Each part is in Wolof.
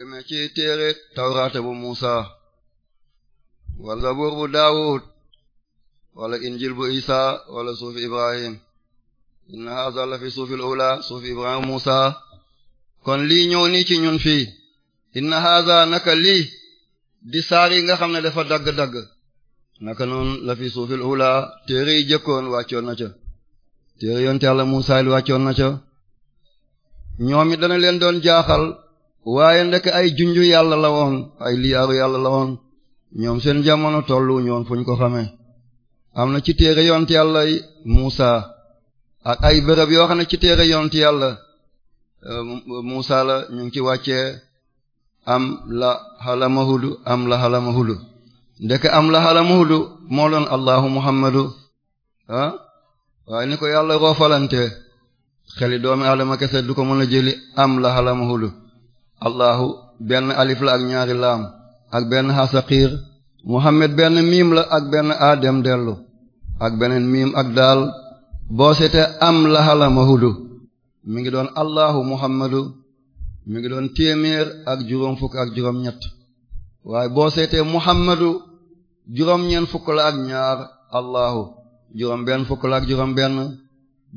demee ci téere tawraata bu Muusaa wala zabuur bu Daawud wala injil bu Isaa wala suufi Ibrahim inna haza la fi suufi Ibrahim Muusaa kon lii ñëw nii ci ñun fii inna haza naka lii di saar yi nga xam ne dafa dagg-dagg naka noonu la fi suufil ula téere yi jëkkoon wàccoon na ca téere yonte Yàlla Muusaa yi wàccoon na ca ñoom dana leen doon jaaxal waaye ndek ay junju yàlla la woon ay liyaaru yàlla la woon ñoom seen jamono tollu ñoon fu ko xamee am na ci yoon ti yàlla Muusa ak ay bërëb yoo xam ne ci téere ti yàlla euh, Muusa la ñu ngi ci wàcce am la xalama hudu am la xalama hudu ndek am la xalama hudu moo doon allahu muhammadu ah, waaye ni ko yàlla roofalante xeli doomi aadama kese du ko mën a jëli am la xalama hudu allahu benn alif la ak ñaari laam ak benn hasaqiir muhammad benn miim la ak benn aadem dellu ak beneen miim ak daal boo seetee am laxala mahudu mi ngi doon allahu muhammadu mi ngi doon téeméer ak juróom fukk ak juróom ñett waaye boo seetee muhammadu juróom ñeen fukk la ak ñaar allahu juróom benn fukk la ak juróom benn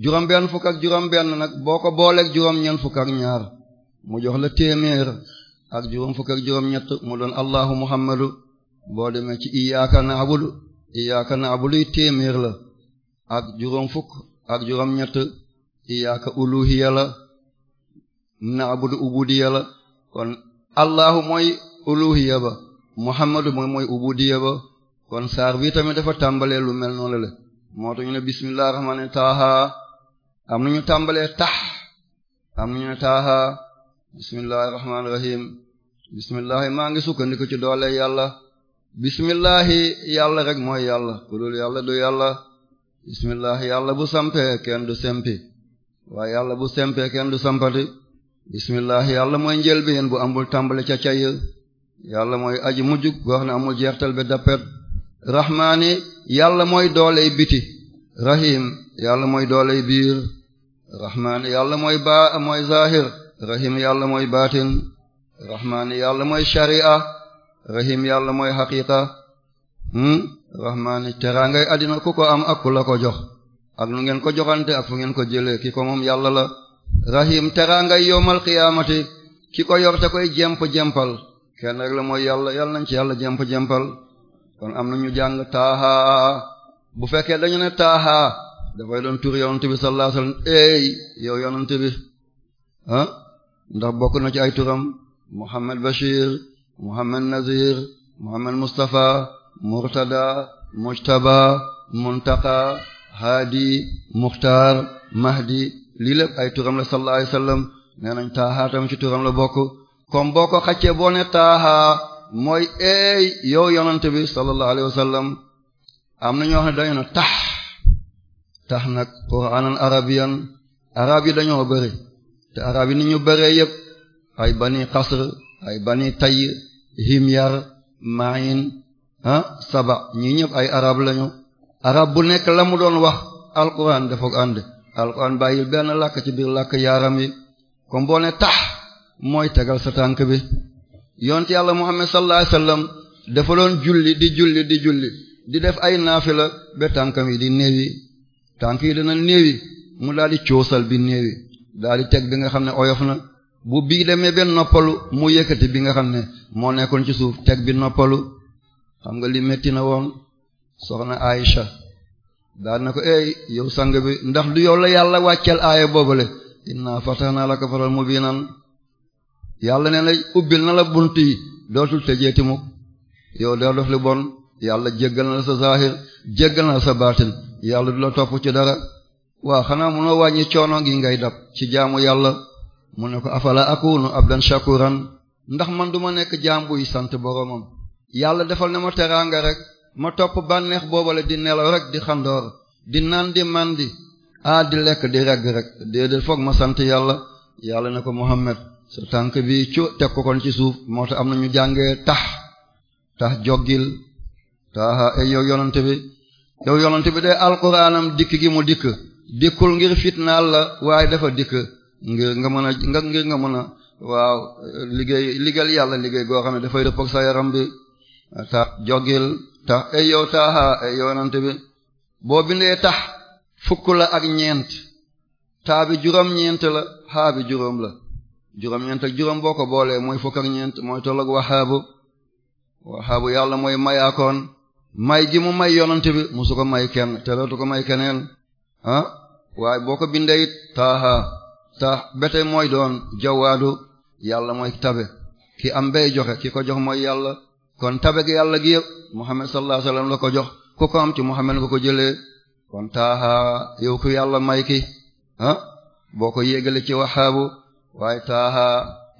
juróom benn fukk ak juróom benn nag boo ko booleeg juróom ñeen fukk ak ñaar mu jox la téeméer ak juróom fukk ak juróom ñett mu doon allahu muhammadu boo demee ci iyyaka na'budu iyyaka na'budu yi téeméer la ak juróom fukk ak juróom ñett iyyaka uluhiyya la na'budu ubudiyya la kon allahu mooy uluhiyya ba muhammadu mooy mooy ubudiyya ba kon saar bi tamit dafa tàmbalee lu mel noonu la moo tax ñu ne bismillah rahmaani taaha am nañu tàmbalee tax am nañu taaha bismillaahi rahmaani rahiim bismillaahi maa ngi sukkandiku ci doole yàlla bismillaahi yàlla rek mooy yàlla ku dul yàlla du yàlla bismillaahi yàlla bu sampee kenn du sempi waaye yàlla bu sempee kenn du sampati bismillaahi yàlla mooy njëlbeen bu amul tàmbali ca cay yàlla mooy aji mujjug goo xam jeertel amul jeextal bi dappet rahmaani yàlla mooy dooley biti rahim yàlla mooy dooley biir rahmaani yàlla mooy baa mooy zahir rahim yàlla mooy baatin rahmaani yàlla mooy sharia rahim yàlla mooy haqiqa hmm? rahmaani teraangay addina ku ko am ak ku la ko jox ak nu ngeen ko joxante ak fu ngeen ko jëlee ki ko moom yàlla la rahim teraangay yowmal qiyaamati ki ko yor te koy jemp jempal kenn la mooy yàlla yàlla nañ ci yàlla jemp jempal kon am na ñu jàng taaha bu fekkee dañu ne taaha dafay doon tur yonent bi sallallahu alayhi eey yow yonent bi ah ndax bokk na ci ay turam Muhammad Bashir Muhammad Nazir Muhammad Mustafa Murtada Mujtaba Muntaqa Hadi Mukhtar Mahdi lii lépp ay turam la sallallahu alayhi wasallam nee nañ taaha tam ci turam la bokk comme boo ko xaccee boo ne taaha mooy eey yow yonante bi sallallahu alayhi wasallam am na ñoo xam ne dañu ne tax tax nag quraanan arabiyan arab yi dañoo bëri te arab yi ni ñu bëree yëpp ay bani xasr ay bani tay himyar mayin ah saba ñii ñëpp ay arab lañu arab bu nekk la mu doon wax alquran dafa ànd alquran bàyyil benn làkk ci biir lakk yaaram yi comme tax mooy tegal sa tànk bi yont yàlla muhammad sallallahu alayhi wasallam dafa doon julli di julli di julli di def ay naafila ba tànkam yi di néewi tànk yi dana néewi mu daal di coosal bi néewi daal di teg bi nga xam ne oyof na bu bii demee benn noppalu mu yëkkati bi nga xam ne moo nekkul ci suuf teg bi noppalu xam nga li métti na woon soxna Aïcha daal na ko ey yow sang bi ndax du yow la yàlla wàcceel aaya boobale inna fatahna laka fatan mubinan yàlla nee na ubbil na la bunt yi dootul tëjeeti mukk yow doo def li bon yàlla jéggal na la sa zahir jéggal na la sa baatin yàlla du la topp ci dara waa xanaa munoo wàññi coono gi ngay dab ci jaamu yàlla mu ne ko afala akunu abdan shakuran ndax man duma nekk jaam buy sant boromam yàlla defal ne ma teraanga rek ma topp bànneex boobale di nelaw rek di xandoor di naan di mandi ah di lekk di regg rek déedéet foog ma sant yàlla yàlla ne ko Muhammad sa tànk bi cu teg ko kon ci suuf moo tax am na ñu jàngee tax tax joggil tax yow yonante bi yow yonante bi de alquraanam dikk gi mu dikk dikkul ngir fitnaal la waaye dafa dikk ngir nga mën a nga ngir nga mën a waaw liggéey liggéeyal yàlla liggéey goo xam ne dafay dëppog sa yaram bi ta jogil tax ay yow taaha ay yonante boo bindee tax fukk la ak ñeent taabi bi juróom-ñeent la xaa juróom la juróom-ñeent ak juróom boo ko boolee mooy fukk ak ñeent mooy tolloog waxaabu waxaabu yàlla mooy mayaakoon may gi mu may yonante bi musu ko may kenn te dootu may keneen ah waaye boo ko bindee it taaha taax bete mooy doon jawaadu yàlla mooy tabe ki am bay joxe ki ko jox mooy yàlla kon tabe gi yàlla gi yëpp Muhammad sallallahu alayhi wasallam la ko jox ku ko am ci Muhammad nga ko jëlee kon taaha yow ku yàlla may ki ah boo ko yéegale ci waxaabu waaye taaha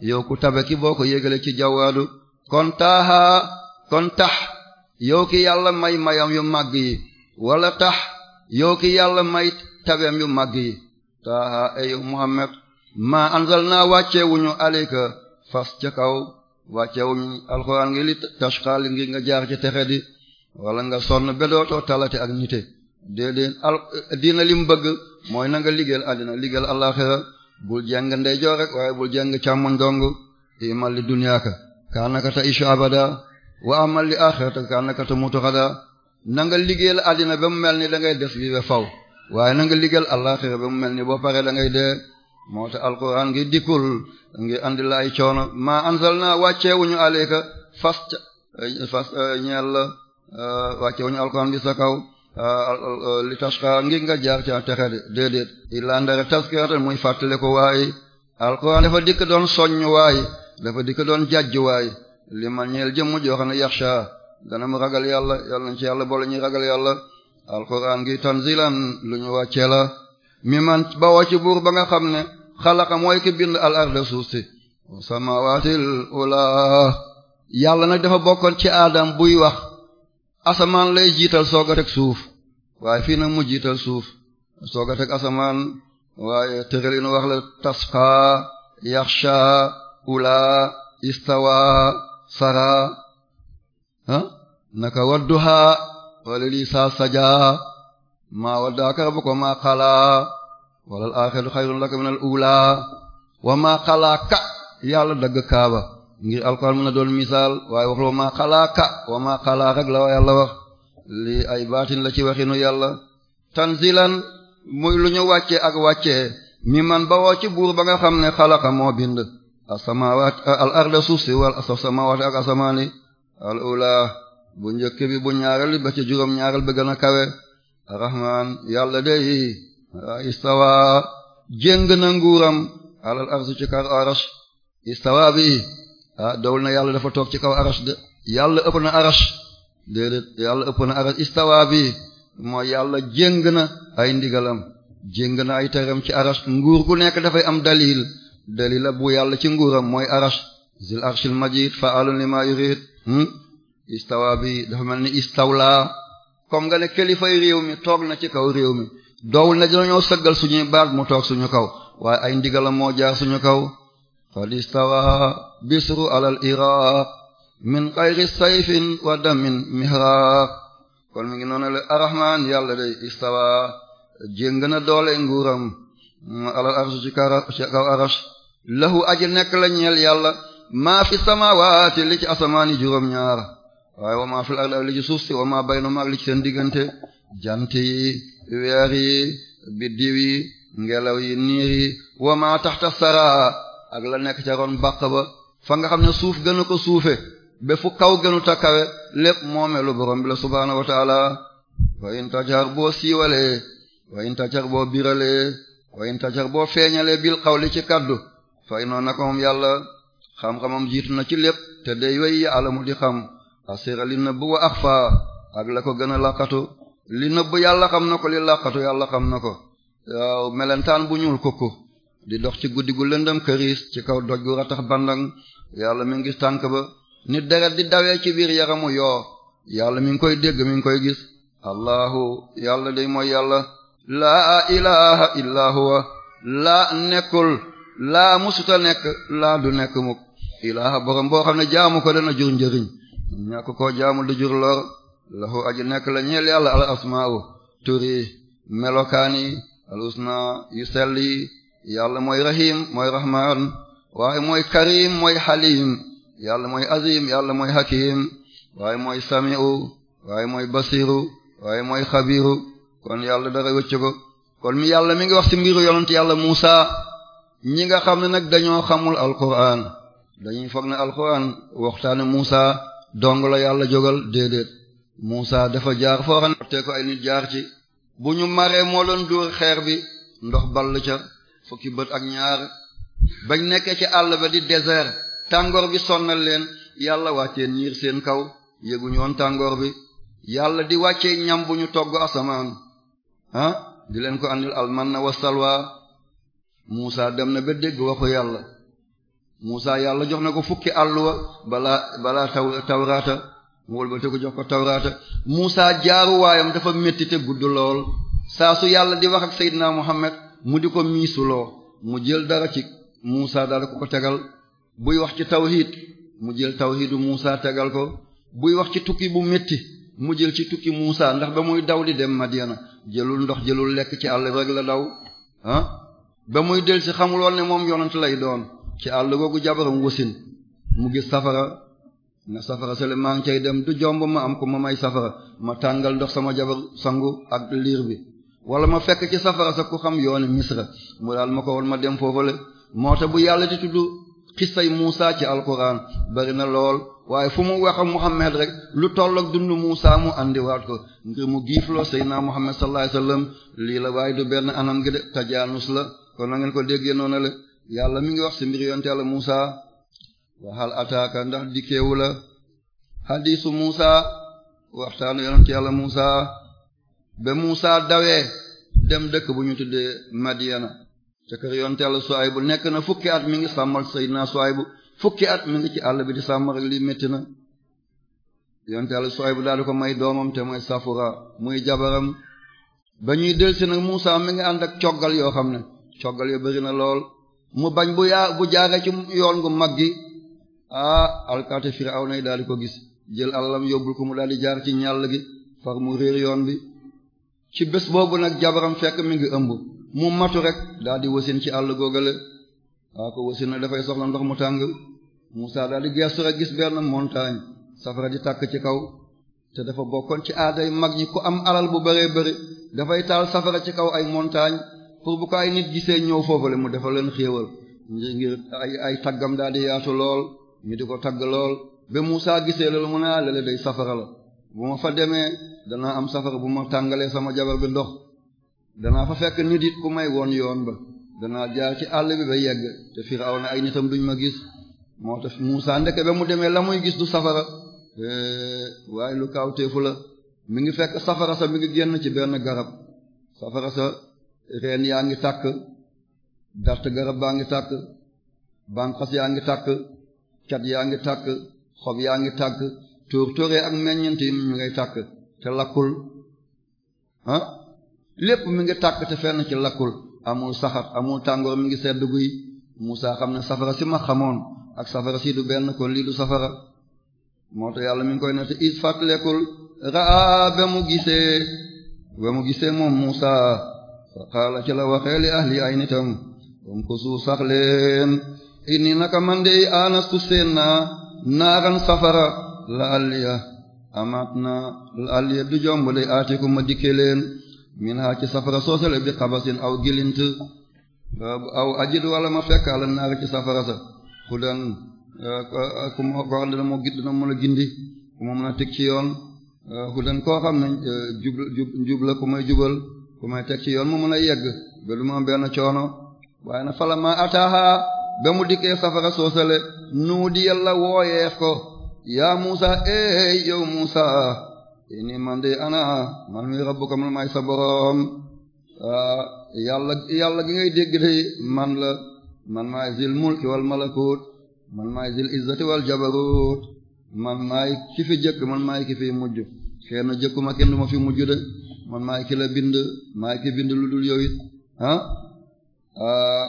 yow ku tabe ki boo ko yéegale ci jawaadu kon taaha kon tax yow ki yàlla may mayam yu màgg yi wala tax yow ki yàlla may taweem yu màgg yi taaha eyow muhammad maa anzal naa wàccewuñu aleyka fas ca kaw wàccewuñu alxuraan ngi li tashqal ngir nga jaar ci texe di wala nga sonn bedootoo talate ak nite déedéet al diina lim bëgg mooy nanga nga liggéeyal àddina liggéeyal àllaxira bul jàng ndeyjoor rek waaye bul jàng càmmoñ dong imal li dunyaaka kaanakata isha abada wa amal li axirata kaanakata mutu xada na nga liggéeyal àddina ba mu mel ni da ngay des bii ba faw waaye na nga liggéeyal àllaxira ba mu mel ni boo paree da ngay dee moo ta alquran ngi dikkul ngi andi la ay coono maa anzalna wàcceewuñu aleyka fas fas ñeel la wàcceewuñu alquran bi sa kaw li tashqa ngi nga jaar ca texe de déedéet illaa ndara taskiratan muy fàttale ko waaye alquran dafa dikk doon soññ waaye dafa dikk doon jajj waaye li ma ñeel jëmm joo xam ne yaxsha dana mu ragal yàlla yàlla nañ ci yàlla boole ñuy ragal yàlla alquran gi tanzilan lu ñu wàccee la mi man bawoo ci buur ba nga xam ne xalaqa mooy ki bind al arda suuf si samawaatil ula yàlla nag dafa bokkoon ci aadam buy wax asamaan lay jiital soog a teg suuf waaye fii nag mu jiital suuf soog a teg asamaan waaye tëralinu wax la tasqa yaxsha ula istawa sara ah naka wadduha wala lii saa sajaa maa waddaaka rabbuka maa xalaa walal aaxiratu xayrun laka minal uulaa wa maa xalaaka yàlla dagg kaaba ngir alxuraan mën a doon misaal waaye wax la maa xalaaka wa maa xalaa rek la yàlla wax lii ay baatin la ci waxinu yàlla tanzilan muy lu ñu wàcce ak wàcce mi man ba woo buur ba nga xam ne xalaqa moo bind asamaawaat al arda suuf si wal samaawaat ak asamaani al uulaa bu njëkk bi bu ñaareel ba ci juróom ñaareel ba gën a kawe arrahman yàlla day istawa jéng na nguuram alal arsu ci kaw arash istawa bi ah dawul na yàlla dafa toog ci kaw arash de yàlla ëpp na arash déedéet yàlla bi mooy yàlla jéng na ay ndigalam jéng na ay teram ci arash nguur gu nekk dafay am dalil dalil bu yàlla ci nguuram mooy arash zil arshil majid fa'alun lima yurid hmm? istawa bi dafa mel ni istawla comme nga ne kilifay réew mi toog na ci kaw réew mi doowul na dinañoo sëggal suñuy baat mu toog suñu kaw waaye ay ndigalam moo jaar suñu kaw qad istawa bisru alal iraq min xayri sayfin wa damin mihraq kon mi ngi noonu la arrahman yàlla day istawa jéng na doole nguuram alal arsh ci kaw arsh lahu aji nekk la ñeel yàlla maa fi samawati li ci asamaani juróom ñaar waaye wa maa fil ardi ak li ci suuf si wa maa baynahuma ak li ci seen diggante jant yi weer yi biddiw ngelaw yi niir yi wa maa taxta saraa ak la nekk ca ron bàq ba fa nga xam ne suuf gënu ko suufe ba fu kaw gënu ta kawe lépp lu borom bi la wa taala wa in boo siiwale wa in tajar boo biralee wa in tajar boo feeñalee bil xawli ci kaddu fay noon na ko moom xam-xamam jiitu na ci lépp te day wey yi alamu di xam asira li nëbb wa axfa ak la ko gën a laqatu li nëbb yàlla xam na ko li laqatu yàlla xam na ko waaw melentaan bu ñuul kukku di dox ci guddi gu lëndëm këriis ci kaw doj gu ratax bandang yàlla mi ngi gis tànk ba ni deret di dawee ci biir yaramu yoo yàlla mi ngi koy dégg mi ngi koy gis allahu yàlla day mooy yàlla laa ilaha illa huwa laa nekkul laa musuta nekk laa du nekk mukk ilaha borom boo xam ne jaamu ko dana jur njëriñ ñàkk koo jaamu du jur lor lahu aji nekk la ñeel yàlla al asmaa'u turi melokaani al usna yu sell yàlla mooy rahim mooy rahmaan waaye mooy karim mooy halim yàlla mooy azim yàlla mooy hakim waaye mooy sami'u waaye mooy basiru waaye mooy xabiru kon yàlla dara wëcc ko kon mi yàlla mi ngi wax ci mbiru yonent yàlla Muusa ñi nga xam ne nag dañoo xamul alquran dañuy foog ne alquran waxtaane Muusa dong la yàlla jógal déedéet Muusa dafa jaar foo xam ne ko ay nit jaar ci bu ñu maree moo doon dóor xeer bi ndox ball ca fokki bët ak ñaar bañ nekkee ci àll ba di désert tàngoor bi sonnal leen yàlla wàccee niir seen kaw yéguñu woon tàngoor bi yàlla di wàccee ñam bu ñu togg asamaan ah di leen ko andil almanna wa salwa Muusa dem na ba dégg waxu yàlla Musa yàlla jox na ko fukki àlluwa balaa balaa taw tawraata mu wëlbate ko jox ko tawraata Musa jaaruwaayam dafa métti te gudd lool saa su yàlla di wax ak Seydina Muhammad mu di ko miisuloo mu jël dara ci Musa daal ko ko tegal buy wax ci tawhid mu jël tawhidu Musa tegal ko buy wax ci tukki bu métti mu jël ci tukki Musa ndax ba muy daw di dem Madiana jëlul ndox jëlul lekk ci àll rek la daw ah ba muy del si xamul woon ne moom yonent lay doon. ci àll googu jabaram wusin mu gis safara na safara sele maa ngi cay dem du jomb ma am ko ma may safara ma tàngal ndox sama jabar sangu ak liir bi wala ma fekk ci safara sa ku xam yooni misra mu daal ma ko won ma dem foofale moo tax bu yàlla di tudd xisay Muusa ci alquran bari na lool waaye fu mu wax Muhammad rek lu tolloog dund Muusa mu waat ko ngir mu giifloo Seydina Muhammad sallallahu alayhi wasallam lii la waaye du benn anam gi de tajaanus la kon na ngeen ko déggee noonu la yàlla mi ngi wax ci mbir yonte yàlla Musa waxal ataaka ndax dikkeewu la hadisu Musa waxtaanu yonte yàlla Musa ba Musa dawee dem dëkk bu ñu tuddee Madiana te kër yonte yàlla nekk na fukki at mi ngi sàmmal Seydina Suaybu fukki at mi ngi ci àll bi di sàmmal ak li métti na yonte yàlla Suaybu daal di ko may doomam te mooy Safura muy jabaram ba ñuy delsi nag Musa mi ngi ànd ak coggal yoo xam ne coggal yoo bari lool mu bañ bu yaa bu jaare ci yoon gu mag gi ah alkaate firawna yi daal di ko gis jël alalam yóbbul ko mu daal di jaar ci ñàll gi far mu réer yoon bi ci bés boobu nag jabaram fekk mi ngi ëmb mu matu rek daal di wasin ci àll googale waa ah, ko wasin nag dafay soxla ndox mu tàng Musaa daal di geestu rek gis benn montagne safara di tàkk ci kaw te dafa bokkoon ci aaday mag ñi ko am alal bu baree bëri dafay taal safara ci kaw ay montagne pour bu ko ay nit gisee ñëw foofale mu defal leen xéewal ngir ay ay taggam daal di yaatu lool ñu di ko tagg lool ba Muusaa gisee loolu mu ne ah léeg day safara la bu ma fa demee danaa am safara bu ma tàngalee sama jabar bi ndox danaa fa fekk nit it ku may woon yoon ba danaa jaar ci àll bi ba yegg te na ay nitam duñ ma gis moo te Muusaa ndeke ba mu demee la muy gis du safara waaye lu kaawteefu la mu ngi fekk safara sa mi ngi génn ci benn garab sa reen yaa ngi tàkk dart garab baa ngi tàkk banqas yaa ngi tàkk cat yaa ngi tàkk xob yaa ngi tàkk tóor tóoree ak meññent yi ngay tàkk te lakkul ah lépp mu ngi tàkk te fenn ci lakkul amul saxat amul tàngoor mi ngi sedd guy Musaa xam ne safara si ma xamoon ak safara si du benn kon lii du safara moo tax yàlla mi ngi koy nett is fàttalekul raa ba gisee ba gisee moom Musaa fa qaala ci la waxee li ahli ay nitam um ku suu sax inni naka man dey aanastu seen naa naaran safara la alliya amaat naa la alliya du jomb dey aatiku ma dikke leen min haa ci safara soosale bi xabasin aw gilint aw ajid wala ma fekk ala naar ci safara sa xudan ah, ku ma ko dana moo mën a gindi ku ma mën a teg ci yoon xudan ah, koo xam ne ah, jub jub la may jubal bu ci yoon mu mën a yegg ba du ma am benn coono waaye na fala ma ataha ba mu dikkee safara soosale nuu di yàlla wooyeef ko yaa Muusa ey yow Muusa ini man de ana man mi rabbuka man may sa boroom ah, yàlla yàlla gi ngay dégg de man la man maay zil mulki wal malakut man maay zil izzati wal jabarut man maay ki fi jëkk man maay ki fi mujj xëy na jëkkuma kenn du ma fi mujj de man maa ki bind maa ki bind lu dul yow it ah, ah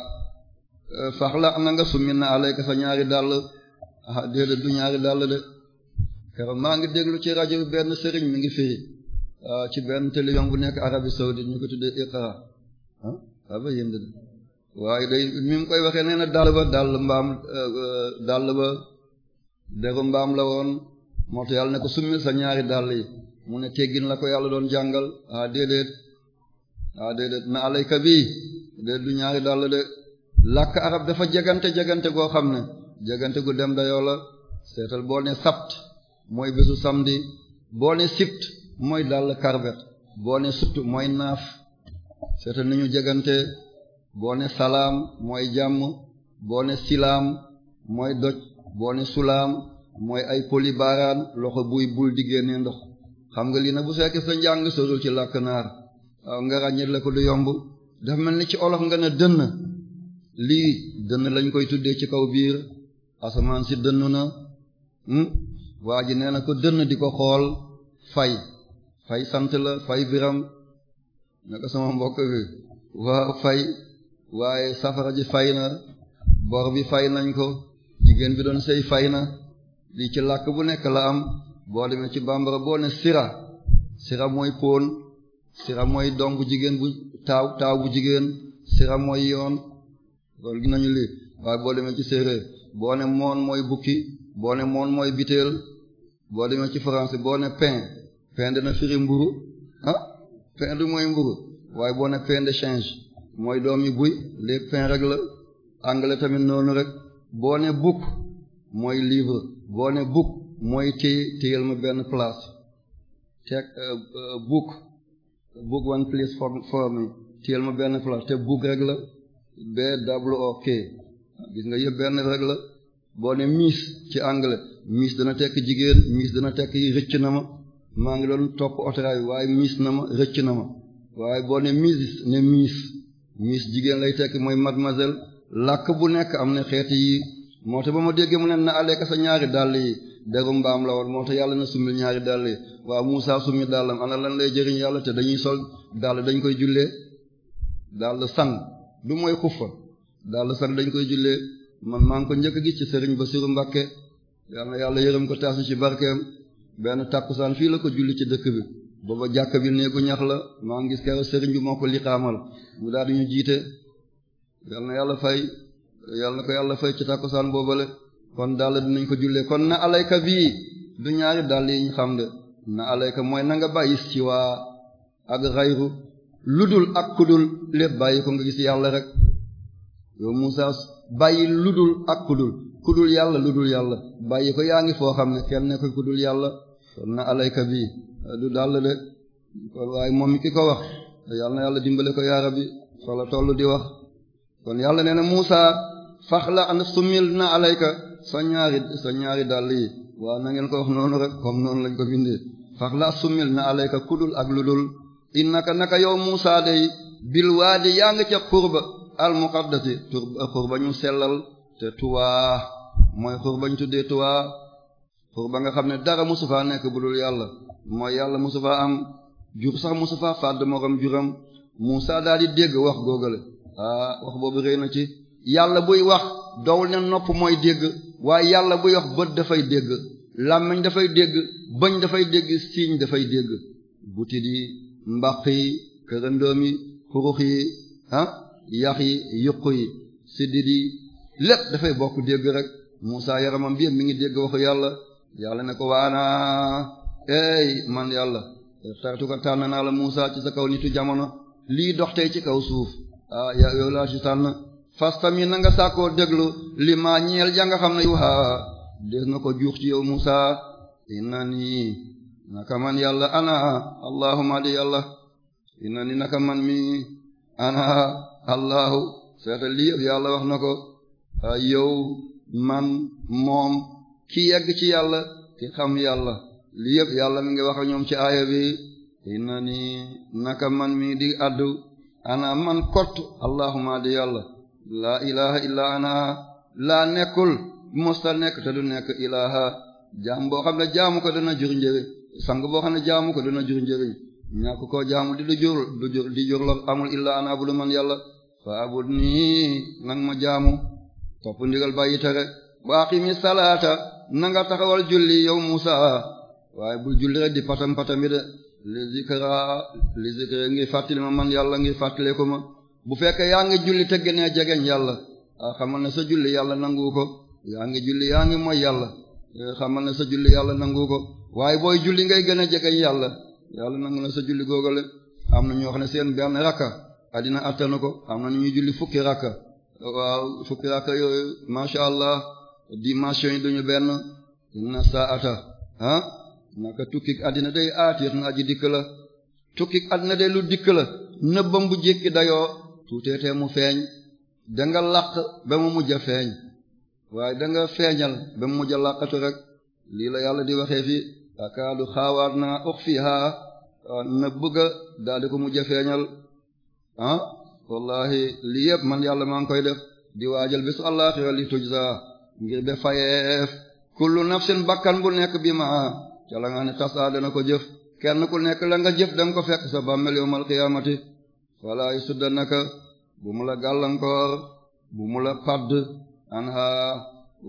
faxla na nga summi na alayka sa ñaari dàll ah déedéet du ñaari dàll de keroog maa ngi déglu ci rajo bi benn sëriñ mi ngi firi ah, ci benn télévision bu nekk Arabie saoudite ñu ko tuddee Iqra ah aba ah, yénd waaye day mi koy waxee nee na dàll ba dàll mbaam dàll ba deru mbaam la woon moo tax yàlla ne ko summi sa ñaari dàll yi mu ne teggin la ko yàlla doon jàngal ah déedéet ah déedéet mais alayka bii déedéet du ñaari dàll de làkk arab dafa jegante jegante goo xam ne jegante gu dem dayoo la seetal boo ne sabt mooy bésu samedi boo ne sibt mooy dàll karbet boo ne subt mooy naaf seetal ni ñu jegante boo ne salaam mooy jàmm boo ne silaam mooy doj boo ne sulaam mooy ay poli baaraan loxo buy bul di génnee ndox xam nga lii nag bu fekkee sa njàng soriwul ci làkk naar waaw nga ràññeet la ko du yomb dafa mel ni ci olof nga ne dënn lii dënn lañ koy tuddee ci kaw biir asamaan si dënn na hmm? waa ji nee na ko dënn di ko xool fay fay sant la fay biram naka sama mbokk bi waaw fay waaye safara ji fay na bor bi fay nañ ko jigéen bi doon sëy fay na lii ci làkk bu nekk la am boo demee ci bambara boo ne sira sira mooy pon sira mooy doom bu jigéen bu taaw taaw bu jigéen sira mooy yoon loolu gi nañu lii waaye boo demee ci séeréer boo ne moon mooy bukki boo ne moon mooy biteel boo demee ci français boo ne pain pain dina firi mburu ah pain du mooy mburu waaye boo ne pain de change mooy doom yi buy léegi pain rek la anglais tamit noonu rek boo ne book mooy livre boo ne book mooy téye téyel ma benn place teg euh, euh, book book one place for for me téyel ma benn place te book rek la B W gis nga yëpp benn rek la boo ne miis ci anglais miis dana tekk jigéen miis dana tekk rëcc na ma maa ngi doon topp otoraay waaye miis na ma rëcc na ma waaye boo ne miis ne miis miis jigéen lay tekk mooy mademoiselle làkk bu nekk am na xeet yi moo tax ba ma déggee mu ne na aleeka sa ñaari dàll yi deru mbaam la woon moo tax yàlla na summi ñaari dàll yi waaw Musaa summi dàllam ana lan lay jëriñ yàlla te dañuy sol dàll dañu koy jullee dàll sang du mooy xuffa dàll sang dañ koy jullee man maa ngi ko njëkk gi ci Serigne Bassirou Mbacké yàlla yàlla yërëm ko taas ci barkeem benn tàkkusaan fii la ko julli ci dëkk bi booba jàkk bi néegu ñax la maa ngi gis keroog sëriñ bi moo ko liqaamal mu daal di ñu jiite yàlla na yàlla fay yàlla na ko yàlla fay ci tàkkusaan boobale kon dàll nañ ko jullee kon na alayka bii du ñaari dàll yi ñu xam de na alayka mooy na nga bàyyi siwaa ak xayru dul ak kudul lépp bàyyi ko nga gis yàlla rek yow Musa bàyyi ludul ak kudul kudul yàlla dul yàlla bàyyi ko yaa ngi foo xam ne kenn ne ku dul yàlla kon na alayka bii du dàll de waaye moom ki ko wax yàlla na yàlla dimbale ko yaa bi fala tollu di wax kon yàlla nee na Musa faxla an sumil na alayka sa ñaari sa ñaari dàll yi waa na ngeen ko wax noonu rek kom noonu lañ ko bindee fax la sumil na alayka kudul ak lu ludul innaka naka yow Musaa day bil waa yaa nga ca xurba al muqaddasi xurba ñu sellal te tuwaa mooy xurba ñu tuddee tuwaa xurba nga xam ne dara musu faa nekk bu dul yàlla mooy yàlla musu faa am jur sax musu faa fàdd morom juram Musaa daal di dégg wax googale ah wax boobu rëy na ci yàlla buy wax dowul ne nopp mooy dégg waaye yàlla bu wax bët dafay dégg làmmiñ dafay dégg bëñ dafay dégg siiñ dafay dégg butit yi mbaq yi kërandoom yi xurux yi ah yax yi yuq yi siddit yi lépp dafay bokk dégg rek Muusa yaramam bi mi ngi dégg waxu yàlla yàlla ne ko waanaa ey man yàlla tartu ko tànn naa la Muusa ci sa kaw nitu jamono lii dox tey ci kaw suuf ah yow laa ci tànn fastami na nga sàkkoo déglu li maa ñeel ja nga xam ne yu haa des na ko juux ci yow Musa inna nii naka man yàlla ana allahuma di yàlla inna ni naka man mi ana allahu seeta lii yàlla wax na ko yow man moom ki yegg ci yàlla ki xam yàlla lii yëpp yàlla mi ngi wax ñoom ci aaya bi inna ni naka man mi di addu ana man kott allahuma di yàlla laa ilaha illa ana laa nekkul mosta nekk te du nekk ilaha jaam boo xam ne jaamu ko dana jur njëriñ sang boo xam ne jaamu ko dana jur njëriñ ñàkk koo jaamu di du jur di jur lor amul illa ana abudu man yàlla fa abud nii nang ma jaamu topp ndigal bàyyi tere wa aqimi salaata na nga taxawal julli yow Musa waaye bul julli di patam de li zikra li zikra ngir fàttali ma man yàlla ngir fàttaleku ma bu fekkee yaa ngi julli te gënee jegeñ yàlla ah xamal na sa julli yàlla nangu ko yaa ngi julli yaa ngi mooy yàlla eh, xamal na sa julli yàlla nangu ko waaye booy julli ngay gën a jegeñ yàlla yàlla nangu na sa julli googale am na ñoo xam ne seen benn rakka addina attanu ko am na ñuy julli fukki rakka waaw fukki rakka yooyu macha allah dimension yi duñu benn na saa ata ah naka tukkik addina day aatiir na aji dikk la tukkik addina day lu dikk la nëbbam tuuteetee mu feeñ danga laq ba mu mujj a feeñ waaye danga feeñal ba mu mujj a laqatu rek lii la yàlla di waxee fi akaadu xaawaat naa uxfiha na bëgga daal di ko mujj a feeñal ah wallahi lii yëpp man yàlla maa ngi koy def di waajal bisu àllaxira li tujza ngir be fayeef kullu nafsin bakkan bu nekk bi ma ca la nga ne dana ko jëf kenn ku nekk la nga jëf danga ko fekk sa bàmmel yawmal qiyaamati walaa yasuddannaka bu mu la gàllankoor bu mu la padd anha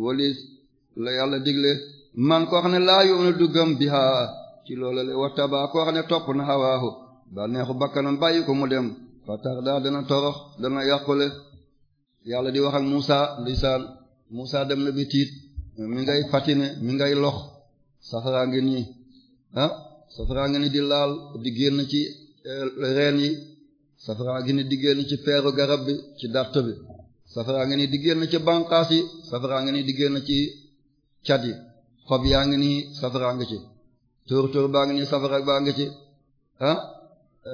walis la yàlla digle man koo xam ne laa yow na duggam biha ci loola le wataba koo xam ne topp na hawaahu ba neexu bakkanam bàyyi ko mu dem fatar daa dana torox dana yàqule yàlla di wax ak Musa lisaan Musa dem na bi tiit mi ngay patine mi ngay lox safaraa ngi nii ah, safaraa ngi ni di laal di génn ci eh, reen yi safaraa ngi ni diggéen ci peeru garab bi ci dart bi safaraa ngi ni diggéen ci banqaas yi safaraa ngi ni diggéen ci cat yi xob yaa ngi ni safaraa ngi ci tóor tóor baa ngi nii safara baa ngi ci ah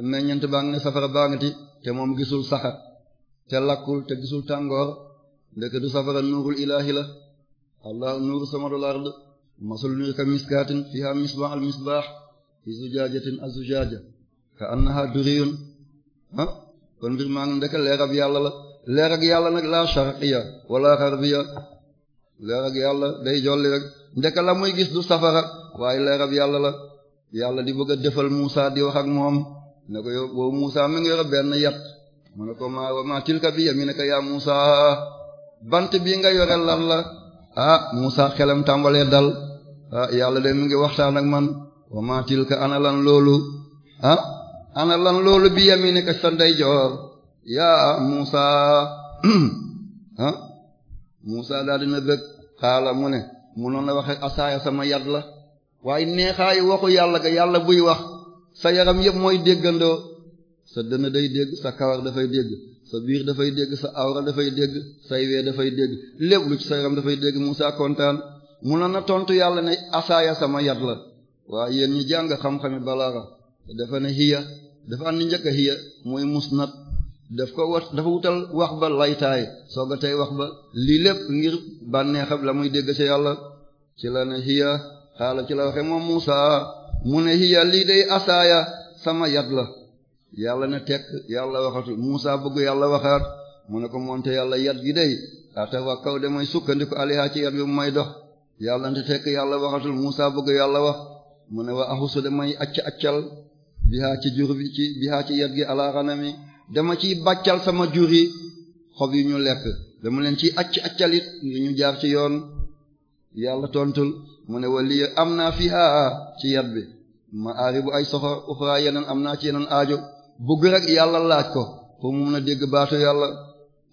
meññent baa ngi ni safara baa ngi ci te moom gisul saxat te lakkul te gisul tàngoor ndeke du safara nuurul ilaahi la allah nuuru samadul ard masul nuur ka miskaatin fiha misbah al misbah fi zujaajatin azujaaja ka annaha duriyun ah kon mbir maa ngi ndeke leer yàlla la leer ak yàlla nag la sharqiya wala xarbiya leer yàlla day jolli rek ndeke la muy gis du safara waaye leer yàlla la yàlla di bëgg a defal Musa di wax ak moom ne ko yow boobu Musa mi ngi yor benn yat mu ne ko ma ma tilka bi yaminika ya Musa bant bii nga yore lan la ah Musa xelam tàmbalee dal ah yàlla de mi ngi waxtaan ak man wa ma tilka ana lan loolu ah ana lan loolu bi yaminika sa ndeyjoor yaa Musa ah Musa daal dina bëgg xaala mu ne munoon na waxe asaaya sama yat la waaye neexaayu waxu yàlla ga yàlla buy wax sa yaram yëpp mooy déggandoo sa dënn day dégg sa kawar dafay dégg sa biir dafay dégg sa awra dafay dégg say wee dafay dégg lépp lu ci sa yaram dafay dégg Musa kontaan munoon na tontu yàlla ne asaaya sama yat la waaye yéen jàng xam-xami balaara dafa ne hiya dafa andi njëkk a hiya mooy musnad daf ko wat dafa wutal wax ba laytaay soo a tey wax ba lii lépp ngir bànneexab la muy dégg ci yàlla ci la ne hiya xaala ci la waxe moom Musa mu ne hiya lii day asaaya sama yat la yàlla ne tekk yàlla waxatu Musa bëgg yàlla waxaat mu ne ko moonte yàlla yat gi day atawakkaw de mooy sukkandiku aliha ci yat bi mu may dox yàlla ne tekk yàlla waxatul Musa bëgg yàlla wax mu ne wa ahusu de mooy acca accal bihaa ci jur bi ci bihaa ci gi ala dama ciy bàccal sama jur yi xob yu ñu lekk dama leen ciy acc accalit ngir ñu jaar ci yoon yàlla tontul mu ne wali am naa fiha ci yet bi ma aari bu ay soxor uxra yeneen am naa ci yeneen aajo bugg rek yàlla laaj ko pour mu mun a baatu yàlla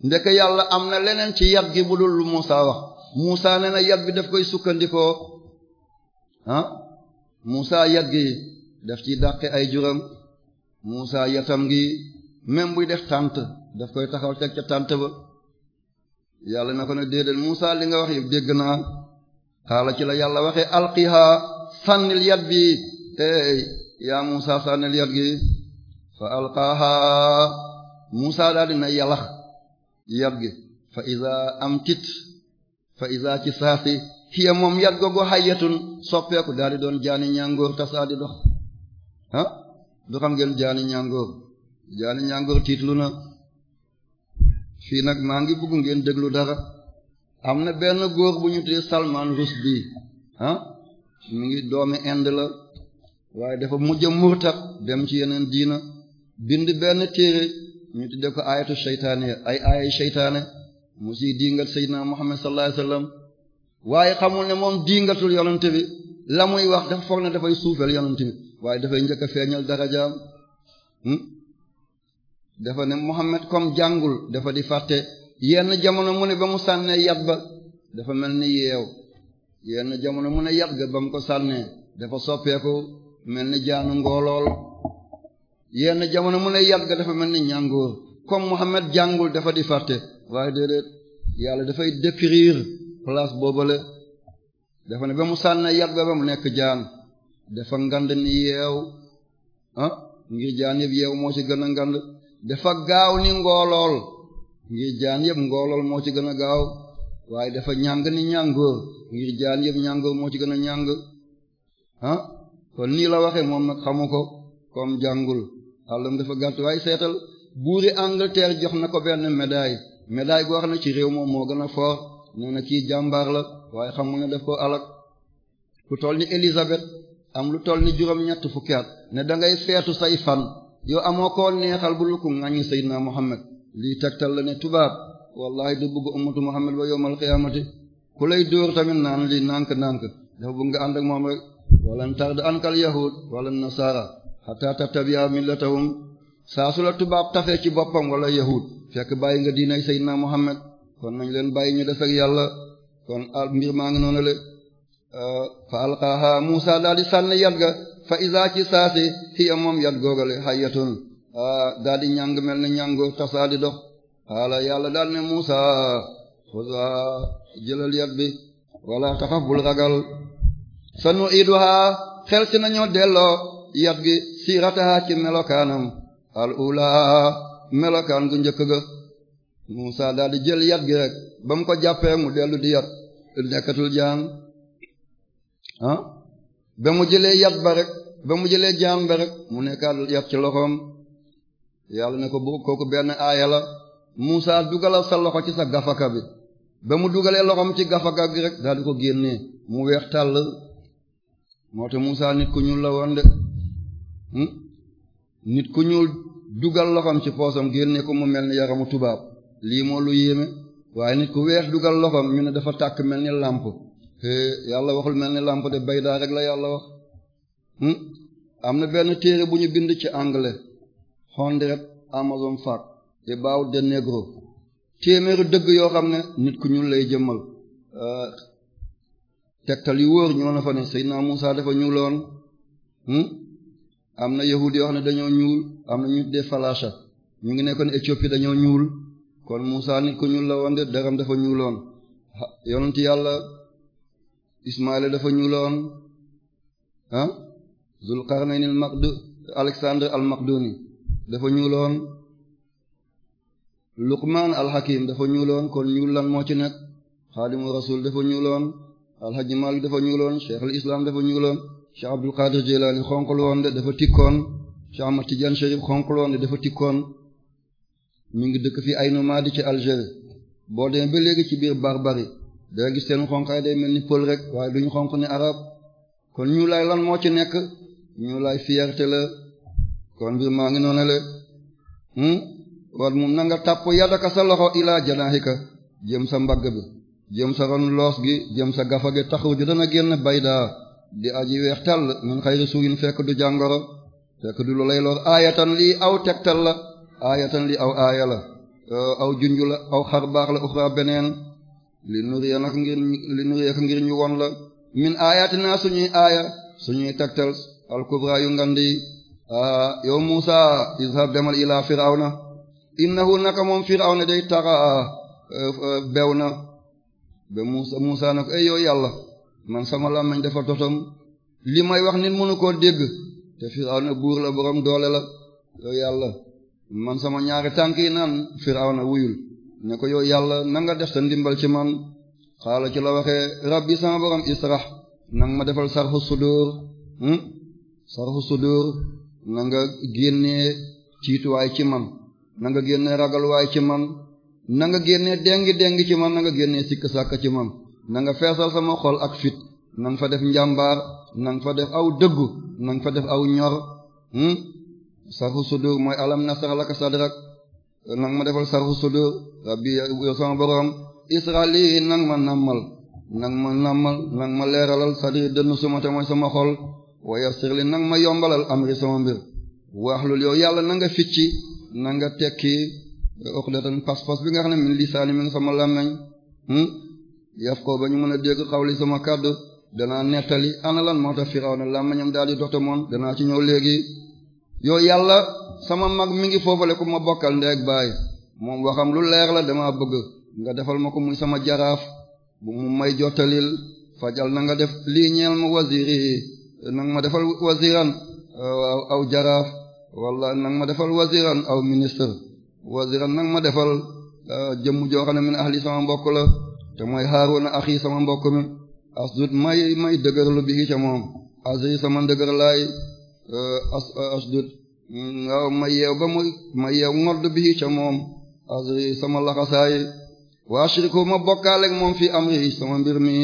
ndeke yàlla am na leneen ci yat gi bu dul lu Muusa wax Muusa ne na yat bi daf koy sukkandikoo ah Muusa yat gi def ci dàqe ay juram Musa yatam gi même buy def tànt def koy taxaw teg ca tànt ba yàlla na ko na déedéet Musa li nga wax yëpp dégg naa xaala ci la yàlla waxee alqiha sànnil yat bi ey yaa Musa sànnil yat gi fa alqaaha Musa daal dina yalax yat gi fa iza amtit fa iza ci saasi hiya moom yat googu hayyatun soppeeku daal di doon jaani ñàngoor tasaa di dox ah du xam ngeen jaani ñàngoor jaani ñàngoor tiitlu na fii nag maa ngi bëgg ngeen déglu dara am na benn góor bu ñu tuddee Salman Rushdie ah ngi doomi Inde la waaye dafa mujj a murtat dem ci yeneen diina bind benn téere ñu tuddee ko ayatu seytaane ay ayay seytaane mu siy diingat Seydina Muhammad sallallahu alayhi wasallam waaye xamul ne moom diingatul yonent bi la muy wax dafa foog ne dafay suufeel yonent bi waaye dafa dafay njëkk a feeñal darajaam hmm? dafa ne Muhammad comme jàngul dafa di fàtte yenn jamono mu ne ba mu sànnee yat ba dafa mel ni yeew yenn jamono mu ne yat ga ba mu ko sànnee dafa soppeeku mel ni jaanu ngoolool yenn jamono mu ne yat ga dafa mel ni ñàngoor comme Muhammad jàngul dafa di fàtte waaye déedéet yàlla dafay décrire place boobale dafa ne ba mu sànnee yat ba ba mu nekk jaan dafa ngand ni yeew ah ngir jaan yëpp yeew moo ci gën a ngand dafa gaaw ni ngoolool ngir jaan yëpp ngoolool moo ci gën a gaaw waaye dafa ñàng ni ñàngoor ngir jaan yëpp ñàngoor moo ci gën a ñàng ah la waxee moom nag xamu ko comme jàngul àllam dafa gàtt waaye seetal buuri Angleterre jox na ko benn médaille médaille goo xam ne ci réew moom moo gën a fort nee na kii jàmbaar la waaye xam nga ne def ko alak ku toll ni Élisabeth am lu toll ni juróom-ñett fukki at ne da ngay feetu say fan yow amoo koo neexal bu lu ko ŋàññi Seydina Muhammad lii tegtal la ne tubaab wallahi du bëgg ummatu Muhammad ba yowmal qiyaamati ku lay dóor tamit naan lii nànk-nànk dafa bëgg nga ànd ak moom rek walan tarda ankal yahud wala nasara hatta tattabi'a millatahum saa su la tubaab tafee ci boppam wala yahud fekk bàyyi nga diinay Seydina Muhammad kon nañ leen bàyyi ñu def ak yàlla fa alqaha Musa daal di sànni yat ga fa izaa ci saasi hiya moom yat googale hayyatun daal di ñàng mel ne ñàngu tasaa di dox xaala yàlla daal ne Musa xuza jëlal yat bi wala taxaf ragal sa nu iduha xel si nañoo delloo yat gi siirataha ci melokaanam al ula melokaan gu njëkk ga Musa daal di jël yat gi rek ba mu ko jàppee mu dellu di yat nekkatul jaan ah ba mu jëlee yat ba rek ba mu jëlee jaam ba rek mu nekkaat yat ci loxoom yàlla ne ko bu kooku benn aaya la Musa dugalal sa loxo ci sa gafaka bi ba mu dugalee loxoom ci gafaka gi rek daal di ko génnee mu weex tàll moo te Musa nit ku ñuul la woon de hmm? nit ku ñuul dugal loxoom ci poosam génne ko mu mel ni yaramu tubaab lii moo lu yéeme waaye nit ku weex dugal loxoom ñu ne dafa tàkk mel ni làmp yàlla waxul mel ni lampe de baydaa rek la yàlla wax hm? am na benn téere bu ñu bind ci anglais hundred amazon fact about the negro téeméeri dëgg yoo xam ne nit ku ñuul lay jëmmal euh, tegtal yu wóor ñoo na fa ne Seydina Musa dafa ñuuloon hm? am na yahudi yoo xam ne dañoo ñuul am na ñu dee falasha ñu ngi nekkoon Éthiopie dañoo ñuul kon Musa nit ku ñuul la woon de dafa ñuuloon yonent yàlla Ismaila dafa ñuuloon ah Zulqarnayn al Maqdu Alexandre al Maqduni dafa ñuuloon Luqman al Hakim dafa ñuuloon kon ñuul lan moo ci nekk Xaadimu Rasul dafa ñuuloon Alhaji Malik dafa ñuuloon Cheikh al Islam dafa ñuuloon Cheikh Abdul Qadir Jilani xonqul woon de dafa tikkoon Cheikh Ahmad Tidiane Chérif xonqul woon dafa tikkoon ñu ngi dëkk fi Aïnou Madi ci Algérie boo demee ba léegi ci biir barbarie danga gis seen xonqaay day mel ni pël rek waaye duñu xonq ni arab kon ñu lay lan moo ci nekk ñu lay fierté la kon mbir maa ngi noonu la hmm? kon moom na tàpp yadaka sa loxo ilaa janaaxika jëm sa mbagg bi jëm sa ron loos gi jëm sa gafa gi taxaw ji dana génn baydaa di aji weex tàll min xayri suyin fekk du jàngoro fekk du lu lay lor aayatan lii aw tegtal la aayatan lii aw aaya la aw junj la aw baax la uxra beneen li nuriya nak ngir ka ngir ñu won la min ayatina suñuy aaya suñuy tegtal alkubra yu ngandi ah, yow Musa izhab demal ila firawna innahu naka moom na day taxa eh, bew na ba Musa na nak ay yow yàlla man sama làmmiñ dafa totom li may wax nit mënu koo dégg te firawna buur la borom doole la yow yàlla man sama ñaari tànk yi naan na wuyul ne ko yow yàlla nanga def sa ndimbal ci man xaala ci la waxee rabbi sama borom isra na ma defal sarxu sudur hm? sarxu sudur na nga génnee tiituwaay ci man na nga génnee ragalwaay ci man nanga nga génnee déngi-déngi ci man na nga génnee sikk sàkk ci man nanga nga feesal sama xol ak fit na fa def njàmbaar na fa def aw dëggu na fa def aw ñor hm? sarxu sudur mooy alam nasrah laka sadrak nag ma defal sarxu sudur rabbi yow sama boroom israeli nag ma nàmmal nag ma nammal nag ma leeralal sadri dënn sumate mooy sama xol waaye yassir li nag ma yombalal amri sama mbir waaxlul yow yàlla nanga nga ficci nanga tekki tekki uqdatan pas-pas bi nga xam ne min lisaani min sama làmmeñ hmm? yaf koo ba ñu mën a dégg xawli sama kàddu danaa nettali ana lan moo tax firaw na làmmeñam daal di doxta moon danaa ci ñëw léegi yow yàlla sama mag mi ngi foofale ku ma bokkal ndeeg baay moom waxam lu leer la dama bëgg nga defal ma ko muy sama jaraaf bu mu may jottalil fajal na nga def lii ñeel ma waziri nang ma defal waziran euh, aw aw jaraaf wala nang ma defal waziran aw ministre waziran nang ma defal euh, jëmm joo xam ne min ahli sama mbokk la te mooy Haaruna axi sama mbokk mi asdud may may dëgërlu bi ci moom asri sama laay euh, asdud waaw ma yeew ba mu ma yeew ngodd bi ca moom asri sama laxasaay wa ashriku ma bokkaaleeg moom fi amri soma mbir mi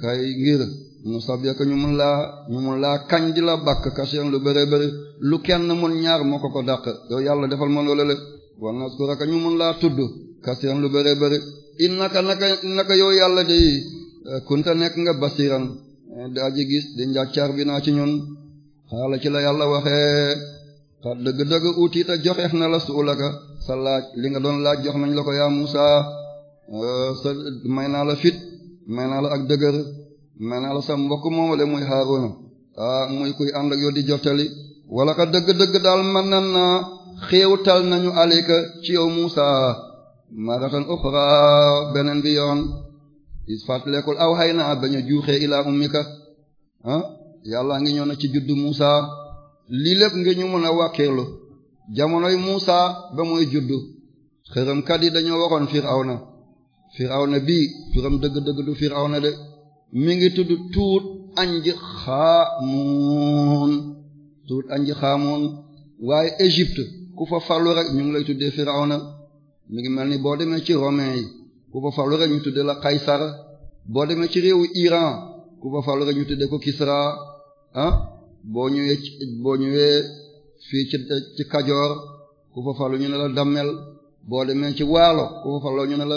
kay ngir nu sabyaka ñu mun laa ñu la bàkk kasiran lu bëree bëri lu kenn mun ñaar moo ko ko dàq yow yàlla defal ma loolu le wan naskuraka ñu mun laa tudd kasiran lu bëree bëri innaka naka naka yow yàlla de eh, kunta nekk nga basiran eh, daa ji gis di njàccaar bi ci ñun xaala ci la yàlla waxee xat dëgg-dëgg utiit joxeef na la suulaka sa laaj li nga doon laaj jox nañ la ko yaa Musa sa may naa la fit may naa la ak dëgër may naa la sa mbokk moomale muy Haaruna ah, muy kuy ànd ak yoo di jottali wala ka dëgg-dëgg daal man nan na tal nañu alika ci yow Musa maratan uxra beneen bi yoon is fàttalekul aw xay na bañ a juuxee ilaa ummika ah yàlla ngi ñëw na ci juddu Musa lii lépp nga ñu mën a wàkkeerlu jamonoy Muusa ba muy juddu xëramkat yi dañoo waroon Firawna Firawna bii turam dëgg-dëgg du Firawna de mi ngi tudd tuut anj xaamuun tuut waaye Égypte ku fa fallu rek ñu ngi lay tuddee Firawna mi ngi mel ni boo demee ci romain yi ku fa fallu rek ñu tuddee la Kaysar boo demee ci réew Iran ku fa fallu rek ñu tuddee ko Kisra ah boo ñëwee boo ñëwee fii ci ci Kajoor ku fa falu ñu ne la Dammel boo demee ci Waalo ku fa falu ñu ne la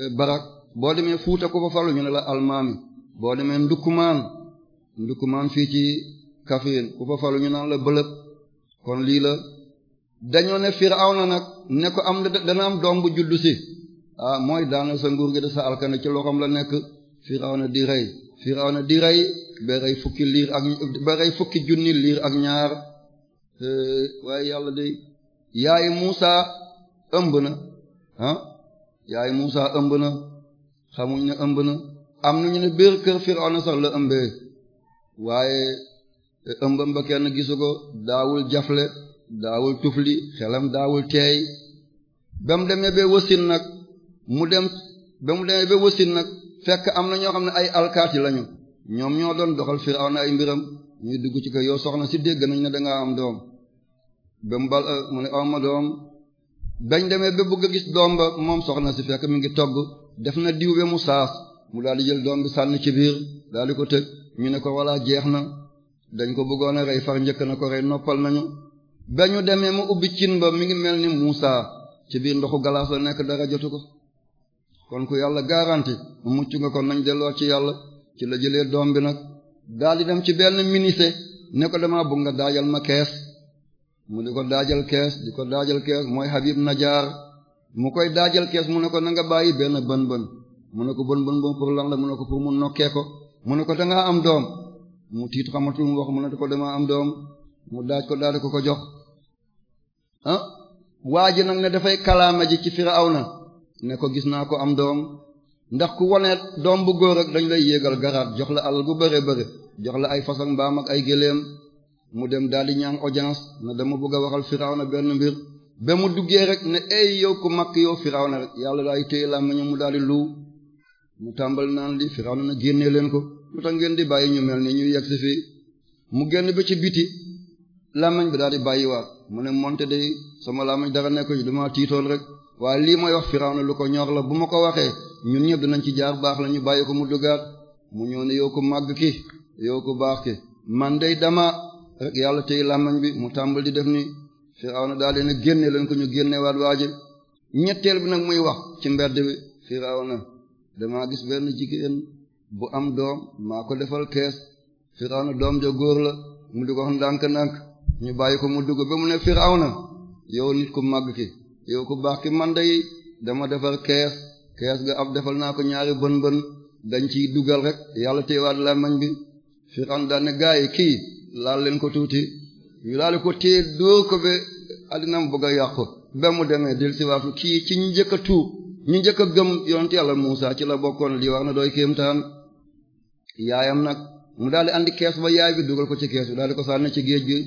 eh, Barak boo demee Fuuta ku fa falu ñu ne la Almaami boo demee Ndukumaan Ndukumaan fii ci kafrin ku fa falu ñu naan la Bëlëb kon lii la dañoo ne na nag nekk ko am dana am doom bu juddu si ah mooy daaneel sa nguur gi de sa alkane ci loxoom la nekk na di rey Firawna di rey ba rey fukki liir ak ba rey fukki junni liir ak ñaar waaye yàlla de yaay Musa ëmb na ah yaay Musa ëmb na xamuñ ne ëmb na am nañu ne biir kër Firawna sax la ëmbee waaye e, ëmbam ba kenn gisu ko daawul jafle daawul tufli xelam daawul teey ba mu demee ba wasin nag mu dem ba mu demee ba wasin nag fekk am na ñoo xam ne ay alkaati lañu ñoom ñoo doon doxal na ay mbiram ñuy dugg ci ko yow soxna si dégg nañ ne dangaa am doom ba mu bal mu ne awma doom bañ demee ba bëgg a doom ba moom soxna si fekk mi ngi togg def na diw ba mu saas mu daal di jël doom bi ci biir daal di ko tëj ñu ne ko walla jeex na dañ ko bëggoon a rey far njëkk na ko rey noppal nañu ba ñu demee ma ubbi cin ba mi ngi mel ni Muusa ci biir ndoxu galaas la nekk dara jotu ko kon ku yàlla garanti mu mucc nga kon nañ delloo ci yàlla ci la jëlee doom bi nag daal di dem ci benn ministre ne ko damaa bëgg nga daajal ma kees mu di ko daajal kees di ko daajal kees mooy Habib Najaar mu koy daajal kees mu ne ko nanga bàyyi benn bën bën mu ne ko bën bën bën pour lan mu ne ko pour mu nokkee ko mu ne ko da ngaa am doom mu tiit xamatul mu wax mu ne ko damaa am doom mu daaj ko daal ko ko jox ah waa ji nag ne dafay kalaama ji ci na ne ko gis naa ko am doom ndax ku wone doom bu góor rek dañ lay yéegal garaat jox la alal bu bëre bëre jox la ay façon mbaam ak ay géléem mu dem daal di ñaan audience na dama bëgg a waxal na benn mbir ba mu duggee rek ne ey yow ku makk yow Firawna rek yàlla daay téye làmmiñam mu daal di lu mu tàmbali naan li Firawna na génnee leen ko lu tax ngeen di bàyyi ñu mel ni ñu yegg si fii mu génn bi ci biti làmmiñ bi daal di bàyyiwaat mu ne monte day sama làmmiñ dara nekk ci dama rek waaye lii mooy wax Firawna lu ko ñor la bu ma ko waxee ñun ñëpp dinañ ci jaar baax la ñu bàyyi ko mu duggaat mu ñëw ne yow ko màgg ki yow ko baax ki man day dama rek yàlla tey làmmañ bi mu tàmbal di def ni Firawna daal dina génne leen ko ñu génne waat waa ji bi nag muy wax ci mbedd bi Firawna damaa gis benn jigéen bu am doom maa ko defal kees Firawna doom ja góor la mu di ko wax ndànk-ndànk ñu bàyyi ko mu dugg ba mu ne Firawna yow nit ku màgg ki yow ku baax ki man day dama defal kees kees ga ab defal naa ko ñaari bën bën dañ ciy dugal rek yàlla téewaat làmmañ bi firan daane gaa yi kii laal leen ko tuuti yu laal ko téye dóor ko ba addinam bëgg a yàqu ba mu demee dil siwaatu kii ci ñu njëkk a tuub ñu njëkk a gëm yonent yàlla Muusa ci la bokkoon lii war na doy kéemtaan yaayam nag mu daal di andi kees ba yaay bi dugal ko ci kees bi daale di ko sànni ci géej gi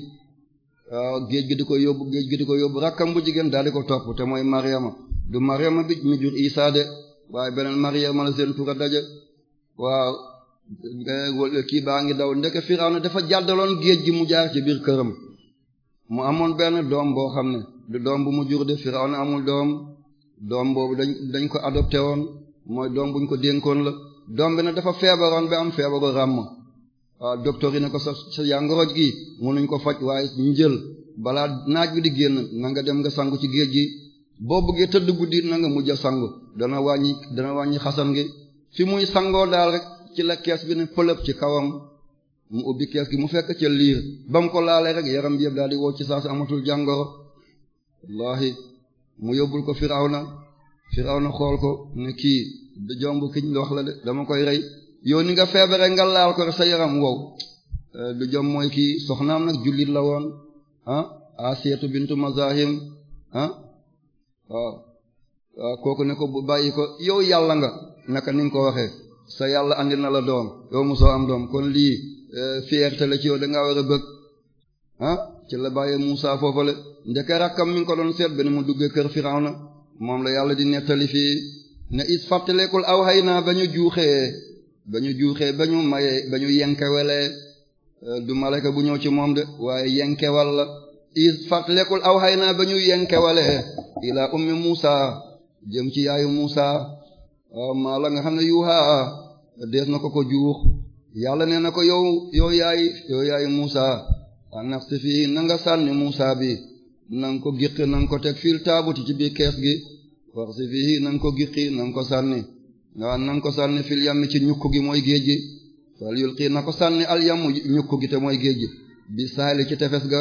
géej gi di ko yóbbu géej gi di ko yóbbu rakkam bu jigéen daal di ko topp te mooy Mariama du Mariama bi mi jur Isa de waaye beneen Mariama la seen tura daje waaw eh, kii baa ngi daw ndeke Firawna dafa jàddaloon géej gi mu jaar ci biir këram mu amoon benn doom boo xam ne du doom bu mu jur de Firawna amul doom doom boobu dañ dañ ko adopté woon mooy doom buñ ko dénkoon la doom bi defa dafa feebaroon bi am feebaru ràmm waaw ah, docteur yi ne ko sa sa jàngoro gi mënuñ ko faj waaye ñu jël balaa naaj bi di génn nanga dem nga sangu ci géej gi boo bëggee tëdd guddi na nga mujj a sangu dana wàññi dana wàññi xasan gi fi muy sangoo daal rek ci la kees bi ne pëlëb ci kawam mu ubbi kees gi mu fekk ca liir bam ko laalee rek yaram bi yëpp daal di wow ci saa si amatul jàngoro wallahi mu yóbbul ko Firawna Firawna xool ko ne kii jomb kiñ wax la de dama koy rey yow ni nga feebare nga laal ko sa yaram wow euh, du jom mooy kii soxnaam nag jullit la woon ah Asiyatu bintu Mazahim ah waaw kooku ne ko bu bàyyi ko yow yàlla nga naka ni ko waxee sa yàlla andi na la doom yow mosoo am doom kon lii euh, fierté la ci yow danga war a bëgg ah ci la bàyyi Musa foofale ndeke rakkam mi ngi ko doon seet ba mu duggee kër Firawna moom la yàlla di nettali fii ne is fàttalekul aw xay naa ba ñu juuxee ba ñu juuxee ba ñu mayee ba ñu yenkewelee euh, du malaka bu ñëw ci moom de waaye yenkewal la is fatlekul aw xay naa ba ñu yenkewelee ilaa ummi Musa jëm ci yaayu Musa maa la nga xam ne yuuxaa dees na ko ko juux yàlla nee na ko yow yow yaay yow yaay Musa anaf si fii na nga sànni Musa bi na ko giqi na nga ko teg fil taabuti ci biir kees gi wax si fii na nga ko giqi na nga ko sànni na ko sànni fil yammi ci ñukk gi mooy géej gi fal yulqi na ko sànni al yammu ñukk gi te mooy géej gi bi saali ci tefes ga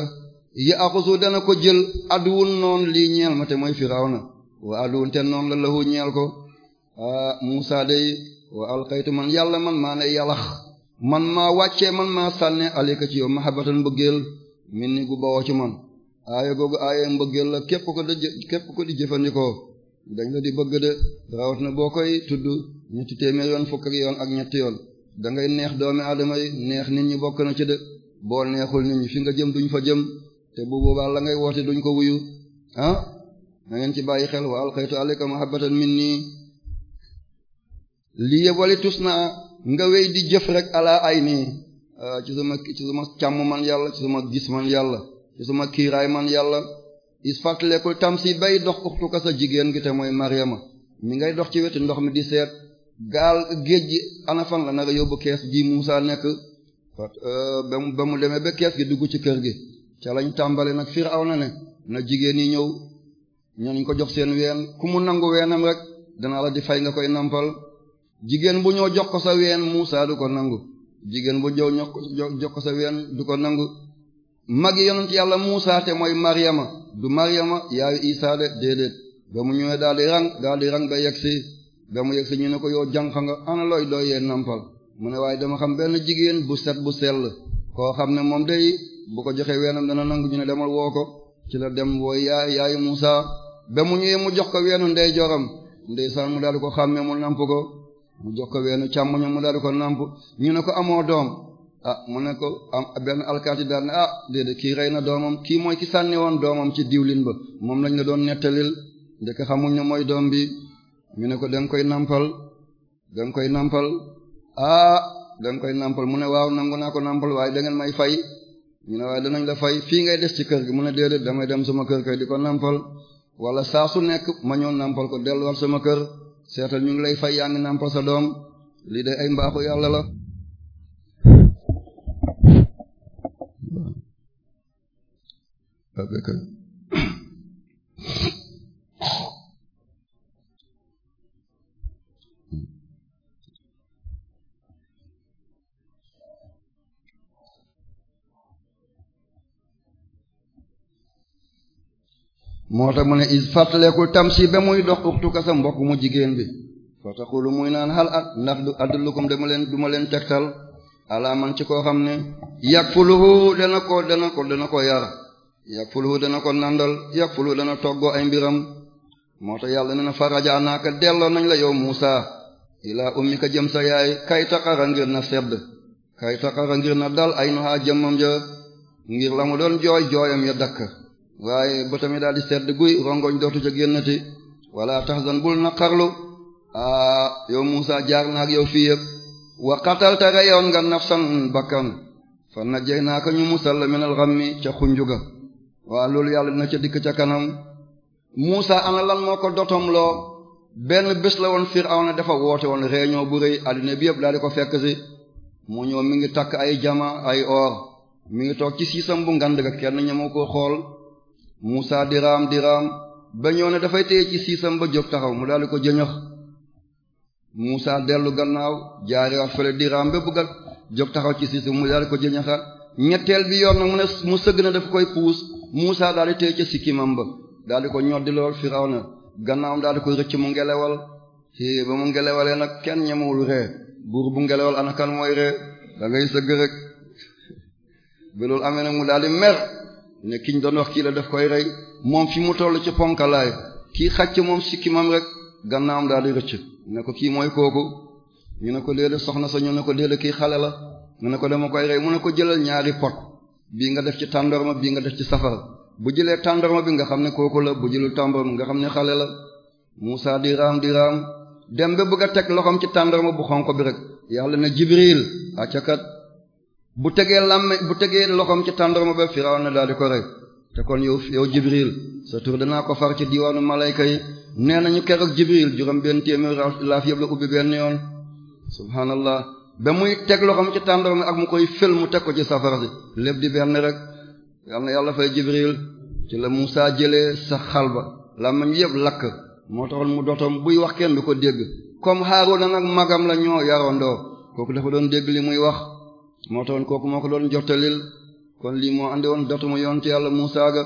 yi dana ko jël aduwun noon lii ñeel ma te mooy firawna wa aduwun te noon la lahu ñeel ko a Musa day wa alqaytu man yàlla man maa ne yalax man maa wàccee man maa sànne alika ci yow mahabbatan mbëggeel min ni gu bawoo ci man aaya googu aaya mbëggeel la képp ko di jëfandikoo dañ la di bëgg de rawat na boo koy tudd ñetti téeméer yoon fukk ak yoon ak ñetti yoon da ngay neex doomi aadama yi neex nit ñi bokk na ci de boo neexul nit ñi fi nga jëm duñ fa jëm te bu boobaa la ngay woote duñ ko wuyu ah na ngeen ci bàyyi xel wa alxaytu alayka mahabbatan minni lii yëpp wali tus naa nga wéy di jëf rek ala ay nii ah, ci suma ci suma càmm man yàlla ci suma gis man yàlla ci suma kiiraay man yàlla is tam tamsi bay dox uxtuka sa jigéen gi te mooy mariama mi ngay dox ci wetu ndox mi di seet gaal géej gi ana fan la nara yóbbu kees gi Muusa nekk euh, ba mu demee ba kees gi dugg ci kër gi ca lañ tàmbali nag na ne na jigéen yi ñëw ñooñu ko jox seen ween ku mu nangu weenam rek danaa la di fay nga koy nampal jigéen bu ñëw jox ko sa ween Muusa du ko nangu jigéen bu ñëw jox ko sa ween du ko nangu magi yonent yàlla Muusa te mooy Mariama du Maryama yaayu Isa de déedéet ba mu ñëwee daal di rang daal di rang ba yegsi ba mu yegsi ñu ne ko yow jànq nga ana looy doo yee nampal mu ne waaye dama xam benn jigéen bu set bu sell koo xam ne moom day bu ko joxee weenam dana nangu ñu ne demal woo ko ci la dem wooy yaay yaayu Musa ba mu ñëwee mu jox ko weenu ndey joram ndeysaan mu daal di ko xàmmee mu namp ko mu jox ko weenu càmmoñam mu daal di ko namp ñu ne ko amoo doom ah mu ne ko am benn alkaati daal ne ah déedéet kii rey na doomam kii mooy ki sànni woon doomam ci diwlin ba moom lañ la doon nettalil ndeke xamuñ ne mooy doom bi ñu ne ko da koy nampal da koy nampal ah da koy nampal mu ne waaw nangu naa ko nampal waaye da ngeen may fay ñu ne waaye danañ la fay fii ngay des ci kër gi mu ne déedéet damay dem sama kër kay di ko nampal wala saa su nekk ma ñëw nampal ko delluwaat sama kër seetal ñu ngi lay fay yaa ngi nampal sa doom lii de ay mbaaxu yàlla la. avec eux. moo tax mu ne is fàttaleku tamsi ba muy dox uxtuka sa mbokk mu jigéen bi fa taqulu muy naan hal at ndax du adullukum dama leen du ma leen tegtal alaaman ci koo xam ne yakfuluhu dana ko dana ko dana ko yar yakfuluhu dana ko nandal yakfuluhu dana toggoo ay mbiram moo tax yàlla nee na faraja naaka delloo nañ la yow Muusaa ilaa ummika jëm sa yaay kay taqara ngir na sedd kay taqara ngir na dal ay nuhaa jëmmam ja ngir la mu doon jooy jooyam ya dakk waaye ba tamit daal di sedd guy rongoñ dootu ca génnati wala tahzan bul naqarlu aa yow Muusaa jaar naak yow fii yëpp wa qatalta reyoon nga nafsan bakkan fa najjaynaaka ñu musal la minal ca xunjuga waaw loolu yàlla na ca dikk ca kanam Muusa ana lan moo ko dotom loo benn bés la woon Firawna defa woote woon réunion bu rëy addina bi yëpp daal di ko fekk si mu ñëw mi ngi takk ay jama ay or mi ngi toog ci siisam bu ngand ga kenn ñamoo ko xool Muusa diraam diraam ba ñëw ne dafay téye ci siisam ba jóg taxaw mu daal ko jëñëx Muusa dellu gannaaw jaariwaat fële diraam ba bugga a jóg taxaw ci siisam mu daal di ko jëñëxaat ñetteel bi yoon nag mu ne mu sëgg na daf koy puus Muusa daal di tey ca sikkimam ba daal di ko ñoddi lool Firawna gannaawam daal di ko rëcc mu ngelewal ci ba mu ngelewalee nag kenn ñemewul ree buur bu ngelewal ana kan mooy ree da ngay sëgg rek ba loolu amee nag mu daal mer ne kiñ doon wax kii la daf koy rey moom fi mu toll ci ponkalaay kii xacc moom sikkimam rek gannaawam daal di rëcc ne ko kii mooy kooku ñu ne ko léeg soxna sa ñu ne ko léeg kii xale la ñu ne ko dama koy rey mu ne ko jëlal ñaari pot. bii nga def ci tàndorma bii nga def ci safara bu jëlee tàndorma bi nga xam ne kooku la bu jëlul tàndorma nga xam ni xale la muusa di raam di raam dem ba bëgg a teg loxoom ci tàndorma bu xonq bi rek yàlla na Jibril accakat bu tegee làmme bu tegee loxoom ci tàndorma ba Firawna daal di ko rek te kon yow yow Jibril sa tur danaa ko far ci diwaanu malayka yi nee nañu keroog Jibril juróom benn téeméer laaf yëpp la ubbi benn yoon subhaanallah ba muy teg loxoom ci tàndoor mi ak mu koy fël mu teg ko ci safara si lépp di benn rek yal na yàlla fay jibril ci la Musaa jëlee sa xalba làmmiñ yëpp lakk moo taxoon mu dootoom buy wax kenn du ko dégg comme na nag magam la ñoo yarondoo kooku dafa doon dégg li muy wax moo taxoon kooku moo ko doon jottalil kon lii moo andi woon dootu yoon ci yàlla Musaa ga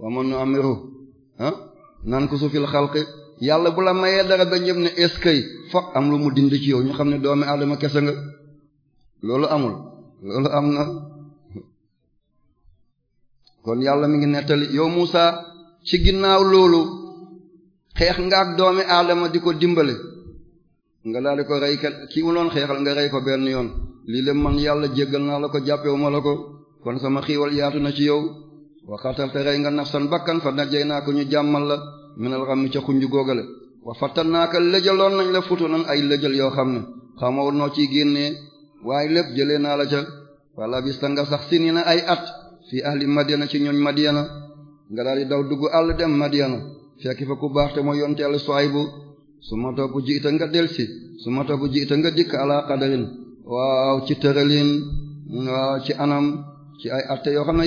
wa man nu am ah naan ko su fil yàlla bu la mayee dara ba ñëpp ne est-ce fokk am lu mu dind ci yow ñu xam ne doomi aadama kese nga loolu amul loolu am na kon yàlla mi ngi nettali yow Musa ci ginnaaw loolu xeex nga ak doomi aadama di ko dimbale nga daal di ko rey kat ki mu xeexal nga rey ko benn yoon lii la man yàlla jéggal naa la ko jàppewuma la ko kon sama xiiwal yaatu na ci yow waxaatal te rey nga nafsan bakkan fa najjay naa ko ñu jàmmal la minal rammi ca xunju góogale wa fattanaaka lëjaloon nañ la futunan ay lëjal yoo xam ne xamoo noo ciy génnee waaye lépp jële naa la ca walla bis ta nga sax sini na ay at fii ahli madiana ci ñooñ madiana nga daal di daw dugg àll dem madiana fekki fa ku baax te mooy yonte yàlla Suaybu su ma topp jiita nga delsi su ma topp jiita nga dikk ala qadarin waaw ci tëralin waaw ci anam ci ay atte yoo xam ne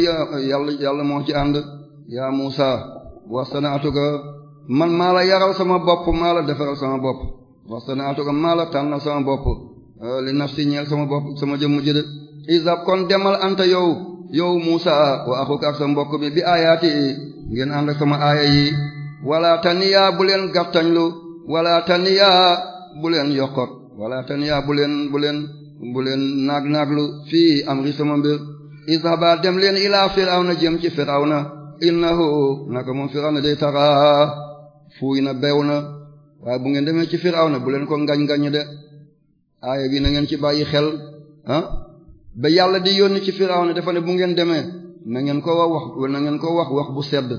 yàlla yàlla moo ci ànd yaa Muusa wasanaatuka man maa la yaraw sama bopp maa la defaral sama bopp wasanaatuka maa la tànnal sama bopp euh, li nafsi ñeel sama bopp sama jëmm jëde isab kon demal anta yow yow Muusa wa axuka ak sa mbokk mi bi aayaati ngeen ànd ak sama aaya yi wala taniyaa bu leen gàttañlu wala bu leen yokkot wala taniyaa bu leen bu fii amri sama mbir izaba dem leen ilaa firawna jëm ci firawna innahu naka moom firawna day taraa fuuy na bew na waaye bu ngeen demee ci na bu leen ko ngañ-ngañ de aaya bi na ngeen ci bàyyi xel ba yàlla di yónni ci Firawna dafa ne bu ngeen demee na ngeen ko wax wax na ngeen ko wax wax bu sedd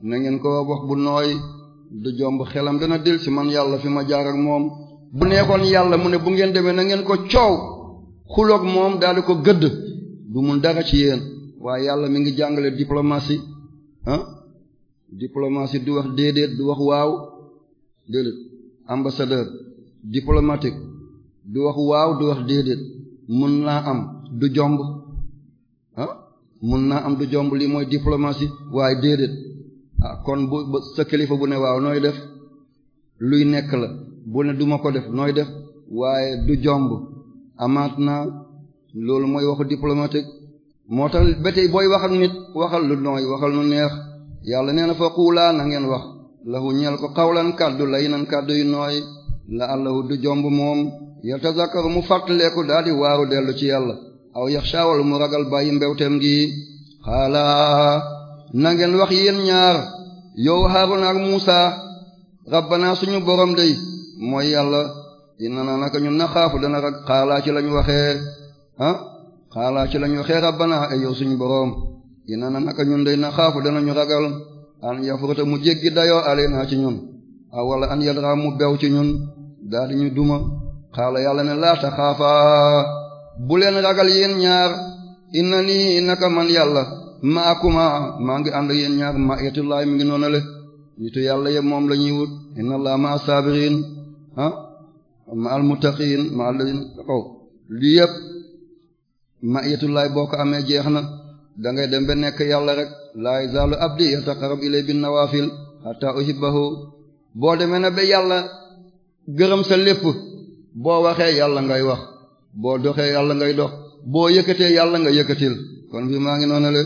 na ngeen ko wax bu nooy du jomb xelam dana dil ci man yàlla fi ma jaar ak moom bu neexoon yàlla mu ne bu ngeen demee na ngeen ko coow xuloog moom daal di ko gëdd du mun dara ci yéen waaye yàlla mi ngi jàngale diplomatie ah diplomatie du wax déedéet du wax waaw déedéet ambassadeur diplomatique du wax waaw du wax déedéet mun naa am du jomb ah mun naa am du jomb lii mooy diplomatie waaye déedéet ah kon bu sa kilifa bu ne waaw nooy def luy nekk la bu ne duma ko def nooy def waaye du jomb amaat naa loolu mooy waxu diplomatique moo tax ba booy wax nit waxal lu nooy waxal lu neex yàlla nee na fa xuulaa na ngeen wax lahu ñeel ko xawlan kàddu lay nan kàddu yu nooy la allahu du jomb moom yatazakkaru mu fàttaleeku daa di waaru dellu ci yàlla aw yaxsha wala mu ragal bàyyi mbewteem gi xaalaa na wax yéen ñaar yow Haaruna ak Muusa rabbanaa suñu borom dey mooy yàlla inna na naka ñun na xaafu dana rag xaalaa ci lañu waxe ah xaalaa ci lañu waxee rabbanaa ay yow suñu borom dina na naka ñun day na xaafu ñu ragal an yafurata mu jéggi dayoo alenaa ci ñun a wala an yadra mu bew ci ñun daal di ñu duma xaala yàlla na laata xaafaa bu ragal yéen ñaar ina nii naka man ma maakuma maa ngi ànd yéen ñaar ma etulaay mi ngi noonale nitu yàlla yëpp moom la ñuy wut inna allah ma saabiriin ah? ma al muttaqiin ma al lii yëpp ma etulaay boo ko amee jeex na dangay dem ba nekk yàlla rek laa zaalu abdi yataqarrab ilay bin nawaafil hatta uhibbahu boo demee na ba yàlla gërëm sa lépp boo waxee yàlla ngay wax boo doxee yàlla ngay dox boo yëkkatee yàlla nga yëkkatil kon fi maa ngi noona le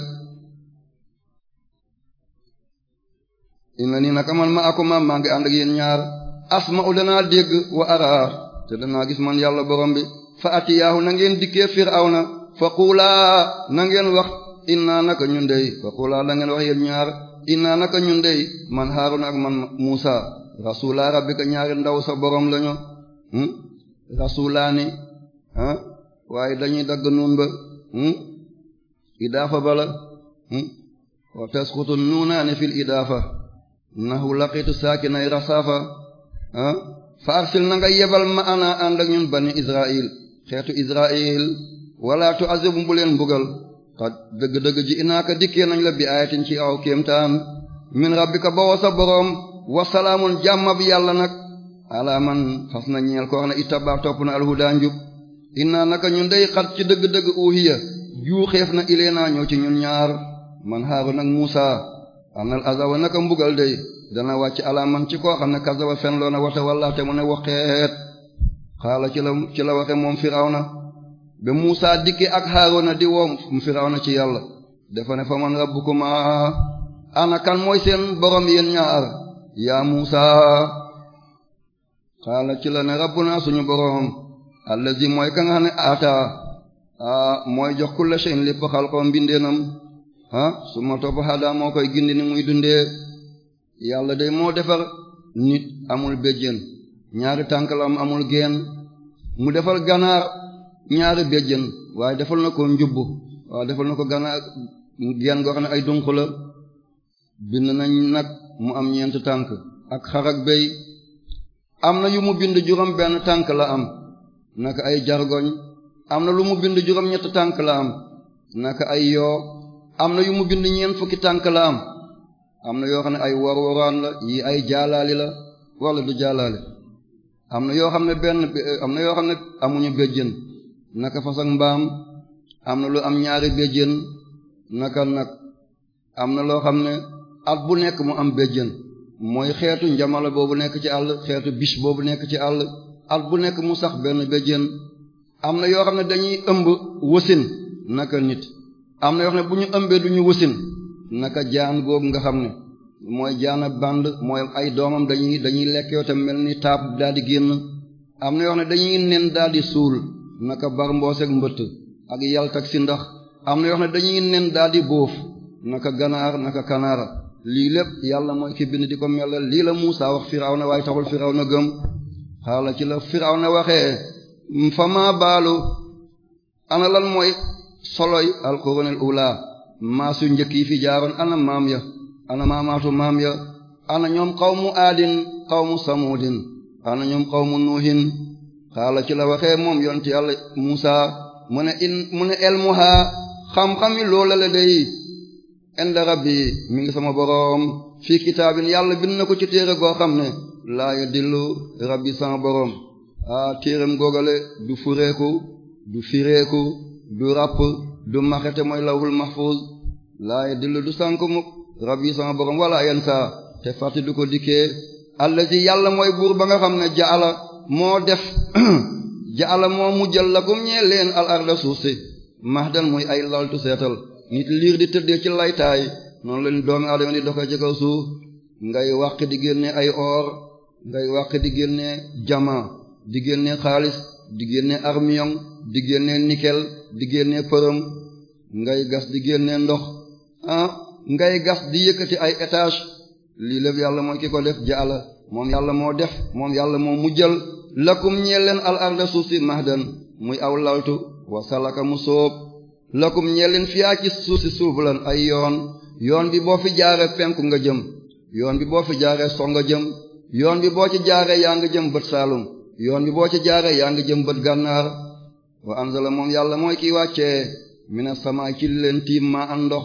ina nii naka man ma akuma maa ngi ànd ak ñaar asma'u danaa dégg wa araar te danaa gis man yàlla borom bi fa atiyaahu na ngeen dikkee fir'awna fa quulaa na wax inna naka ñun dey faqulaa ngeen wax yéen ñaar inna naka ñun dey man Haaruna ak man Muusa rasulaa rabbika ñaari ndaw sa borom lañu hmm? rasulaani ah waaye dañuy dagg nuun ba hmm? idaafa bala hmm? wa tasqutu nuunaani fil idaafa nahu laqitu saakinay rasaafa ah farsil na nga yebal ma ana ñun bani Israil xeetu Israil wala tu'azibum bu mbugal xad dëgg-dëgg ji inaaka dikkee nañ la bi ayatin ci aw kéemtaan min rabbika bawoo sa boroom wasalaamun jàmma bi yàlla nag alaa man fas na ñeel ko wax ne topp na alhudaa njub innaa naka ñun day xat ci dëgg-dëgg uhiya juuxeef na ilee naa ci ñun ñaar man haarun ak muusa anal azawa naka mbugal day dana wàcc alaa ci koo xam ne kazaba fen loona wata wallaa te mu ne waxeet xaala ci la ci la waxe moom na ba Muusa dikkee ak a di woom na ci yàlla dafa ne fa man rabbukumaa ana kan mooy seen borom yéen ñaar yaa Muusa xaala ci la ne rabbuna suñu borom allazi mooy ka nga xam ne aataa a mooy jox kulla shay'in lépp xalqoo mbindeenam ah su ma topp hadaa moo koy gindi muy dundee yàlla day moo defar nit amul béjjén ñaari tànk amul geen mu defar ganaar ñaari béjjën waaye defal na ko njubb waaye defal na ko gana geen goo xam ne ay dunq la bind nañ nag mu am ñeent tànk ak xar ak am na yu mu bind juróom benn tànk la am naka ay jargoñ am na lu mu bind juróom ñett tànk ay yoo am na yu mu bind ñeent fukki tànk la am am na yoo xam ne ay war waraan la yi ay jaalaali la wala du jaalaali am na yoo xam ne benn na yoo amuñu béjjën naka fas ak mbaam am na lu am ñaari béjjén naka nag am na loo xam ne at bu nekk mu am béjjén mooy xeetu njamala boobu nekk ci àll xeetu bis boobu nekk ci àll at bu nekk mu sax benn béjjén am na yoo xam ne dañuy ëmb wasin naka nit am na yoo xam ne bu ñu ëmbee du ñu wasin naka jaan googu nga xam ne mooy jaana band mooy ay doomam dañuy dañuy lekk yoo mel ni taab daal di génn am na yoo xam ne dañuy nen daal di suul naka bar mbooseeg mbëtt ak yaltak si ndax am na yoo xam ne dañuy nen daal di bóof naka ganaar naka kanaara lii lépp yàlla mooy ki bind di ko melal lii la Muusaa wax Firawna waay taxul Firawna gëm xaala ci la Firawna waxee fa maa baalu ana lan mooy soloy alqurunil ula maasu njëkk yi fi jaaroon ana maam ya ana maamaatu maam ya ana ñoom qawmu aadin qawmu samuudin ana ñoom qawmu nuuhin xaala ci la waxee moom yonte yàlla Musa mu ne in mu ne elmuha xam-xami xam loola de day inda rabbi mi ngi sama boroom fii kitaabin yàlla bind na ko ci téere goo xam ne laa yadillu rabbi sama boroom a téeram googale du fureeku du fireeku du ràpp du maxete mooy lawhul mahfuz laa yadillu du sànk mu rabbi sama boroom wala yansa te fàtti du ko dikkee allazi yàlla mooy buur ba nga xam ne jaala moo def jaala moo mujjal lakum ñee leen al arda suuf si mahdan muy ay laltu seetal nit liir di tëddee ci laytaay noonu leen doomi aadama di doxee ci kaw suuf ngay wàq di génne ay or ngay wàq di génne jama di génne xaalis di génne armion di génne nikel di génne përëm ngay gas di génne ndox ah ngay gas di yëkk ci ay étage lii lépp yàlla mooy ki ko def jaala moom yàlla moo def moom yàlla moo mujjal lakum ñeel al arda suuf si mahdan muy aw laltu wa salaka mu sóob lakum ñeel leen fiyaa ci suuf si suubulan ay yoon yoon bi boo fi jaaree penku nga jëm yoon bi boo fi jaaree nga jëm yoon bi boo ci jaaree yaa nga jëm bët saalum yoon bi boo ci jaaree yaa nga jëm bët gànnaar wa anzala moom yàlla mooy kiy wàccee mina sama ci leen tiim maa an ndox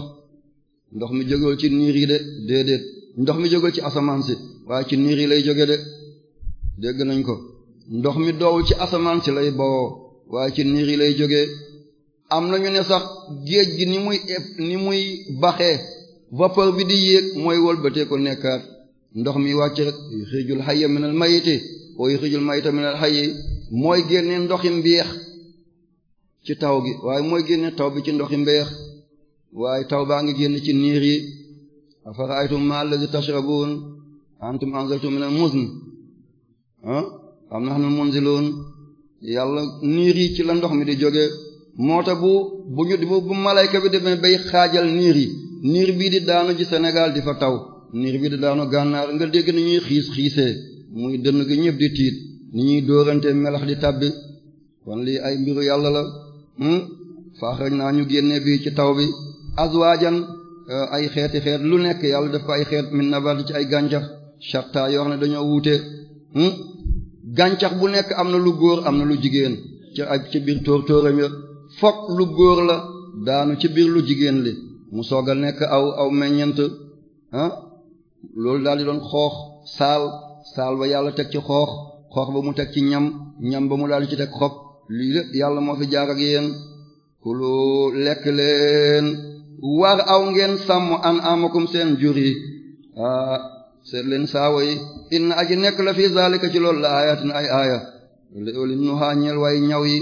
ndox mi jógul ci niir de déedéet ndox mi jógul ci asamaan si waaye ci niir yi lay jóge de dégg nañ ko ndox mi doowul ci asamaan si lay bawoo waaye ci niir yi lay jógee am na ñu ne sax géej gi ni muy ni muy baxee vapeur bi di yéeg mooy wëlbatee ko nekkaat ndox mi wàcc rek yuxrijul hayya minal yi wa yuxrijul mayyita minal hayyi mooy génne ndoxi mbeex ci taw gi waaye mooy génne taw bi ci ndox ndoxi mbeex waaye taw baa ngi génn ci niir yi afara'aytum ma allazi tashrabun antum anzaltum minal muzni ah am na xanul munziloon yàlla niir yi ci la ndox mi di jóge moo tax bu bu ñu bu malayka bi demee bay xaajal niir yi niir bii di daanu ji Sénégal di fa taw niir bii di daanu gànnaar nga dégg ni ñuy xiis xiisee muy dënn gi ñëpp di tiit ni ñuy dóorante melax di tàbbi kon lii ay mbiru yàlla la hmm? faaxraj naa ñu génne bi ci taw bi azwaajan euh, ay xeeti xeet lu nekk yàlla def ko ay xeet min nabat ci ay gàncax shatta yoo xam ne dañoo wuute hmm? gàncax bu nekk am na lu góor am na lu jigéen ca ak ci biir tóortóoram ya fokk lu góor la daanu ci biir lu jigéen li mu soog a nekk aw aw meññent ah, loolu daal di doon xoox saal saal ba yàlla teg ci xoox xoox ba mu teg ci ñam ñam ba mu daal di ci teg xob lii lépp yàlla moo fi jaar ak yéen kulu lekk leen war aw ngeen sàmm an amakum seen jur yi ah. seet leen saawo yi na aji nekk la fii zalika ci loolu la ayatin ay aaya li oli nuhaa ñeel way ñaw yi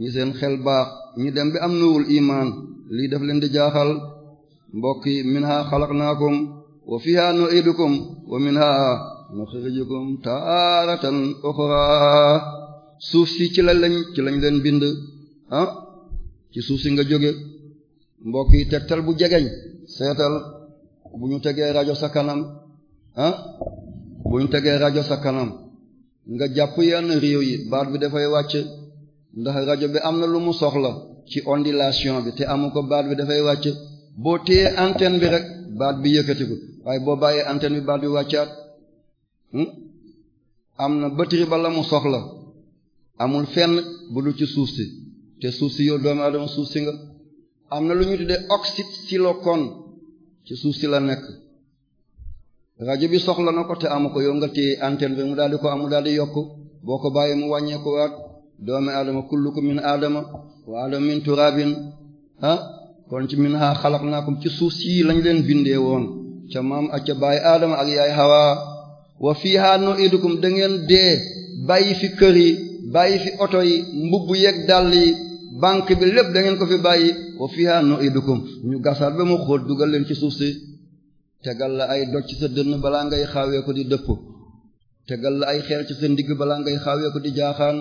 ñi seen xel baax ñi dem bi am nuwul imaan lii def leen di jaaxal mbokk yi minha xalaqnaakum wa fiha nu'idukum wa minha nukhrijukum taaratan ukhra suuf si ci lañ lañ ci lañ leen bind ah, ci suuf si nga jóge mbokk yi tegtal bu jegeñ seetal bu ñu tegee rajo sa kanam ah bu ñu tegee rajo sa kanam nga jàpp yenn réew yi baat bi dafay wàcc ndax rajo bi am na lu mu soxla ci ondulation bi te amu ko baat bi dafay wàcc boo téyee antenne bi rek baat bi yëkkatiku waaye boo bàyyee antenne bi baat bi wàccaat hmm? am na batterie ba la mu soxla amul fenn bu dul ci suuf si te suuf si yow doomu aadama suuf si nga am na lu ñu tuddee oxyde silicone ci suuf si la nekk rajo bi soxla na ko te amu ko yow nga téye antenne bi mu daal di ko am mu daal di yokku boo ko bàyyi mu wàññeeku waat doomi aadama kullukum min aadama wa aadama min turabin ah kon ci min ha xalaqnaakum ci suuf sii lañ leen bindee woon ca maam ak ca bàyyi aadama ak yaay hawa wa fiha nu'idukum da ngeen dee bàyyi fi kër yi bàyyi fi oto yi mbubb yeeg dàll yi banque bi lépp da ko fi bàyyi wa fiha nu'idukum ñu gasaat ba mu xóot dugal leen ci suuf si tegal la ay doj ci sa dënn balaa ngay xaawee ko di dëpp tegal la ay xeer ci sa ndigg balaa ngay xaawee ko di jaaxaan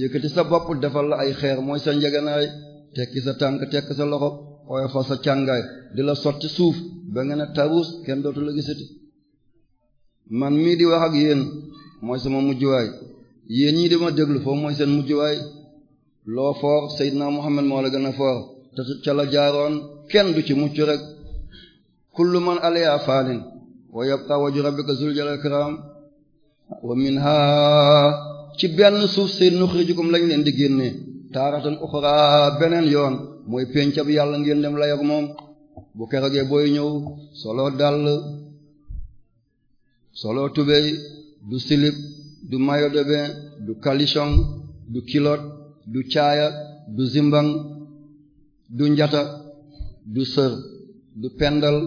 yëkkati sa bopp defal la ay xeer mooy sa njeganaay tekki sa tànk tekk sa loxo ooyo fa sa càngaay di la sotti suuf ba nga ne taruus kenn dootu la gisati man mii di wax ak yéen mooy sama mujjuwaay yéen ñi di ma déglu foofu mooy seen mujjuwaay loo foor Seydina Muhammad moo la gën a foor te ca la jaaroon kenn du ci mucc rek kullu man alayha faanin wa yabqa wajhu rabbika zul jalal kiram wa minha ci benn suuf si nuxrijukum lañ leen di génne taaratan uxra beneen yoon mooy pencab yàlla ngeen dem layoog moom bu kerogee booy ñëw solo dàll solo tubéy du silib du maillot de du caleçon du culotte du caaya du zimbang du njata du sër du pendal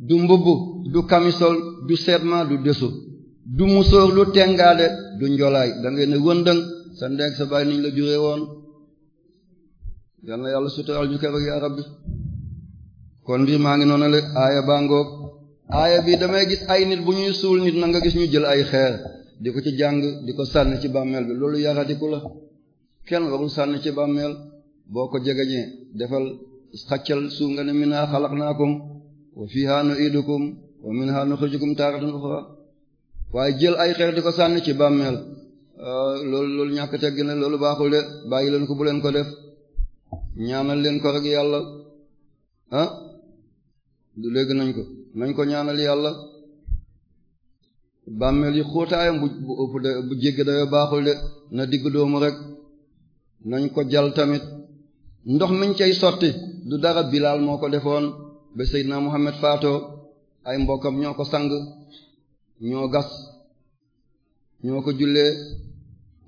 du mbubb du kamisol du serment du desu du musóor du tengaade du njolaay da ngay ne wëndëng sa ndeeg sa bàyyi niñ la jure woon yal na yàlla sutural ñu keroog yaa rabbi kon mbir maa ngi noonu la aaya baa ngoog aaya bi damay gis ay nit bu ñuy suul nit na nga gis ñu jël ay xeer di ko ci jàng di ko sànni ci bàmmeel bi loolu yaradiku la kenn warul sànni ci bàmmeel boo ko jegeñee defal xaccal su nga ne minaa xalaqnaakum wa fiha nu'idukum wa minha nukhrijukum taratan ukhra waaye jël ay xeer di ko sànni ci bàmmeel euh, loolu loolu ñàkk teggi na baaxul bàyyi leen ko bu leen ko def leen ko rek yàlla ah du léegi nañ ko nañ ko ñaanal yàlla bàmmeel yi xóotaayam bu bu bu baaxul de na digg doomu rek nañ ko jal tamit ndox miñ cay sotti du dara bilaal moo ko defoon ba Seydina Muhammad faato ay mbokkam ñoo ko sang ñoo gas ñoo ko jullee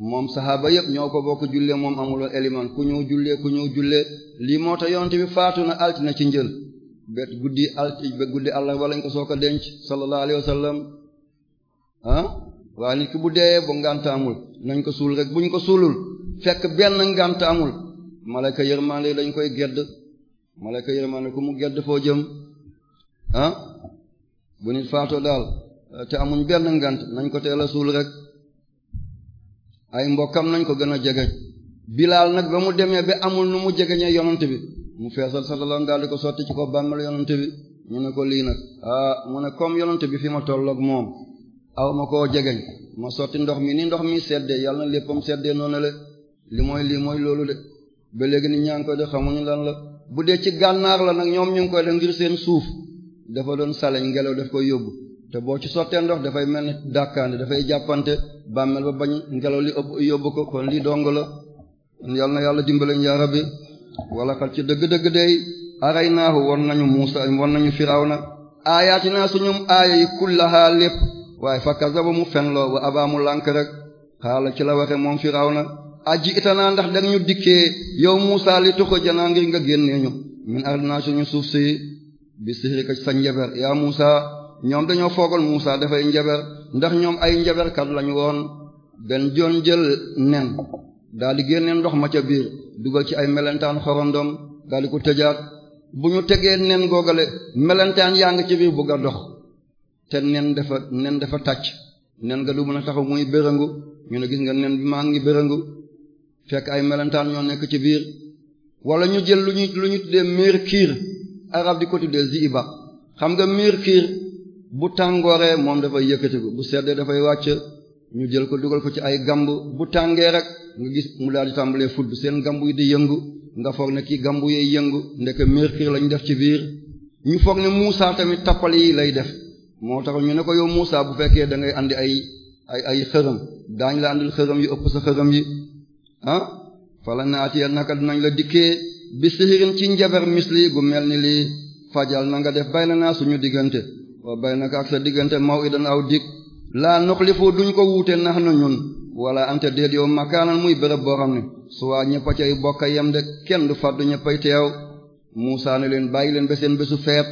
moom saxaaba yëpp ñoo ko ko jullee moom amuloon eliman ku ñëw jullee ku ñëw jullee lii moo tax yonent bi faatu na altina ci njël bet guddi alti bet guddi allah walañ ko soo ko denc sallallahu alayhi wa sallam ah nit ki bu deeyee ba ngànt amul nañ ko suul rek buñ ko suulul fekk benn ngànt amul malayka yërmande dañ koy gedd ma ne ko mu gedd foo jëm ah bu nit faatoo daal te amuñ benn ngant nañ ko teel a suul rek ay mbokkam nañ ko gën a jegeñ bilaal nag ba mu demee ba amul nu mu jegeñee yonent bi mu feesal satalan daal di ko sotti ci ko bàmmel yonent bi ñu ne ko lii nag ah mu ne comme yonent bi fi ma tolloog moom aw ma koo jegeñ ma sotti ndox mi ni ndox mii seddee yàlla na léppam seddee noonu la li mooy lii mooy loolu de ba léegi nit ñaa ngi ko de xamuñu lan bu dee ci gànnaar la nag ñoom ñu ngi koy def ngir seen suuf dafa doon saleñ ngelaw daf koy yóbbu te boo ci sottee ndox dafay mel ne dàkkaande dafay jàppante bàmmeel ba bañ ngelaw li ëpp yóbbu ko kon lii dong la yal na yàlla dimbale yaa rabbi wala xat ci dëgg-dëgg day aray naahu won nañu Muusa won nañu Firawna aayaatinaa suñum aaya yi kullahaa lépp waaye fa kazaba mu fenloo wa abaa lànk rek xaala ci la waxe moom na aji itanaa ndax dang ñu dikkee yow Muusaa li tuxu janaa ngir nga génnee ñu min suñu suuf si bi si sa njaber yaa Muusaa ñoom dañoo foogoon Muusaa dafay njaber ndax ñoom ay njaberkat lañu woon benn joon jël nen daal di génnee ndox ma ca biir dugal ci ay melentaan xorondom daal di ko tëjaat bu ñu tegee nen googale melentaan yaa ngi ci biir bugg a dox te nen dafa nen dafa tàcc nen nga du mën a taxaw muy bërëngu ñu ne gis nga nen bi maa ngi bërëngu fekk ay melentaan ñoo nekk ci biir wala ñu jël lu ñu lu ñu tuddee mercure arab di ko tuddee ziiba xam nga mercure bu tàngooree moom dafay yëkkatiku bu seddee dafay wàcc ñu jël ko dugal ko ci ay gamb bu tàngee rek nga gis mu daal di tàmbalee fudd seen gamb yi di yëngu nga foog ne kii gamb yee yëngu ndeke mercure lañu def ci biir ñu foog ne Moussa tamit tappal yi lay def moo tax ñu ne ko yow Moussa bu fekkee da ngay andi ay ay ay xërëm daañ la andil ah fala naatiya naka dinañ la dikkee bi sihirin ci njabar misli gu mel ni lii fajal na nga def bay na naa suñu diggante wa bay naka ak sa diggante mawidan aw dig laa nuxlifu duñ ko wuute nax na ñun wala ante déet yow makaanan muy bërëb boo xam ne suwaa ñëppa cay bokka yem de kenn du fàddu ñëppay teew Muusaa ne leen bàyyi leen ba seen bésu feet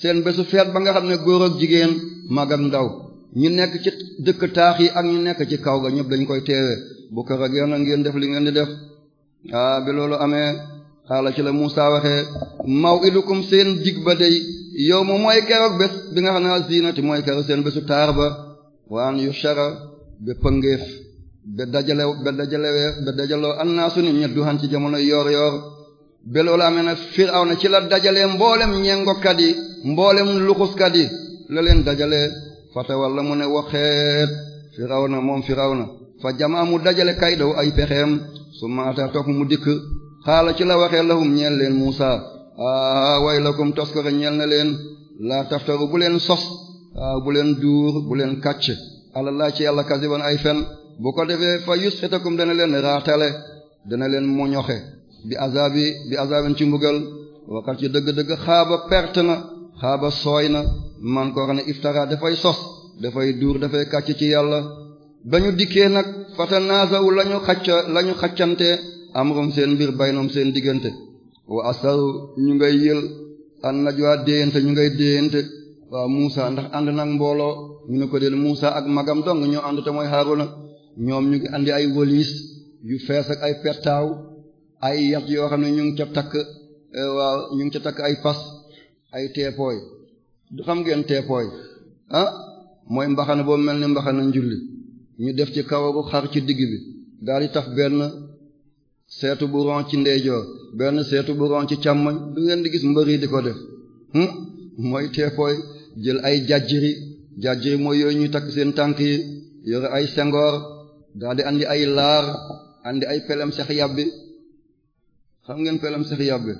seen bésu feet ba nga xam ne góor ak jigéen mag ndaw ñu nekk ci dëkk taax yi ak ñu nekk ci kaw ga ñëpp dañ koy teewe bu ko ragee a ngeen def li ngeen di def ah bi loolu amee xaala ci la Musaa waxee maw'idukum seen dig ba day yow mu mooy keroog bés bi nga xam ne zinati mooy keroog seen bésu taar ba waan yu shara ba pëngeef ba dajale ba dajalewee ba dajaloo an naa suni ñet du xan ci jamono yoor yoor ba loolu amee nag na ci la dajalee mboolem ñengokat yi mboolem luxuskat yi la leen dajalee fatawalla mu ne waxeet firawna moom firawna fa jamaa mu dajale kaydaw ay pexeem su maata topp mu dikk xaala ci la waxee lahum ñeel leen Muusa aa waylakum toskore ñeel na leen laa taftaru bu leen sos waaw bu leen duur bu leen kàcc ala laa ci yàlla kasiban ay fen bu ko defee fa yusxitakum dana leen raatale dana leen moñoxe bi azabi bi azabin ci mbugal waxal ci dëgg-dëgg xaaba perte na xaaba sooy na man koo xam ne iftara dafay sos dafay duur dafay kàcc ci yàlla ba ñu dikkee nag fatanaasaw la ñu xacca la ñu xaccante amrum seen mbir baynoom seen diggante wa asaru ñu ngay yël an najwa déyante ñu ngay déyante waaw Muusa ndax ànd nag mbooloo ñu ne ko deel Muusa ak magam dong ñoo ànd te mooy Haaruna ñoom ñu ngi àndi ay wëliis yu fees ak ay pertaaw ay yat yoo xam ne ñu ngi ca takk eh, waaw ñu ngi ca takk ay fas ay teepooy du xam ngeen teepooy ah mooy mbaxana boo mel ni mbaxana njulli ñu def ci kawaru xar ci digg bi daal di taf benn seetu bu ci ndeyjoor benn seetu bu ci càmmoñ du ngeen di gis mbër di ko def hmm? mooy teepooy jël ay jajjiri jajjiri mooy yooyu ñuy takk seen tànk yi yore ay sengoor daldi àndi ay laar àndi ay pelem sex yàbbi xam ngeen pelem sex yàbbi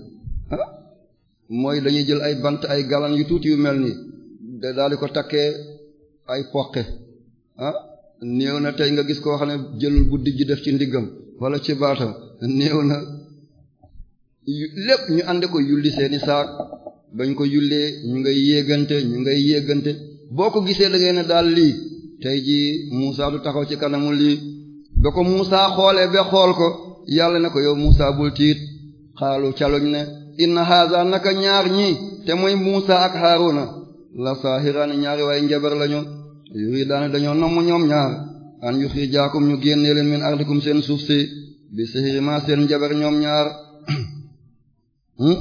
mooy dañuy jël ay bant ay galan yu tuuti yu mel nii da daal di ko takkee ay poqe ah néew na tey nga gis koo xam ne jëlul bu dijj def ci ndiggam wala ci baata néew na lépp ñu ànde ko yulli seeni saak bañ ko yullee ñu ngay yéegante ñu ngay yéegante boo ko gisee da ngay ne daal lii tey ji Muusa du taxaw ci kanamu lii ba ko Muusa xoolee ba xool ko yàlla na ko yow Muusa bul tiit xaalu caluñ ne inna haasa naka ñaar ñii te mooy muusa ak haaruna la saahiraani ñaari waaye njabar lañu yuridaani dañoo nomm ñoom ñaar an yuxrijaakum ñu génnee leen ardikum seen suuf si bi sihirima seen njabar ñoom ñaar hmm?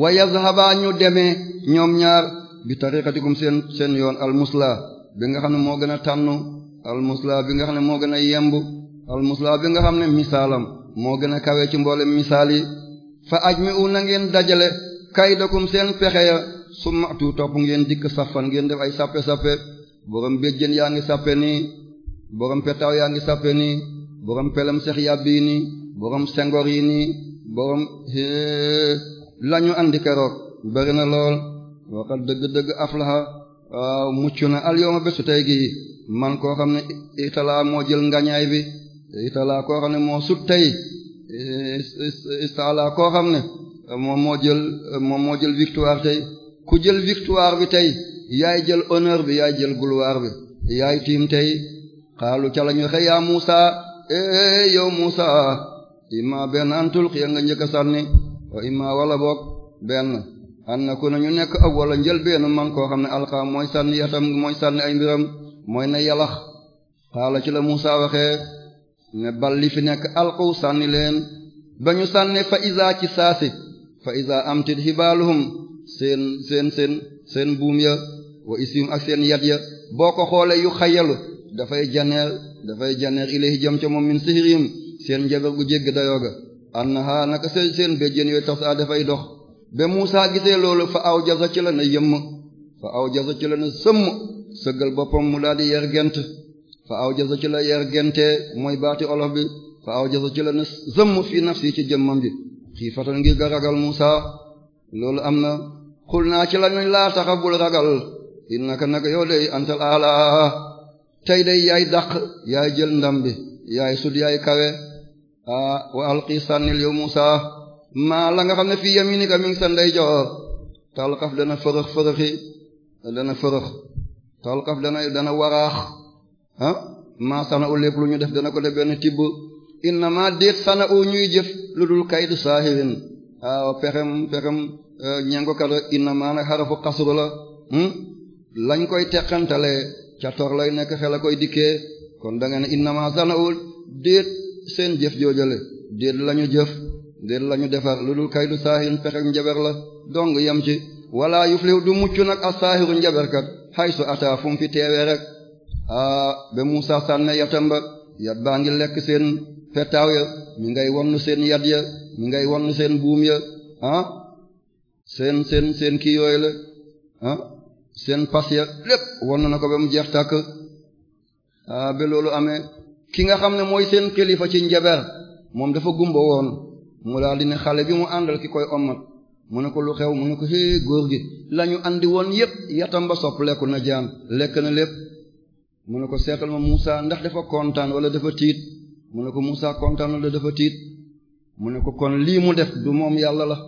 wa yazhabaa ñu demee ñoom ñaar bi tariqatikum seen seen yoon al almusla bi nga xam ne moo gën a tànnu almusla bi nga xam ne moo gën a yemb almusla bi nga xam ne misaalam moo gën a kawe ci mboole misaal yi fa ajmi'u na ngeen dajale kaydakum seen pexe ya sumatu topp ngeen dikk safan ngeen def ay sappe sappe borom béjjén yaa ngi sappe nii borom petaaw yaa ngi sappe nii borom pelem sex yàbbii nii borom sengor yi nii borom lañu andi keroog bëri na lool waxat dëgg-dëgg aflaha waaw mucc na al yawma bésu tey gi man koo xam ne italaa moo jël ngañaay bi italaa koo xam ne moo sut tey istala koo xam ne moom moo jël moom moo jël victoire tey ku jël victoire bi tey yaay jël honneur bi yaay jël gloire bi yaay tiim tey xaalu ca la ñu xe yaa Musa eh yow Musa imma benn an tulqiya nga njëkk a sànni wa imma wala boog benn an na ku nañu nekk ak wala njël benn man koo xam ne alxaam mooy sànni yatam mooy sànni ay mbiram mooy na yalax xaala ci la Musa waxee ne bal li fi nekk alqaw sànni leen ba ñu sànne fa isa ci saasi fa isa amtit xibaaluhum seen seen seen seen buum ya wa isim ak seen yat ya boo ko xoolee yu xayal dafay janeer dafay janeer ilayhi jëm ca moom min sixirim seen njabar gu jégg dayoo ga annaha naka seen seen béjjén yooyu tax saa dafay dox ba Muusaa gisee loolu fa aw jasa ci la na yëmm fa aw jasa ci la na sëmm sëggal boppam mu daal di yer gent fa aw jasa ci la yer gente mooy baati olof bi fa aw jasa ci la na zëmm fii nafsi ci jëmmam bi xiifatan ngir ga ragal Musa loolu am na xul naa ci la nañ laa taxa bul ragal innaka nag yow day antal ala tey day yaay dàq yaay jël ndam bi yaay sud yaay kawe wa alqi sànnil yow maa la nga xam ne fii yaminika mi ngi sa ndeyjoor talqaf dana fërëx fërëxi dana fërëx talqaf dana dana waraax ah maa sana u lépp lu ñu def dana ko def benn tibb inna maa déet sana u ñuy jëf lu dul kaydu saahirin waaw pexem pexem e, ñengokat a inna maa nag xarafu xasru la hm? lañ koy teqantale ca tor lay nekk xel koy dikkee kon dangeen nga ne inna maa sana u déet seen jëf joojale déet lañu jëf déet lañu defar lu dul kaydu saahirin pexem njaber la dong yem ci wala yufliw du mucc nag a saahiru njaberkat xaysu ata fu mu fi teewee rek aa ba Muusa sànne yatam yat baa ngi lekk seen petaaw ya mi ngay won seen yat ya mi ngay won seen buum ya seen seen seen kii yooyu la seen pas ya lépp wonn na ko ba mu jeex tàkk ah ba loolu amee ki nga xam ne mooy seen kilifa ci njaber moom dafa gumba woon mu daal di ne xale bi mu àndal ki koy ommat mu ne ko lu xew mu ne ko hee góor gi lañu àndi woon yépp yatam ba sopp lekku na jaan lekk na lépp mu ne ko seetal ma Musa ndax dafa kontaan wala dafa tiit mu ne ko Musa kontaan wala dafa tiit mu ne ko kon lii mu def du moom yàlla la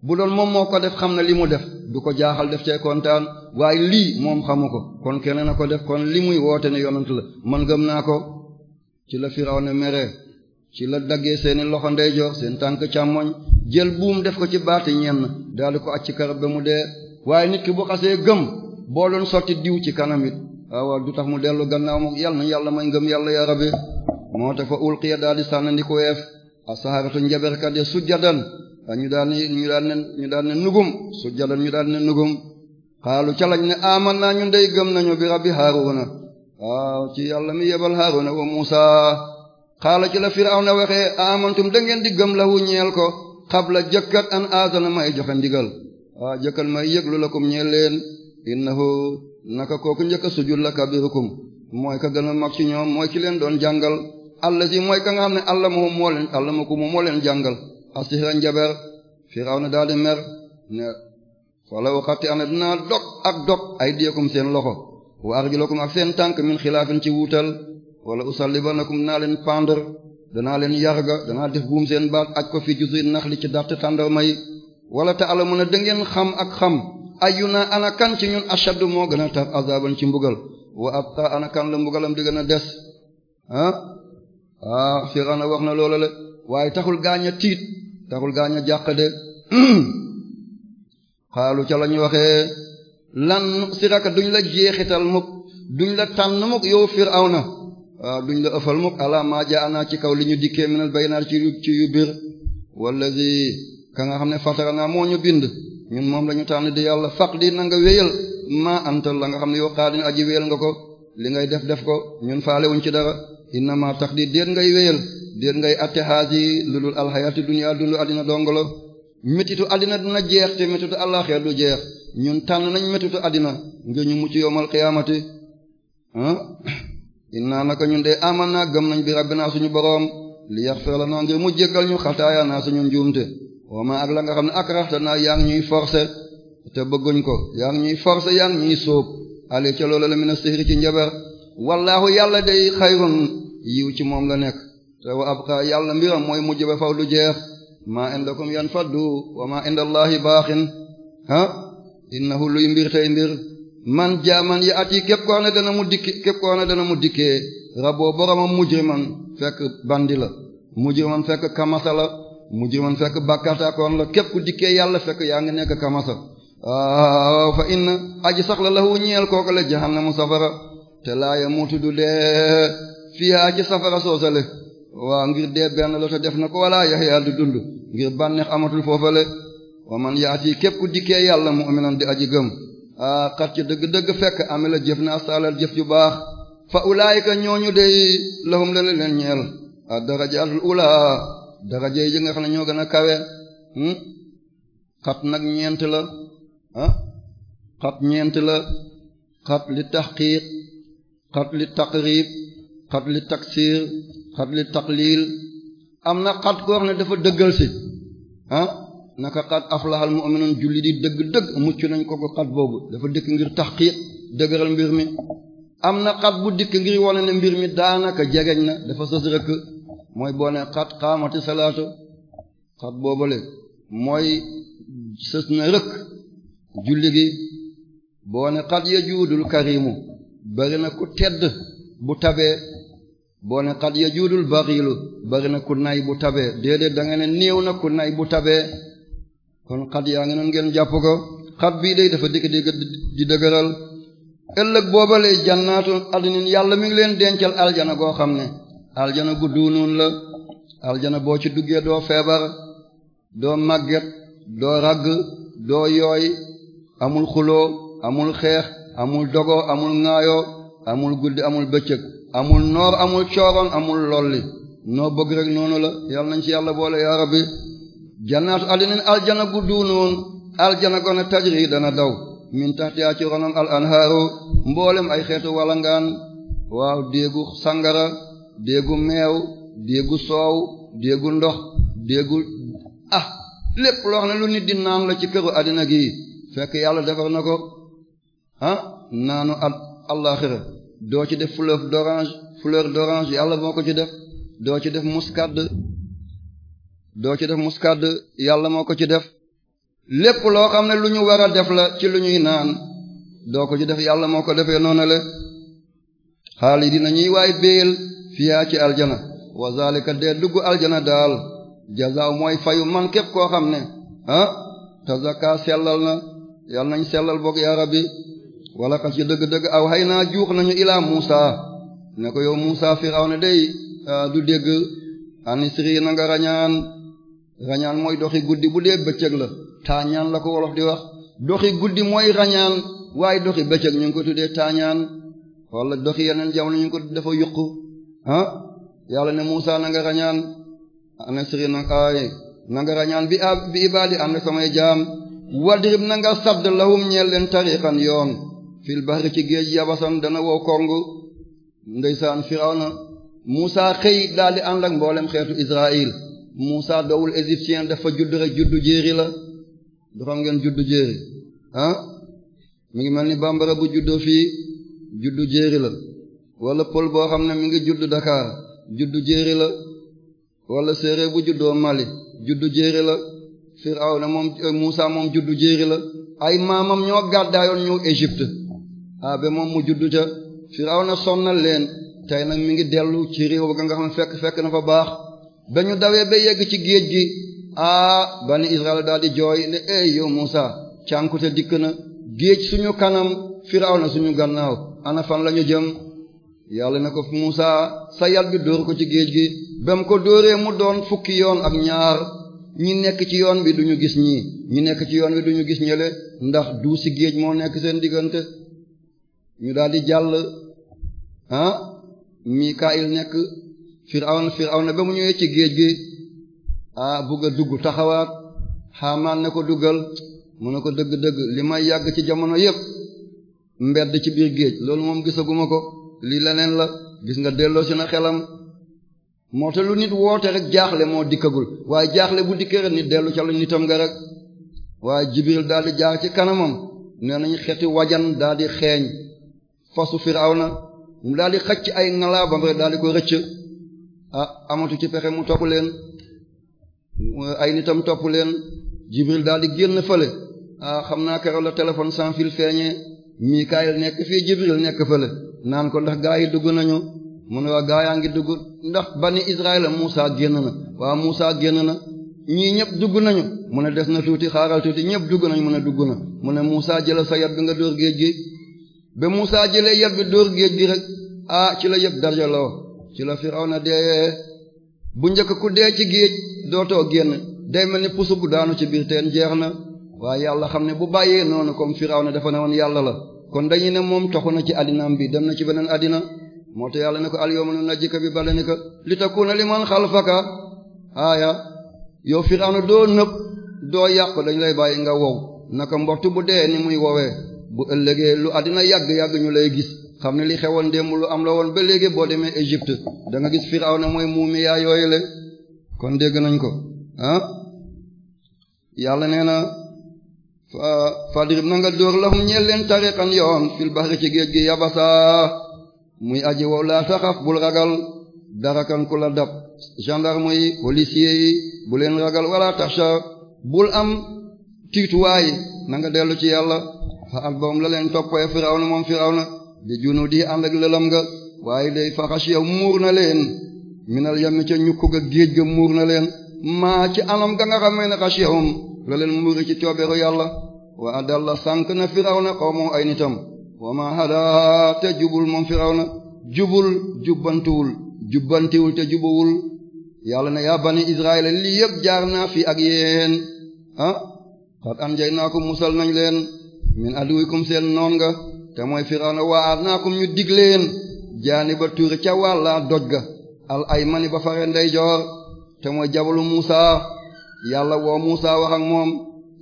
bu doon moom moo ko def xam na li mu def du ko jaaxal def cee kontaan waaye lii moom xamu ko kon keneen a ko def kon li muy woote ne yonent la man gëm naa ko ci la Firawna meree ci la daggee seeni loxo ndeyjoor seen tànk càmmoñ jël buum def ko ci baati ñenn daal di ko ci karab ba mu dee waaye nit ki bu gëm boo doon sotti ci kanam it Ah, waaw du tax mu dellu gannaaw mu yàlla na yàlla may ngëm yàlla ya rabbi moo tax fa ulqiya daal di sànnandi ko weef asaharatu njaberkat ya sujjadan ah, ñu daan ñu daan ne ñu daan ne nugum sujjadan ñu daan ne nugum xaalu calañ ne aman naa ñun dey gëm nañu bi rabbi haaruna waaw ci yàlla mi yebal haaruna wa musa xaala ci la firawna waxee amantum da ngeen di gëm lahu ñeel ko xabla jëkkat an aazana may joxe ndigal waaw jëkkat may yëglu lakum ñeel leen innahu naka kooku njëkk a sujud la kabirukum mooy ka gën a mag ci ñoom mooy ki leen doon jàngal allazi mooy ka nga xam ne allamahu moo leen allamakum moo leen jàngal asihra njaber firawna daal di mer ne wala waxati ana dinaa dog ak dog ay diyakum seen loxo wa arjulakum ak seen tànk min xilaafin ci wuutal wala usallibanakum dinaa leen pendre danaa leen yarga danaa def buum seen baat aj ko fi jusi naxli ci darte tàndarma yi wala ta'lamuna da ngeen xam ak xam ayuna ana kan ci ñun ashaddu moo gën a tar azaban ci mbugal wa abqa ana kan la mbugalam di gën a des ah, ah Firawna wax na loola la waaye taxul gaañ a tiit taxul gaañ a jàq de xaalu ca lañu waxee lan siraka duñ la jeexital mukk duñ la tànn mukk yow Firawna waaw duñ la ëffal mukk ala maa jaa ci kaw li ñu dikkee minal baynaar ci ci yu bir wallazi ka nga xam ne fatara naa moo ñu bind ñun moom la ñu tànn di yàlla faq di na nga wéyal maa antal la nga xam ne yow xaadin aji wéyal nga ko li ngay def def ko ñun faale ci dara innama tax di déet ngay wéyal déet ngay atte xaasi lulul alxayati dunya dundu addina la métitu àddina dina jeex te métitu àllaxeer du jeex ñun tànn nañu métitu addina ngir ñu mucc yowmal qiyaamati ah innaa naka ñun de aman naa gëm nañ bi rabbinaa suñu boroom li yaxfir lanaa ngir mu jéggal ñu xataayanaa suñu njuumte wa ma ak la nga xam ne ak raxta naa yaa ngi ñuy forcer te bëgguñ ko yaa ngi ñuy forcer yaa ngi ñuy sóob ale ca loola la na sihri ci njabar wallaahu yàlla day xayrun yiw ci moom la nekk te wa abqa yàlla mbiram mooy mujj ba faw du jeex ma maa indakum yan faddu wa maa indallahi baaxin ah innahu luy mbir tey mbir man jaaman ya at yi képp koo xam dana mu dikki képp koo xam dana mu dikke raboo boromam mujriman fekk bandi la mujriman fekk kamasa la mu jëman fekk bàkkaataakoon la képp ku dikkee yàlla fekk yaa ngi nekk kamasa waaw fa inna aji saxla lahu ñeel kooku la jahannamu safara te laa yamutu du dee fiyaa ci safara soosale waa ngir dee benn la te def na ko walaa yaxyaa du dund ngir bànneex amatul foofale wa man yaati képp ku dikkee yàlla mu'minan di aji gëm a xat ci dëgg-dëgg fekk ame la jëf na asaalal jëf ju baax fa ulaayika ñooñu dey lahum lana leen ñeel a ulaa daraja yi nga xam ne ñoo gën a kawe hmm? xat nag ñeent la ah xat ñeent la xat li tahqiq xat li taqrib xat li taksir xat li taqlil am na xat koo xam ne dafa dëggal si ah naka xat aflahal mu'minun julli di dëgg-dëgg mucc nañ ko ko xat boobu dafa dikk ngir tahqiq dëgëral mbir mi am na xat bu dikk ngir wane ne mbir mi daanaka jegeñ na dafa sës rëkk mooy boo ne xat xaamati salaatu xat boobale mooy sës na rëkk julli gi boo ne xat ya juudul karimu bari na ku tedd bu tabee boo ne xat ya juudul bariilu bari na ku nay bu tabee déedéet da nga ne néew na ku nay bu tabee kon xat yaa ngi noon ngeen jàpp ko xat bii day dafa dikk dikk di dëgëral ëllëg boobalee jannaatu adnin yàlla mi ngi leen dencal aljana goo xam ne aljana guddu noonu la aljana boo ci duggee doo feebar doo màgget doo ragg doo yooy amul xuloo amul xeex amul dogo amul ŋaayoo amul guddi amul bëccëg amul noor amul cooroon amul lolli noo bëgg rek noonu la yàlla nañ ci yàlla boole yaa rabbi jannaatu adnin aljana guddu noonu aljana gone tajri dana daw min taxtiyaa ci ronon al anhaaru mboolem ay xeetu walangaan waaw déegu sangara déegu meew déegu soow déegu ndox déegu ah lépp loo xam ne lu nit di naan la ci këru àddina gi fekk yàlla defar na ko ah naanu at àllaxira doo ci def fleur d'orange fleur d'orange yàlla moo ko ci def doo ci def muscade doo ci def muscade yàlla moo ko ci def lépp loo xam ne lu ñu war a def la ci lu ñuy naan doo ko ci def yàlla moo ko defee noonu la xaalis dina ñuy waay béyal fiyaa ci aljana wa zalika dee dugg aljana daal jazaaw mooy fayu man képp koo xam ne ah tazaka sellal na yàlla nañ sellal boog yaa rabbi wala xas ci dëgg-dëgg aw xay naa juux nañu ilaa Muusa ne ko yow Muusa na day ah, du dégg anisri na nga rañaan rañaan mooy doxi guddi bu dee bëccëg la taañaan la ko wolof di wax doxi guddi mooy rañaan waaye doxi bëccëg ñu ngi ko tuddee taañaan wala doxi yeneen jamono ñu ngi ko dafa yuq ah yàlla ne Musa na nga rañaan a siri na rañaan bi a bi ibaadi ànd samay jaam wadrib na nga sadd lahum ñeel leen tariqan yoon fil bahri ci géej yabasan dana wow kong ndeysaan Firawna Musa xëy daal di ànd ak mboolem xeetu Israël Musa dowul égyptien dafa judd rek juddu jéeri la dafa ngeen juddu jéeri ah mi ngi mel ni bambara bu juddoo fii juddu jéeri la wala pol boo xam ne mi ngi judd Dakar juddu jéeri la wala séeréer bu juddoo Mali juddu jéeri la na moom euh, Muusa moom juddu jéeri la ay maamam ñoo gàddaayoon ñëw Égypte ah ba moom mu juddu ca Firawna sonnal leen tey nag mi ngi dellu ci réew ga nga xam ne fekk fekk na fa baax ba ñu dawee ba yegg ci géej gi ah bani Israël daal di jooy ne ey yow Muusa cànkute dikk na géej suñu kanam Firawna suñu gannaaw ana fan lañu jëm yàlla na ko Muusa sa yal bi dóor ko ci géej gi ba mu ko dóoree mu doon fukki yoon ak ñaar ñi nekk ci yoon bi duñu gis ñii ñi nekk ci yoon bi duñu gis ñële ndax du si géej moo nekk seen diggante ñu daal di jàll kaa ah, Mikaayil nekk Firawna Firawna ba mu ñëwee ci géej gi ah bugg a dugg taxawaat Haamaan na ko duggal mu ne ko dëgg-dëgg li may yàgg ci jamono yépp mbedd ci biir géej loolu moom gisaguma ko lii leneen la gis nga delloo si na xelam moo te lu nit woote rek jaaxle moo dikkagul waaye jaaxle bu dikkee rek nit dellu ca lu nitam nga rek waaye jibril daal di jaar ci kanamam nee nañu xeeti wajan daal di xeeñ fasu firawna mu daal di xacc ay ngalaabam rek daal di ko rëcc ah amatu ci pexe mu topp leen ay nitam topp leen jibril daal di génn fële ah, xam naa keroog la téléphone sans fil feeñee Mikaayil nekk fii Jibril nekk fële naan ko ndax gaa yi dugg nañu mën ne waa gaa yaa ngi dugg ndax bani Israël Musa génn na waa Musa génn na ñii ñëpp dugg nañu mu ne des na tuuti xaaral tuuti ñëpp dugg nañu mu ne dugg na mu ne Musa jëlal sa yat bi nga dóor géej gi ba Musa jëlee yab bi dóor géej gi rek ah ci la yëpp darjaloo ci la na dee bu njëkk ku dee ci géej dootoo génn day mel ni pusu daanu ci biir teen jeex na waaye yàlla xam ne bu bàyyee noonu comme Firawna na ne woon yàlla la kon dañu ne moom toxu na ci addinaam bi dem na ci beneen addina moo tax yàlla ne ko alyawma nunajjika bi badanika li takuna liman xalfaka aaya yow na doo nëb doo yàqu dañ lay bàyyi nga wow naka mbortu bu dee ni muy wowee bu ëllëgee lu addina yàgg-yàgg ñu lay gis xam ne li xewoon démb lu am la woon ba léegi boo demee Égypte da nga gis na mooy muumi yaa yooyu kon dégg nañ ko ah? fa na nga dóor lahum ñeel leen tariqan yoon fil bahri ci géej gi yabasaa muy aji wow laa saxaf bul ragal darakan ku la dab gendarme yi policier yi bu leen ragal wala taxsha bul am tiituwaay na nga dellu ci yàlla fa adbahum la leen toppee firawna moom firawna bi junudi ànd ak lëlam nga waaye day faxas yow muur na leen minal yami ca ñukku ga géej ga muur na leen maa ci anam ga nga xam ne xasiyahum la leen ci coobeeru yàlla wa adalla sànq na firawna qawmu ay nitam wa ma hada te jubul moom firawna jubul jubbantuwul jubbantiwul te jubuwul yàlla ne yaa bani israila lii yëpp jaar naa fi ak yéen ah xat an jay naakum musal nañ leen min aduwikum seen noon nga te mooy firawna waa aat naakum ñu dig leen jaani ba tuuri ca wàllaa doj ga al ay mani ba fare ndeyjoor te mooy jabalu muusa yàlla woo Muusa wax moom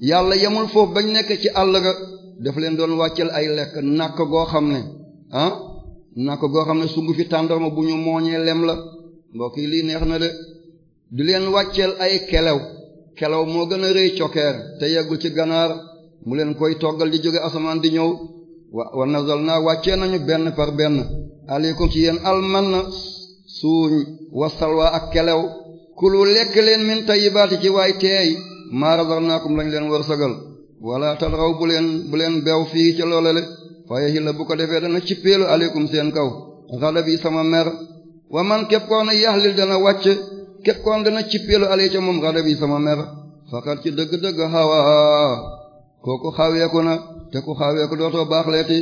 yàlla yemul foofu bañ nekk ci àll ga daf leen doon wàcceel ay lekk nàkk goo xam ne ah nàkk goo xam ne sungu fi tàndarma bu ñu mooñee lem la mbokk yi lii neex na de di leen wàcceel ay kelew kelew moo gën a rëy cokkeer te yeggul ci ganaar mu leen koy toggal di jóge asamaan di ñëw wa wa nazal naa wàcce nañu benn par benn aleykum ci man na suuñ wasalwa ak kelew kulu lekk leen min tayyibaati ci waay teey maa razaqnaakum lañ leen wërsëgal wala tadraw bu leen bu leen bew fii ca loolale faye xilla bu ko defee dana cippeelu aleykum seen kaw xadabi sama mer wa man képp koon yaxlil dana wàcc képp koon dana cippeelu aley ca moom xadabi sama mer faqat ci dëgg-dëgg xawaa kooku xaweeku na te ku xaweeku dootoo baaxleeti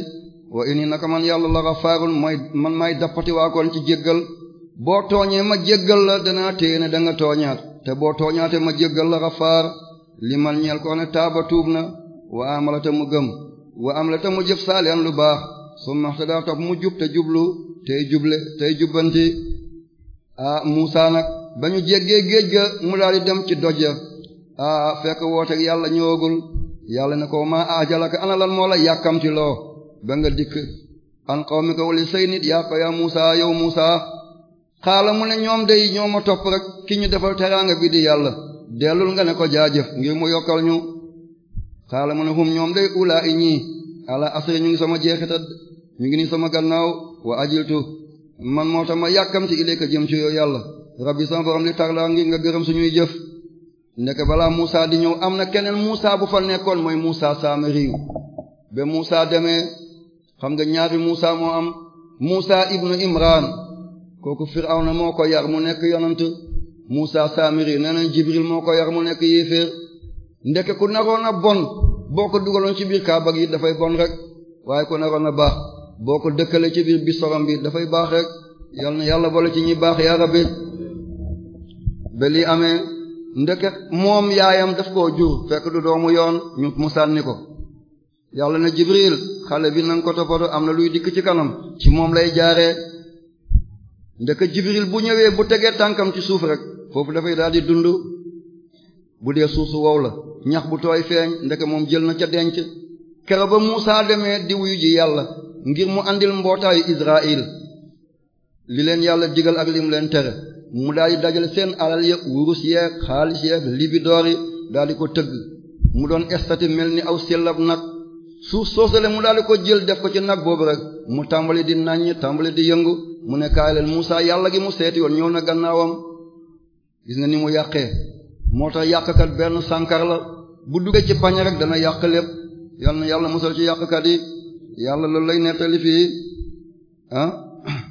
wa ini naka man yàlla la xafaarun mooy man may dappati waakoon ci jéggal boo tooñee ma jéggal la danaa téye ne da tooñaat te boo tooñaate ma jéggal la xafaar liman ñeel ko ne taaba tuub na wa amala te mu gëm wa amala te mu jëf saalihan lu baax su maxta daa topp mu jub te jublu tey juble tey jubbanti a Muusaa nag ba jéggee géej ga mu daal di dem ci doj a fekk wooteeg yàlla ñëwagul yàlla na ko maa ajalaka ana lan moo la yàkkamti loo ba nga dikk an qawmika wali say nit yaa ko yaa Muusaa yow Muusaa xaala mu ne ñoom day ñoo ma topp rek ki ñu defal teraanga bi di yàlla dellul nga ne ko jaajëf ngir mu yokkal ñu xaala mu ne hum ñoom day ulaa i ñii ala asri ñu ngi sama jeexitat ñu ngi ni sama gannaaw wa ajiltu man moo tax ma yàkkamti ilayka jëm ci yow yàlla rabbi sama borom li tarlaa ngir nga gërëm suñuy jëf ndeke balaa Muusa di ñëw am na keneen Muusa bu fa nekkoon mooy Muusa Samiri ba Muusa demee xam nga ñaari Muusa moo am Muusa ibnu kooku Firawna moo ko yar mu nekk yonant Musa Samiri nee nañ Jibril moo ko yar mu nekk yéeféer ndeke ku naroon a bon boo ko dugaloon ci biir Kaaba gi dafay bon rek waaye ku naroon a baax boo ko dëkkale ci biir bisorom bi dafay baax rek yal na yàlla boole ci ñuy baax yaa Rabbi ba lii amee ndeke moom yaayam daf ko jur fekk du doomu yoon ñu mu sànni ko yàlla na Jibril xale bi nanga ko am na luy dikk ci kanam ci moom lay jaaree. ndeke jibril bu ñëwee bu tegee tànkam ci suuf rek foofu dafay daal di dund bu dee suuf wow la ñax bu tooy feeñ ndeke moom jël na ca denc kere ba Muusaa demee di wuyu ji yàlla ngir mu andil mbootaayu Israël li leen yàlla digal ak lim leen tere mu daal di dajale seen alal yeeg wurus yeeg xaalis yeeg libidoor yi daal di ko tëgg mu doon estati mel ni aw sellab nag suuf soosale mu daal di ko jël def ko ci nag boobu rek mu tàmbali di naññ tàmbali di yëngu mu ne kaay muusaa yàlla gi mu seeti woon ñëw na gannaawam gis nga ni mu yàqee moo tax yàqkat benn sànkar la bu duggee ci pañe rek dana yàq lépp yàlla na yàlla musal ci yàqkat yi yàlla loolu lay nettali fii ah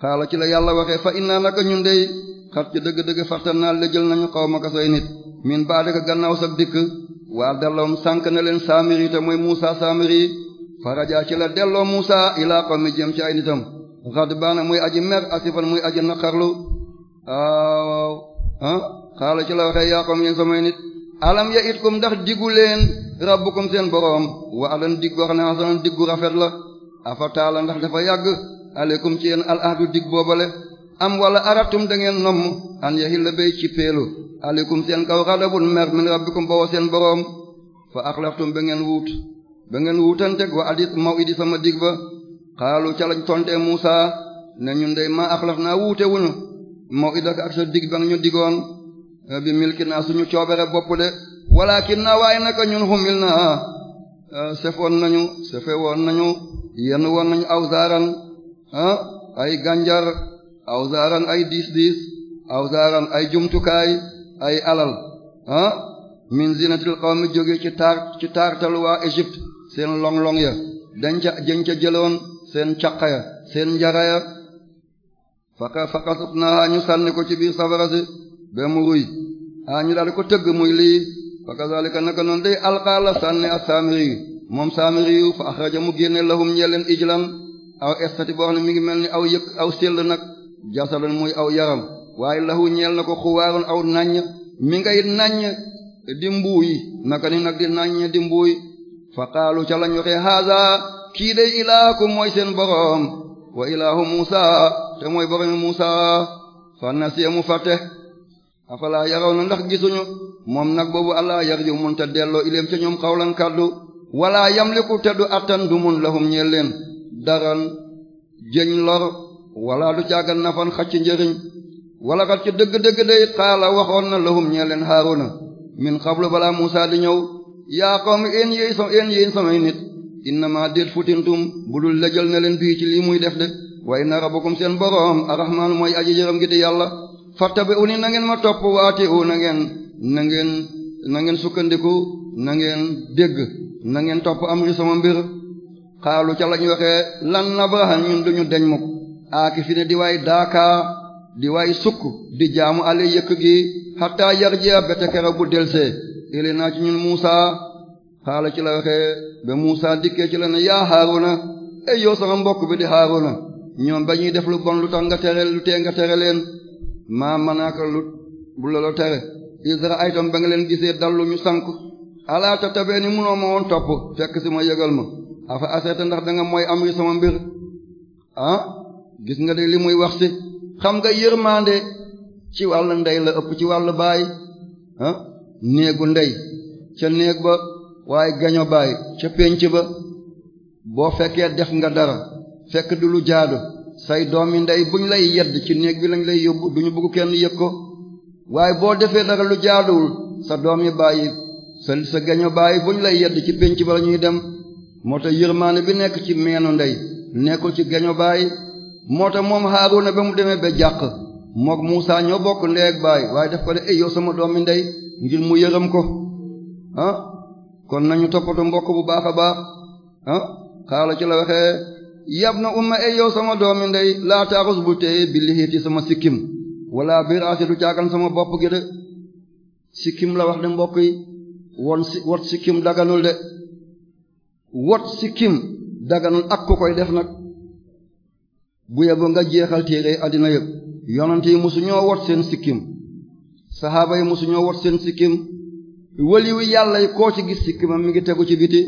xaala ci la yàlla waxee fa innaa naka ñun dey xat ci dëgg-dëgg fartal naa la jël nañu xaw ma ko say nit min baa dëkk gannaaw sa dikk waa delloom sànk na leen saamiri te mooy Musa saamiri farajaa ci la delloo Musa ilaa qawmi jëm ci ay nitam xadbaana muy aji mer asifan muy aji naqarlu waaw ah xaala ci la waxee yaa qawmi yéen samay nit alam ya it kum ndax diggu leen rabbukum seen boroom wa alan diggu wax ne hasanan diggu rafet la afa taala ndax dafa yàgg aleykum ci yéen al ahdu digg boobale am wala aratum da ngeen nomm an yahilla bay ci peelu aleykum seen kaw xadabun mer min rabbikum bawoo seen boroom fa axlaftum ba ngeen wuut ba ngeen wuutanteeg wa adis maw'idi sama dig ba xaalu ca lañ tontee Muusa ne ñun dey maa axlaf wuute wuñu moo idaka ak sa dig ba nga ñu digoon bi milki naa suñu coobere bopp de walaakin naa waaye naka ñun xumil naa ah, sefoon nañu sefewoon nañu yenn woon nañu awzaaran ah, ay ganjar awzaaran ay diis diis awzaaran ay jumtukaay ay alal ah min zinatil qawmi jóge ci taar ci taartal waa Égypte seen long long ya dañ ca dañ seen caqa ya seen njara ya faka fakasut naa ñu sànni ko ci biir safara si ba mu ruy a ah, daal ko tëgg muy lii fakazalika naka noonu day alqaala sànni a saamiri moom saamiri yu fa axraja mu génne lahum ñeleen ijlan aw estati boo xam mi ngi mel ni aw yëkk aw sell nag jasadan muy aw yaram waaye lahu ñeel na ko xuwaarun aw naññ mi ngay naññ di mbuuy naka ni nag di naññ di mbuuy fa qaalu ca lañ waxee haza kii day ilaakum mooy seen boroom wa ilaahu muusa te mooy boroomi muusa fa nasiya mu fàtte afalaa yaraw na ndax gisuñu moom nag boobu allah yarju mun te delloo ileem ca ñoom kàddu wala yamliku te du attan du mun lahum ñeel leen daran jëñ lor wala du caagan nafan xacc njëriñ wala xat dëgg-dëgg day xaala waxoon na lahum ñeel haaruna min xablu balaa muusa di ñëw yaa qawmi en yéen samay nit innama déet futintum budul lëjal na leen bii ci lii muy def de waaye na rabbukum seen boroom arrahmaan mooy aji yërëm gi di yàlla fattabi'uni na ngeen ma topp waati u na ngeen na ngeen na sukkandiku na ngeen dégg na ngeen topp amri sama mbir xaalu ca lañ waxee lan nabraha ñun duñu deñ mukk aaki fi ne di waay daakaar di waay sukk di jaamu ale yëkk gi xataa yarjiya bete kera bu delsee ili naa ci ñun Muusaa xaala ci la waxee ba Muusa dikkee ci la ne yaa Haaruna ey yow sama mbokk bi di Haaruna ñoom ba ñuy def lu bon lu tax nga tere lu tee nga tere leen maa manaaka lu bu la la tere isra aytam ba nga leen gisee dallu ñu sànk alaa ta tabee ni munoo ma woon topp fekk si ma yëgal ma afa aseeta ndax da nga mooy amri sama mbir ah, gis nga de li muy wax si xam nga yërmande ci wàll ndey la ëpp ci wàll baay ah néegu ndey ca néeg ba waaye gaño baay ca pénc ba boo fekkee def nga dara fekk du lu jaadu say doomi ndey buñ lay yedd ci néeg bi lañ lay yóbbu ñu bugg kenn yëg ko waaye boo defee dara lu jaaduwul sa doom doomi bàyyi sa sa gaño bàyyi buñ lay yedd ci pénc ba la dem moo tax yërmaane bi nekk ci meenu ndey nekkul ci gaño baay moo tax moom Haaruna ba mu demee ba jàq mook Muusaa ñoo bokk ndey baay waaye def ko de ey yow sama doom doomi ndey ngir mu yërëm ko ah kon nañu toppatoo mbokk bu baax a baax ah xaala ci la waxee yab na umma ey yow sama doomi ndey laa taaxus bu téye bi lixiiti sama sikkim wala biir aasi du caagan sama bopp gi de sikkim la wax de mbokk yi won si wot sikkim daganul de wot sikkim daganul ak ku koy def nag bu yeboo nga jeexal téere addina yëpp yonante yi mosu ñoo wot seen sikkim sahaaba yi mosu wot seen sikkim wëliwu yàlla yi koo ci gis ci kima mi ngi tegu ci biti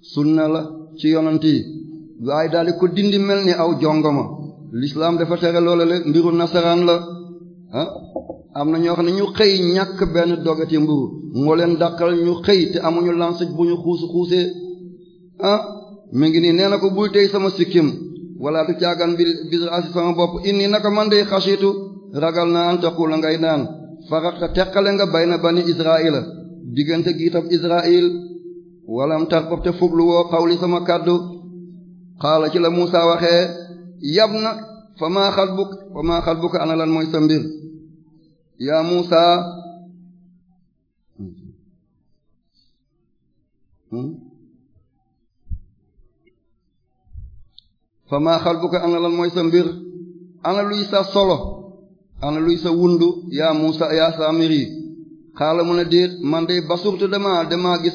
sunna la ci yonent yi waaye daal di ko dindi mel ni aw jongoma l'islam dafa tere loola mbiru nasaraan la ah am na ñoo xam ne ñu xëy ñàkk benn dogati mburu moo leen dàqal ñu xëy te amuñu lancé bu ñu xuus xuusee ah mi ngi nii nee na ko bul tey sama sikkim wala du caagan bi bisraasi sama bopp inni naka man dey xasiitu ragal na an taqula ngay naan faraqta teqale nga bay na bani israila diggante giitab Israa'il walam tarpab te fuglu woo xawli sama kàddu xaala ci la Muusa waxee yab na fa maa xatbuk fa ana lan mooy sa mbir yaa Muusa hmm? fa maa xatbuka ana lan mooy sa mbir ana luy sa solo ana luy sa wundu yaa Muusa yaa Samiri xaala mu ne déet man de basurtu dama dama gis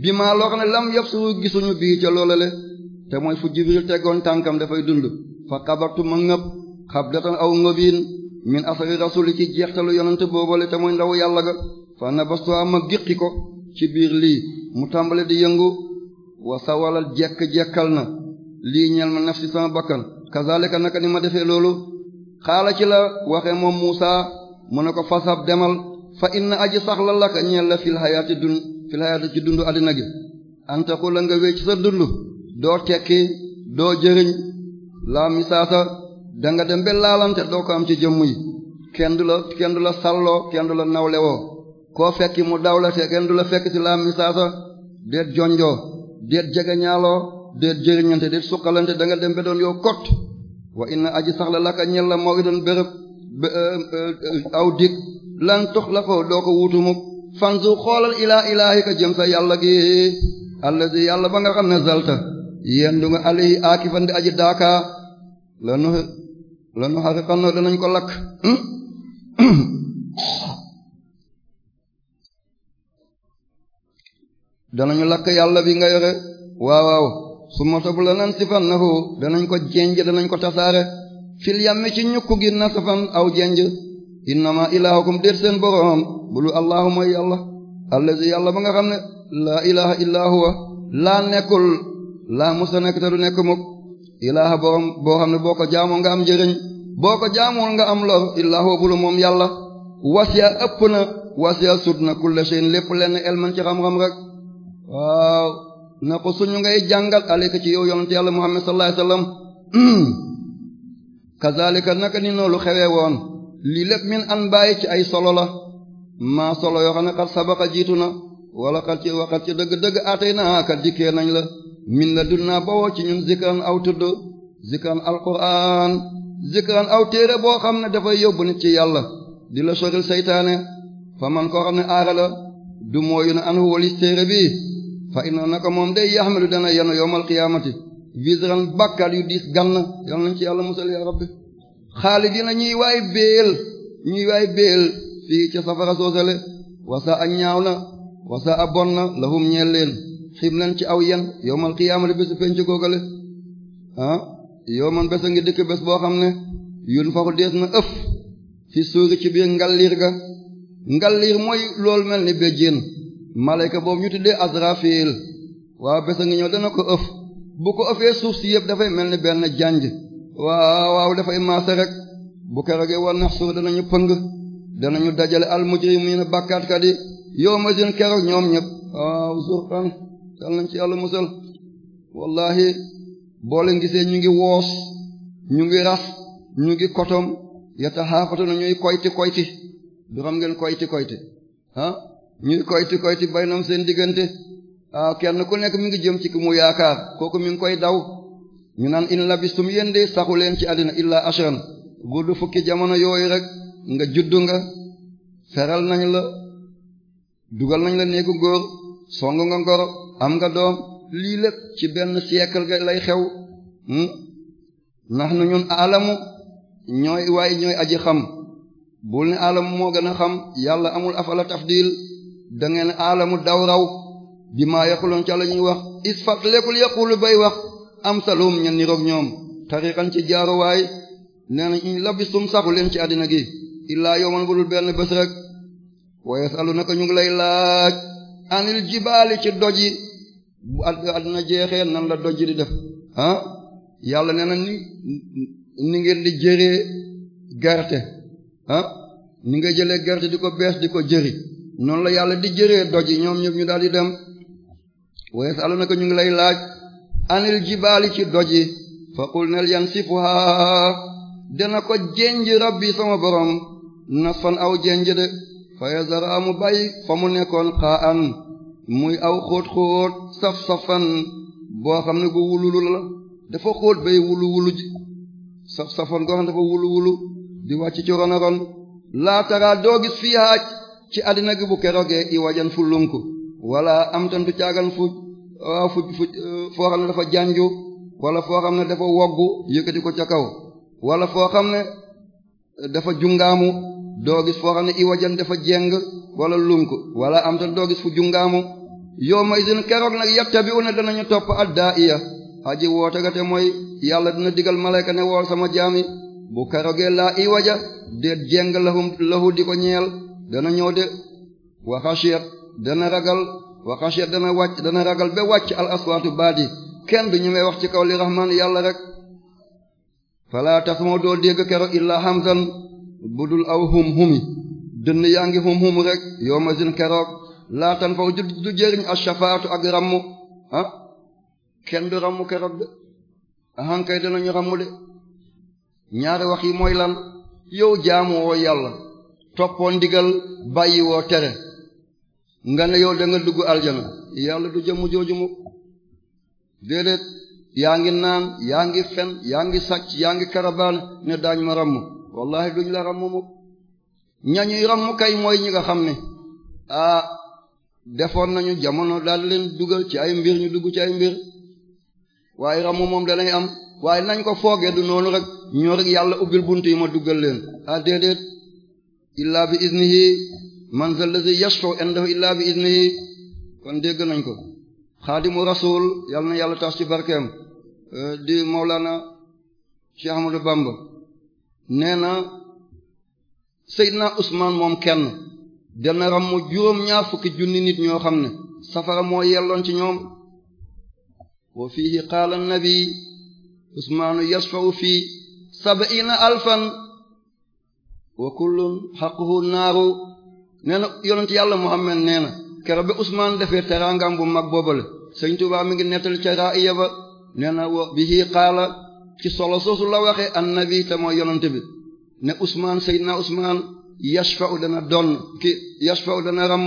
bi ma loo xam ne lam yaf suru gisuñu bii ca loola le te mooy fu jibril teggoon tànkam dafay dund fa xabartu ma ngëb xabdatan aw ngëbiin min asari rasuli ci jeextalu yonent boobale te mooy ndaw yàlla ga fa nabastu ma giqi ko ci biir lii mu tàmbale di yëngu wa sawalal jekk-jekkal na lii ñeel ma nafsi sama bakkan kazalika naka ni ma defee loolu xaala ci la waxe moom Muusa mu ne ko fasab demal fa inna aji saxla laka ñeel la fil hayaati dun fil hayaati ci dundu àddina gi antaku la nga wéy ci sa dundu doo tekki doo jëriñ laa misaasa danga dem be laalante doo ko am ci jëmm yi kenn du la kenn du la salloo kenn du la nawlewoo koo fekki mu dawlate kenn du la fekk ci laa misaasa déet jonjoo déet jegeñaaloo déet jëriñante déet suqalante danga dem be doon yow kot wa inna aji saxla laka ñel la moo doon bërëb Eh, eh, aw dig lan tox la foo doo ko wuutu mukk fanzu xoolal ilaa ilaahika jëm sa yàlla gi allazi yàlla ba nga xam ne zalta yendu nga alayhi aakifan di aji daaka lanu lanu xariqan no ko lakk hmm? danañu lakk yàlla bi nga yore waaw waaw su ma sobu la nan sifannahu danañ ko jenj danañ ko tasaare fil yammi ci ñukku gi nasafan aw jenj innama ilaahukum déet seen boroom bulu allahu mooy yàlla allazi yàlla ba nga xam ne laa ilaha illaa huwa laa nekkul laa musa nekk te du nekk mukk ilaaha boroom boo xam ne boo ko jaamoo nga am njëriñ boo ko jaamuwul nga am lor illaa huwa bulu moom yàlla wasiya ëpp na wasiya sut na kulla shay'in lépp lenn elman ci xam-xam rek waaw na ko suñu ngay jàngal aleyka ci yow yonent yàlla muhammad sallallahu alayhi wasallam kazalika naka ni noonu lu xewee woon lii lépp min an bàyyi ci ay solo la maa solo yoo xam ne xat sabaxa jiitu na wala xat ci waxat ci dëgg-dëgg atay naa kat dikkee nañ la min la dun naa bawoo ci ñun zikran aw tudd zikran alquran zikran aw téere boo xam ne dafay yóbbu nit ci yàlla di la soril seytaane fa man koo xam ne aara la du mooyu na an walis téere bi fa ina naka moom day yaxmelu dana yenu yowmal qiyaamati visran bàkkaar yu diis gann yal nañ ci yàlla musal ya rabbi xaalidina ñuy waay béel ñuy waay béel fii ca safara soosale wasa a ñaaw na wasa a bon na lahum ñeel leen xim nañ ci aw yan yowmal qiyaamati bésu penc googale ah yow man bés a ngi dëkk bés boo xam ne yun faxu dees na ëf fi suuri ci biir ngalliir ga ngalliir mooy loolu mel ni béjjéen malayka boobu ñu tuddee azrafil waa bés a ngi ñëw dana ko ëf bu ko ëffee suuf si yëpp dafay mel ni benn janj waaw waaw dafay maase rek bu kerogee war nax suur danañu pëng ñu dajale al ne bàkkaatkat yi yow ma seen keroog ñoom ñëpp waaw zurqan tal nañ ci yàlla musal wallahi boo leen gisee ñu ngi woos ñu ngi ras ñu ngi kotom yata xaafatu na ñuy koyti koyti du xam ngeen koyti koyti ah ñuy koyti koyti bay nam seen diggante Ah, kenn ku nekk mi ngi jëm ci ki mu yaakaar kooku mi ngi koy daw ñu naan in labistum yéen de saxu leen ci àddina illaa ashran bu du fukki jamono yooyu rek nga juddu nga feral nañu la dugal nañ la néegu góor song nga ngoro am nga doom lii lépp ci benn siècle ga lay xew hmm? ndax na ñun alamu ñooy waaye ñooy aji xam bul ne alamu moo gën a xam yàlla amul afala tafdil da ngeen alamu daw raw bi maa yaqulun ca la ñuy wax isfat lekkul yaqulu bay wax am salum ñen niroog ñoom tariqan ci jaaruwaay nee na in labistum leen ci àddina gi illaa yowman budul benn bés rek wa yasalunaka ñu ngi lay laaj anil jibaali ci doj yi bu àddina jeexee nan la doj di def ah yàlla nee ni ni ngeen di jëree gerte ah ni nga jëlee gerte di ko bees di ko jëri noonu la yàlla di jëree doj yi ñoom ñëpp ñu daal di dem wees alu na ko ñu ngi lay laaj anil jibaali ci doji faqul nel yan sifuha dana ko jenj rabbi sama borom nasfan aw jenj de fa yazara mu bàyyi fa mu nekkoon xaa an muy aw xóot-xóot saf-safan boo xam ne gu wululu la dafa xóot bay wulu wulu ji saf-safan goo xam dafa wulu wulu di wàcc ci ron laataraa doo gis fii haaj ci àddina gi bu keroogee i wajan fu lunk wala am tan caagan fu waaw ah, fu fu foo xam ne dafa janju wala foo xam ne dafa woggu yëkkati ko ca kaw wala foo xam ne dafa jungaamu doo gis foo xam ne iwajan dafa jeng wala lunk wala am ta doo fu jungaamu yow ma isin keroog nag yattabi'una danañu topp ad-da'iya aji woote ga te mooy yàlla dina digal malayka ne wool sama jaami bu keroogee laa iwaja déet jeng lahum lahu di ko ñeel dana ñëw de waxasiyat dana ragal waxashiya dana wàcc dana ragal ba wàcc al aswaatu baat yi kenn du ñu may wax ci kaw li rahmaan yàlla rek fala tasmoo doo dégg kero illaa hamzan budul aw hum humi dënn yaa ngi hum hum rek yow ma zin keroog laatan faw du jëriñ ashafaatu ak rammu ah kenn du rammu keroog de ahankay danañu rammu de ñaari wax yi mooy lan yow jaamu woo yàlla toppoo ndigal bàyyi woo tere nga ne yow da nga dugg aljana yàlla du jëmm jooju mu déedéet yaa ngi naan yaa ngi fen yaa ngi sàcc yaa ngi karabaan ne daañ ma ramm wallahi duñ la ramm mu ñañuy ramm kay mooy ñi nga xam ne ah defoon nañu jamono daal leen dugal ci ay mbir ñu dugg ci ay mbir waaye ramm moom danay am waaye nañ ko foogee du noonu rek ñoo rek yàlla ubbil bunt yi ma duggal leen ah déedéet illaa bi iznihi man zal ladhi yashfa'u indahu illaa bi idnihi dégg nañ ko xaadimu rasul yal na yàlla tax ci barkeem euh, di Mawlana Cheikh Ahmadou Bamba nee na usmaan Ousmane moom kenn dana ram mu juróom ñaar fukki junni nit ñoo xam ne safara moo yelloon ci ñoom wa fiihi qaala nabi Ousmane yashfa'u fi sab'ina alfan wa kullun haqquhu naaru nee na yonent yàlla Muhammad nee na keroog bi Usmaan defee teraangam bu mag boobale Sëriñ Tuubaa mi ngi nettali ca raaya ba nee na wa bihi qaala ci solo soosu la waxee annabi te mooy yonent bi ne Usmaan Seydina Usmaan yashfa'u dana donn ki yashfa'u dana ramm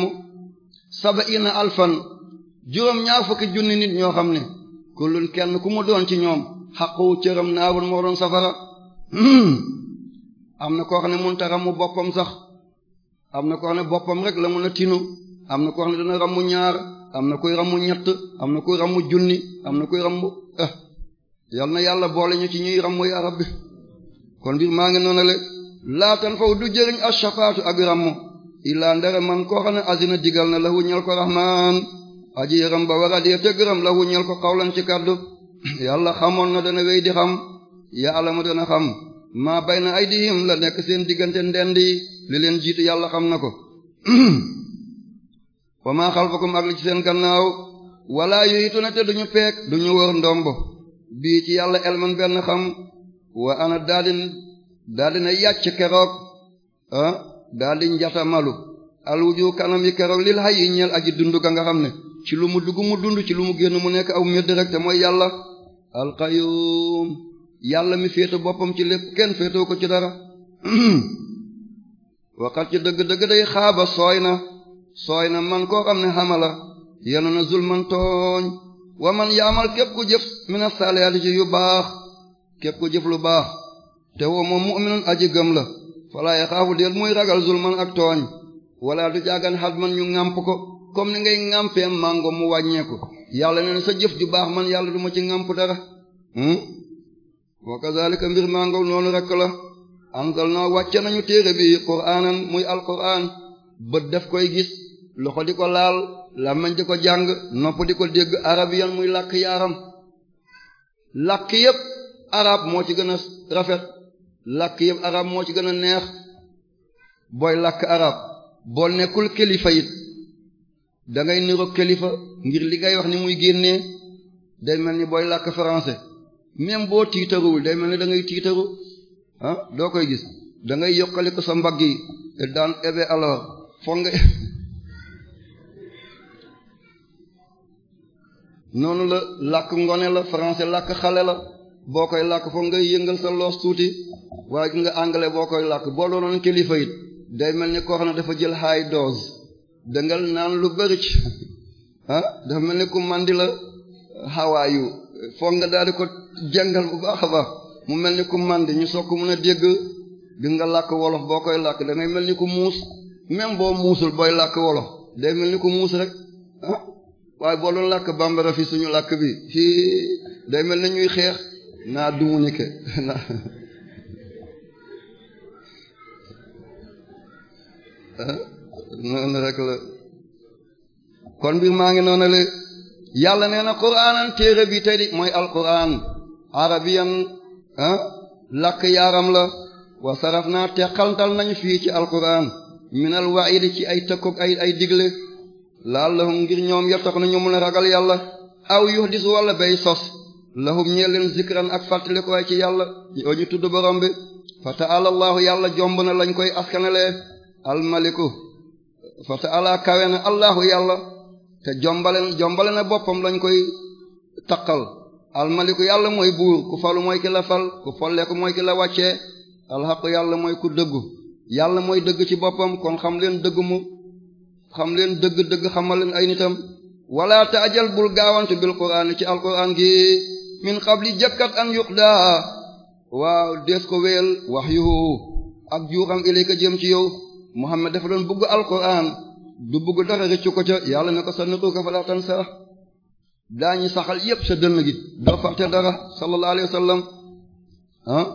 sab'ina alfan juróom ñaar fukki junni nit ñoo xam ne kullun kenn ku mu doon ci ñoom xaqu cëram naarun moo doon safara am na koo xam ne munta ramm boppam sax am na ko xam ne boppam rek la mun a tinu am na ko xam ne dana rammu ñaar am na koy rammu ñett am na koy ramu junni am na koy rammu ah eh. yal na yàlla boole ñu ci ñuy rammu ya rabbi kon biir maa ngi noonale laatan faw du jëriñ ashafaatu ak rammu illaa ndere man koo xam ne azina digal na lahu ñel ko rahmaan aji yëram ba war a dee te gëram ñel ko xawlan ci kaddu yàlla xamoon na dana wéy di xam yàlla mu dana xam maa bay na ay aydihim la nekk seen diggante ndendi li leen jiitu yàlla xam na ko wa maa xalfakum ak li ci seen gannaaw walaa yuyitu na te duñu peek duñu wër ndombo bii ci yàlla elman benn xam wa ana daadin daadina yàcc keroog daal di njata malu alwuju kanam yi keroog lil hay yi ñeel aji dund ga nga xam ne ci lu mu dugg mu dund ci lu mu génn mu nekk aw médd rek te mooy yàlla alqayum yàlla mi féete boppam ci lépp kenn féetoo ko ci dara waxat ci dëgg-dëgg day xaaba sooy na sooy na man koo xam ne xamala yenu na zulman tooñ wa man yaamal képp ku jëf mina saalihaati ci yu baax képp ku jëf lu baax te woo moom mu'minun aji gëm la falaaye xaafu déel muy ragal zulman ak tooñ wala du jaagan xat man ñu ŋàmp ko comme ni ngay ŋàmpee màngo mu wàññeeku yàlla ne sa jëf ju baax man yàlla du ma ci ŋàmp dara hmm? wa kazalika mbir mangow noonu rekk la anzalna wàcce nañu téere bi qur'aanan muy alqur'aan bët def koy gis loxo di ko laal làmmiñ di ko jàng nopp di ko dégg arabiyan muy làkk yaaram làkk yépp arab moo ci gën a rafet làkk yépp arab moo ci gën a neex booy làkk arab boo nekkul kilifa it da ngay niroo kilifa ngir li ngay wax ni muy génnee day mel ni booy làkk français même boo tiitaruwul day mel ni da ngay tiitaru ah, doo koy gis da ngay yokkale ko sa mbagg yi daan ebe alors foog nga noonu la làkk ngone la français làkk xale la boo koy làkk foog ngay yëngal sa loos tuuti waaye nga anglais boo koy làkk boo doonoon kilifa it day mel ni koo xam ne dafa jël high dose dangal naan lu bëri ci ah, dafa mel ni ku mandi la hawaayu foog nga daal di ko jàngal bu baax a baax mu mel ni ku màndi ñu soog ko mën a dégg gis nga làkk wolof boo koy làkk da mel ni ku muus même boo muusul booy làkk wolof day mel ni ku muus rek ah waaye boo doon làkk bambara bi fii day mel ni ñuy xeex naa dumu ni ke ah, noonu maa ngi noonu la yàlla nee na quraanan téere bi tey di mooy alquran arabiyan làkk yaaram la wa naa teqaltal nañu fii ci alquran minal waidi ci ay tëkkoog ay digle digle laallahum ngir ñoom yettax na ñu mën a ragal yàlla aw yuhdis walla bay sos lahum ñeel leen zikran ak fàttali ci yàlla yoo ñu tudd borom bi fata alallaahu yàlla jomb na lañ koy askanalee almaliku fata ala kawe na allaahu yàlla te jombale jombale na boppam lañ koy taqal almaliku yàlla mooy buur ku falu mooy ki la fal ku folleeku mooy ki wàcce alxaqu yàlla mooy ku dëggu yàlla mooy dëgg ci boppam kon xam leen dëggu mu xam leen dëgg-dëgg xamal leen ay nitam wala taajal bul gaawantu bil quraan ci alquraan gi min qabli jëkkat an yuqdaa waaw dees ko wéel wax yuhu ak juuxam ilayka jëm ci yow Muhammad dafa doon bugg alquraan du bugg dara rëccu ko ca yàlla ne ko sannitu ko fa laa tan daañu saxal yépp sa dënn gi doo fàtte dara sallallahu alayhi wa sallam ah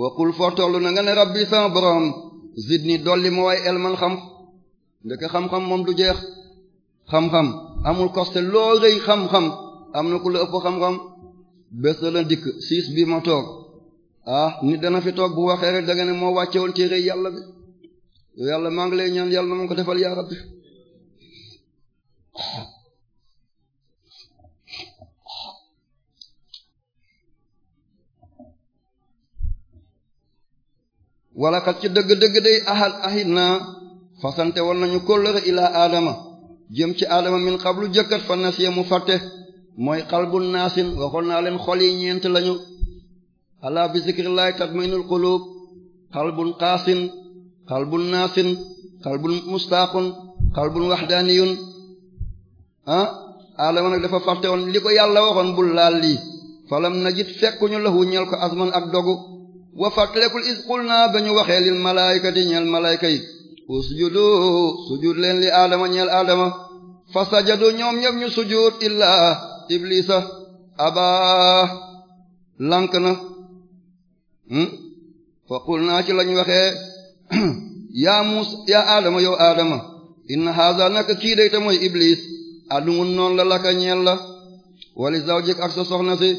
waqul fortoll na nga ne rabbi sama borom zidni dolli ma waaye elman xam ndek xam-xam moom du jeex xam-xam amul koste loo rëy xam-xam am na ku la ëpp xam-xam bés dana dikk siis bi ma toog ah nit dana fi toog bu waxee rek da nga ne moo wàcce woon rëy yàlla bi yàlla maa ngi lay ñaan yàlla na ko defal yaa bi wala kat ci dëgg-dëgg day ahal ahit naa fasante woon nañu kóllëre ilaa aadama jëm ci aadama min xablu jëkkat fa nasiya mu fàtte mooy xalbu naasin waxoon naa leen xol yi ñeent lañu alaa bi zikrillahi tatmainul qulub xalbun qaasin xalbun naasin xalbun mustaaqun xalbun waxdaaniyun ah aadama nag dafa fàtte woon li ko yàlla waxoon bu laal lii falam najid fekkuñu lahu ñel ko asman ak dogu wa fàttalikul is qulna ba ñu waxee lil malaykati ñeel malayka yi usjudu sujud leen li aadama ñeel aadama fa sajadu ñoom ñëpp ñu sujud illaa iblisa abaa lank na hmm? fa qulna ci lañ waxee yaa muus yow aadama inna haza nak kii day ta mooy iblis adungun noonu la laka ñeel la wali zawjik ak sa soxna si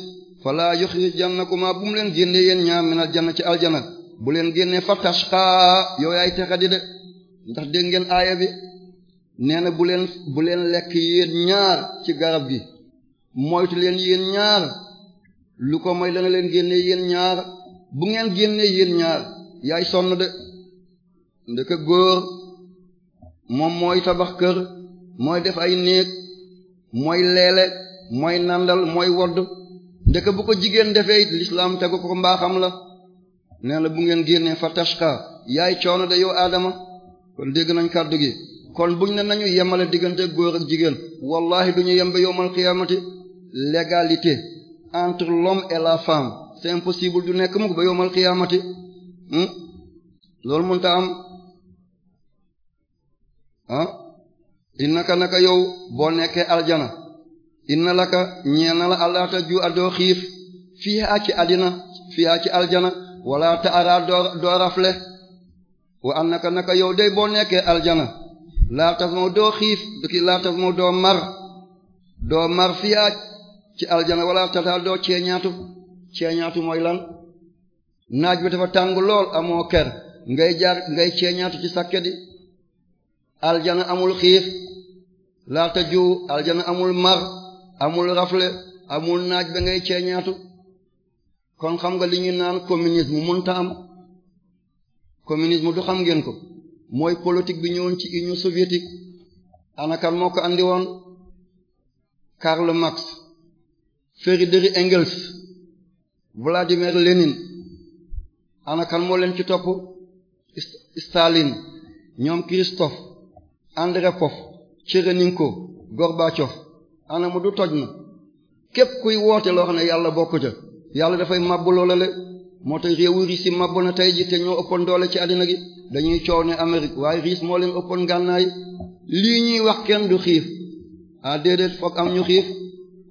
falaa yuxrijannakumaa bu mu leen génnee yéen ñaar minal janna ci aljana bu leen génnee fa tashqaa yow yaay texe di de ndax dégg ngeen aaya bi nee na bu leen bu leen lekk yéen ñaar ci garab gi moytu leen yéen ñaar lu ko moy dana leen génnee yéen ñaar bu ngeen génnee yéen ñaar yaay sonn de ndeke góor moom mooy tabax kër mooy def ay néeg mooy leele mooy nandal mooy wodd ndeke bu ko jigéen defee it lislaam tegu ko mbaaxam la nee la bu ngeen génnee fa tashka yaay coono de yow aadama kon dégg nañ kàddu gi kon buñ ne nañu yemale diggante góor ak jigéen wallahi duñu yembe yowmal qiyamati l'égalité entre l'homme et la femme c'est impossible du nekk mukk ba yowmal qiyamati hmm? loolu mënta am ah innaka naka yow boo nekkee aljana na la ka ñeel na la allah ta ju adoo xiif fii haa ci adina fii haa ci aljana wala ta araa doo rafle wa an naka naka yow day boo nekkee aljana laa tas moo doo xiif du laa tas moo doo mar doo mar fii haa ci aljana wala tataa doo ceeñaatu ceeñaatu mooy lan naaj bi dafa tàng lool amoo ker ngay jaar ngay ceeñaatu ci sakke aljana amul xiif laata ju aljana amul mar amul rafle amul naaj ba ngay ceeñaatu kon xam nga li ñu naan communisme mënta am communisme du xam ngeen ko mooy politique bi ñëwoon ci union soviétique anakan moo ko andi woon Karl Marx Friedrich Engels Vladimir Lénine anakan moo leen ci topp stalin ñoom Christophe Andropov Tchereninko Gorbatchev anamu du toj na képp kuy woote loo ne yàlla bokk ca yàlla dafay mabbu loola le moo tax réewu riis yi mabbu na tey ji te ñoo ëppoon doole ci àddina gi dañuy coow ne Amérique waaye riis moo leen ëppoon gànnaay lii ñuy wax kenn du xiif a ah, déedéet foog am ñu xiif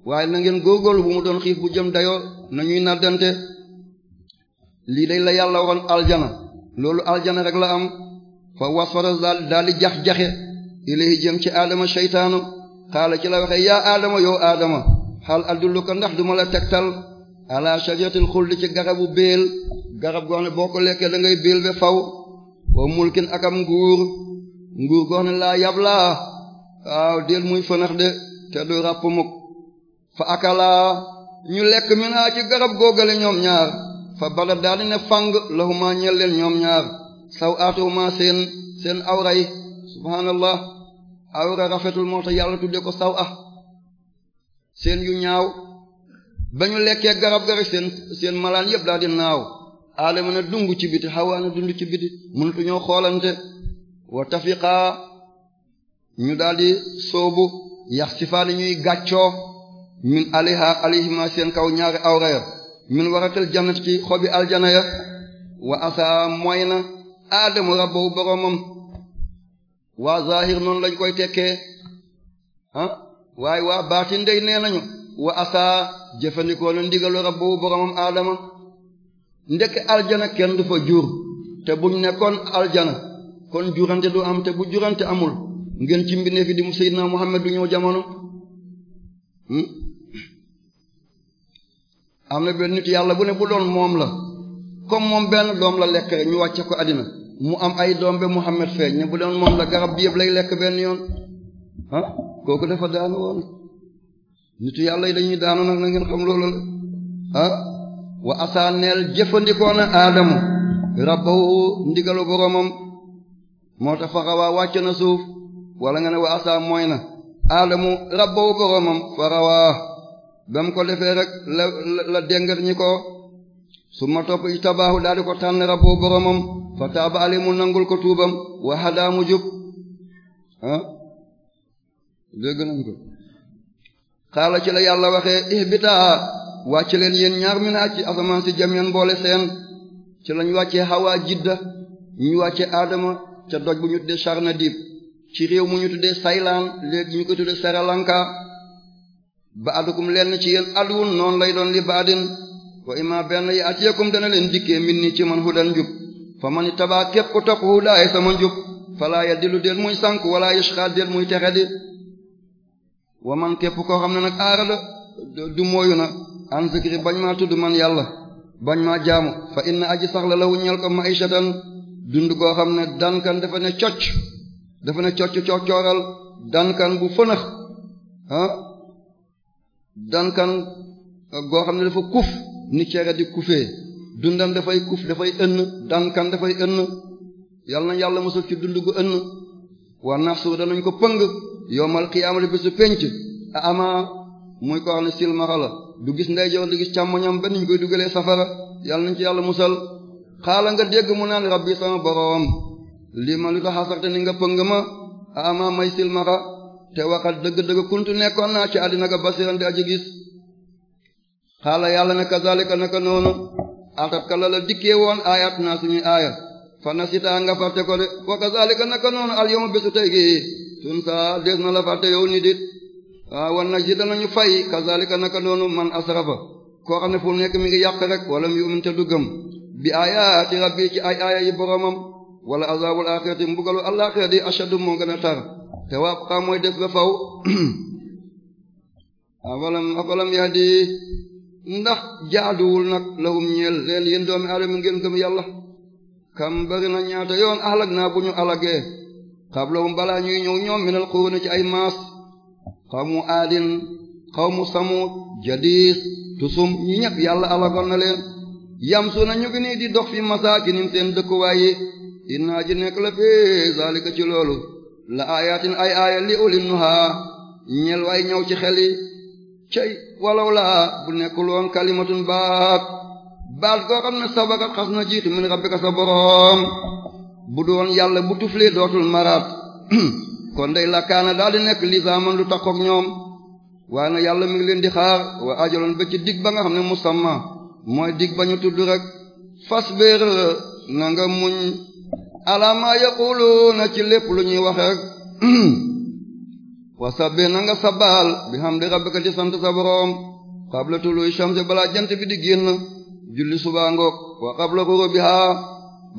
waaye na ngeen góorgóorlu bu mu doon xiif bu jëm dayoo na ñuy naddante lii day la yàlla waroon aljana loolu aljana rek la am fa wasfara daal di jax jaxe ilay jëm ci aadama seytaanu xaala ci la waxee yaa aadama yow aadama xal adulluka ndax du ma la tegtal ala shajaratil xuldi ci garabu béel garab goo ne boo lekkee da ngay béel ba faw wa mulkin akam nguur nguur goo ne laa yab laa waaw déel muy fanax de te du ràpp mukk fa akalaa ñu lekk min haa ci garab googale ñoom ñaar fa bada daal fang laxumaa ñel ñoom ñaar saw aatuhumaa seen seen awray subhaanallah awra rafetul moo tax yàlla de ko saw ah seen yu ñaaw ba ñu lekkee garab ga seen seen malaan yëpp daal di naaw aadama na dung ci biti xawaa na dund ci biti mënatu ñoo xoolante wa tafiqaa ñu daal di soobu yax sifaani ñuy gàccoo min aliha alihima seen kaw ñaari awra ya min waratal jannat ci xobi aljana ya wa asa moy na aadamu rabbahu boromam waa zahir noonu lañ koy tekkee ah waaye waa baatin day nee nañu wa asaa jëfandikoo na ndigalu rabbu boromam aadama ndekk aljana kenn du fa jur te buñ nekkoon aljana kon jurante du am te bu jurante amul ngeen ci mbindeef yi di mu seydina Muhammad du ñëw jamono hmm? am na benn nit yàlla bu ne bu doon moom la comme moom benn doom la lekk ñu wàcce ko àddina mu am ay doom ba Muhammad feeñ ne bu doon moom la garab bi yëpp lay lekk benn yoon ah kooku dafa daanu woon nitu yàlla yi dañuy daanu nag na ngeen xam loolu la ah, wa asaaneel jëfandikoo na aadamu rabbahu ndigalu boromam moo tax farawaa wàcc na suuf wala nga ne wa asaa mooy na aadamu rabbahu boromam farawaa ba ko defee rek la la dengat ñi ko summa topp ijtabaahu daal di ko tànn rabbu boromam fa taaba ali mu nangul ko tuubam wa hadaa mu jub ah nañ ko xaala ci la yàlla waxee ihbitaa wàcce leen yéen ñaar mi naa ci asamaan si jamian boole seen ci lañ wàccee Hawa jidda ñu wàcce aadama ca doj bu ñu tuddee Charnadib ci réew mu ñu tuddee Saylaan léegi ñu ko tuddee Sri ba adukum lenn ci yéen aduun noonu lay doon li baadin wa imma benn yi atiyakum dana leen dikkee min nii ci man hudan njub fa man tabaa képp ko topp hudaay sama njub falaa yadillu del muy sànk wala yashqa del muy texe di wa man képp koo xam ne nag aara du mooyu na an bañ maa tudd man yàlla bañ maa jaamu fa inna aji sax la lawu ñel ko ma'ishatan dund goo xam ne dankan dafa ne cocc dafa ne cocc coccooral dankan bu fënax ah dankan goo xam ne dafa kuf ni cere di kufee dundam dafay kuf dafay ënn dànkam dafay ënn yàlla nañ yàlla mosal ci dund gu ënn wa nafsu danañ ko pëng yowmal qiyaamati bi su penc a ama muy ko wax ne silmaxa la du gis nday joor du gis càmmoñam benn ñu koy dugalee safara yàlla nañ ci yàlla musal xaala nga dégg mu naan rabbi sama boroom lii ma lu tax xasarte ni nga pëng ma a ama may silmaxa te waxat dëgg-dëgg kuntu nekkoon naa ci àddina ga basiran di aji gis xaala yàlla na kazalika naka noonu axat kala la dikkee woon ayat naa suñuy aaya fa na sitaa nga fàtte ko de wa kazalika naka noonu al yawma bésu tey gi tun saa des na la fàtte yow ni dit waaw ah, wan nag si danañu fay kazalika naka noonu man asrafa koo xam ne fu nekk mi ngi yàq rek wa mu yumin te du gëm bi ayaati rabbi ci ay aaya yi boromam wala azabul axirati mbugalu alaxira di ashadu moo gën a tar te waa xaa mooy ba faw afalam ah, afalam yahdi ndax jaaduwul nag lawum ñeel leen yéen doomi aadama ngeen gëm yàlla kam bari ñaata yoon alag naa bu ñu alagee xablawum balaa ñuy ñëw ñoom minal xuruna ci ay maas xawmu aadin xawmu samud jadiis tusum ñi ñëpp yàlla alagoon na leen yam su na ñu ngi di dox fi masaakinim seen dëkkuwaay yi innaa ji nekk la fii zalika ci loolu la ayaatin ay aaya li ulin nuhaa ñel way ñëw ci xel yi cey walaw laa bu nekkul woon kalimatun baat baat goo xam ne sabakat xas na jiitu min rabbika sa boroom bu doon yàlla bu tuflee dootul maraat kon day lakkaana daal di nekk lisaaman lu takkook ñoom waaye na yàlla mi ngi leen di xaar wa ajaloon ba ci dig ba nga xam ne musamma mooy dig ba ñu tudd rek fas béer na nga muñ alaamaa yaquluuna ci lépp lu ñuy wax wa sabbih na nga sabbaal bi hamdi rabbika ci sant sa boroom qabla tulu'i shamsi balaa jant bi di génn julli subaa ngoog wa qabla ghurubiha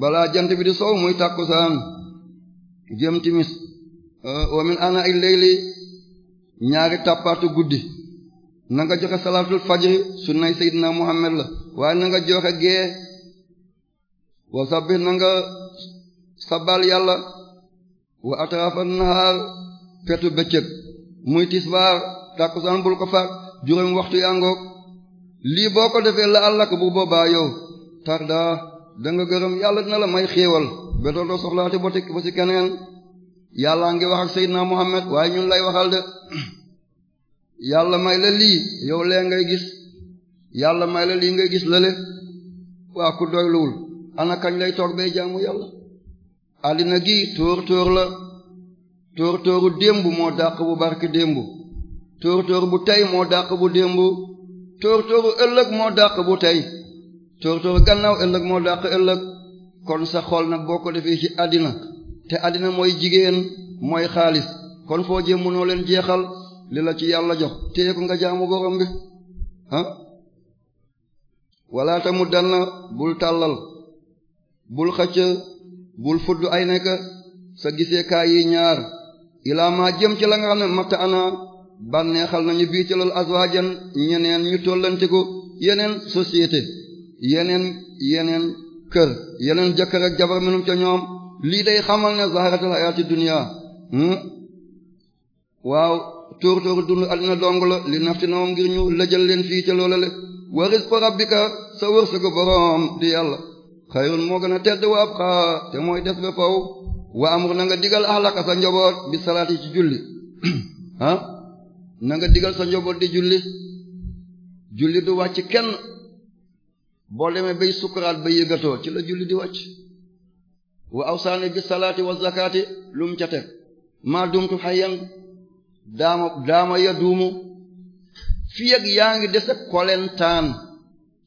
balaa jant bi di sow muy tàkkusaan jëm timis eh, wa min ana il ñaari tàppaatu guddi na nga joxe salaatul fajri sunnay seydina muhammad la waaye na joxe gee wa sabbih na nga yàlla wa atrafa nahaar petu bëccëg muy tisbaar tàkkusaan bul ko faat juróom waxtu yangoog lii boo ko defee la àllak bu boobaa yow tardaa da nga gërëm yàlla dina la may xéewal ba dootoo soxlaati ba ba ci keneen yàllaa ngi wax ak Seydina Muhammad waaye ñun lay waxal de yàlla may la lii yow lee ngay gis yàlla may la lii ngay gis lale waa ku doyluwul ana kañ lay toog bay jaamu yàlla àddina gi tóor tóor la tóor tóoru démb moo dàq bu barki démb tóor tóor bu tey moo dàq bu démb tóor tóoru ëllëg moo dàq bu tey tóor tóoru gannaaw ëllëg moo dàq ëllëg kon sa xol nag boo ko defee ci àddina te àddina mooy jigéen mooy xaalis kon foo jëm mënoo leen jeexal li la ci yàlla jox téye nga jaamu borom bi ah wala tamuddanna bul tàllal bul xëcc bul fudd ay nekk sa gisee kaay yi ñaar ilaa maa jëm ci la nga xam ne matta ana bànneexal nañu bii ci loolu azwaajan ñeneen ñu tollantiku yeneen société yeneen yeneen kër yeneen jëkkër ak jabar minum ca ñoom lii dey xamal ne zaharatul hayati dunya hmm? waaw tóor tóor dund àddina dong la li nafti na moom ngir ñu lëjal leen fii ca loola le wa rizqu sa wërsëgu boroom di yàlla xayrun moo gën a tedd wa abqa te mooy des ba faw wa amur na nga digal ahlaka sa njaboot bi salaati ci julli ah na nga digal sa njaboot di julli julli du wàcc kenn boo demee bay sukuraat ba yëgatoo ci la julli di wàcc wa awsaani bi salaati wa lum ca teg maa dumtu hayyan daama ya duumu fi yaa ngi dese kolentaan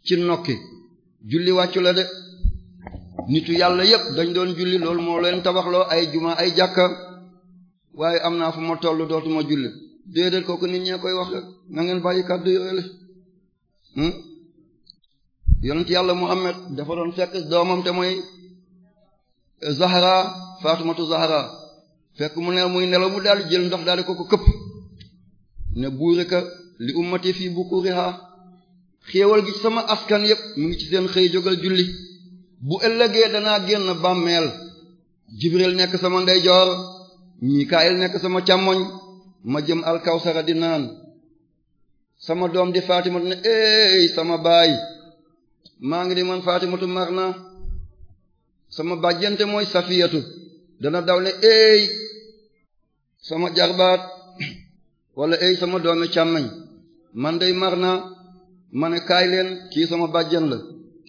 ci nokki julli wàccu la de nitu yàlla yépp dañ doon julli loolu moo leen tabaxloo ay juma ay jàkka waaye am naa fu ma toll dootuma julli déedéet kooku nit ñee koy wax rek na ngeen bàyyi kàddu yooyu la hmm? yonent yàlla Muhammad dafa doon fekk doomam te mooy euh, Zahra Fatimatu Zahra fekk mu ne muy nelaw bu daal jël ndox daal di ko ko këpp ne buurika li ummati fii bukuriha xéewal gi sama askan yépp mu ngi ci seen xëy jógal julli bu ëllëgee danaa génn bàmmeel jibril nekk sama ndeyjoor mikaayil nekk sama càmmoñ ma jëm alkawsara di naan sama doom di faatimatu ne éey sama baay maa ngi di man faatimatu mar na sama bàjjante mooy safiyatu dana daw ne éey sama jarbaat wala éey sama doomi càmmeñ man day mar na ma ne kaay leen kii sama bàjjan la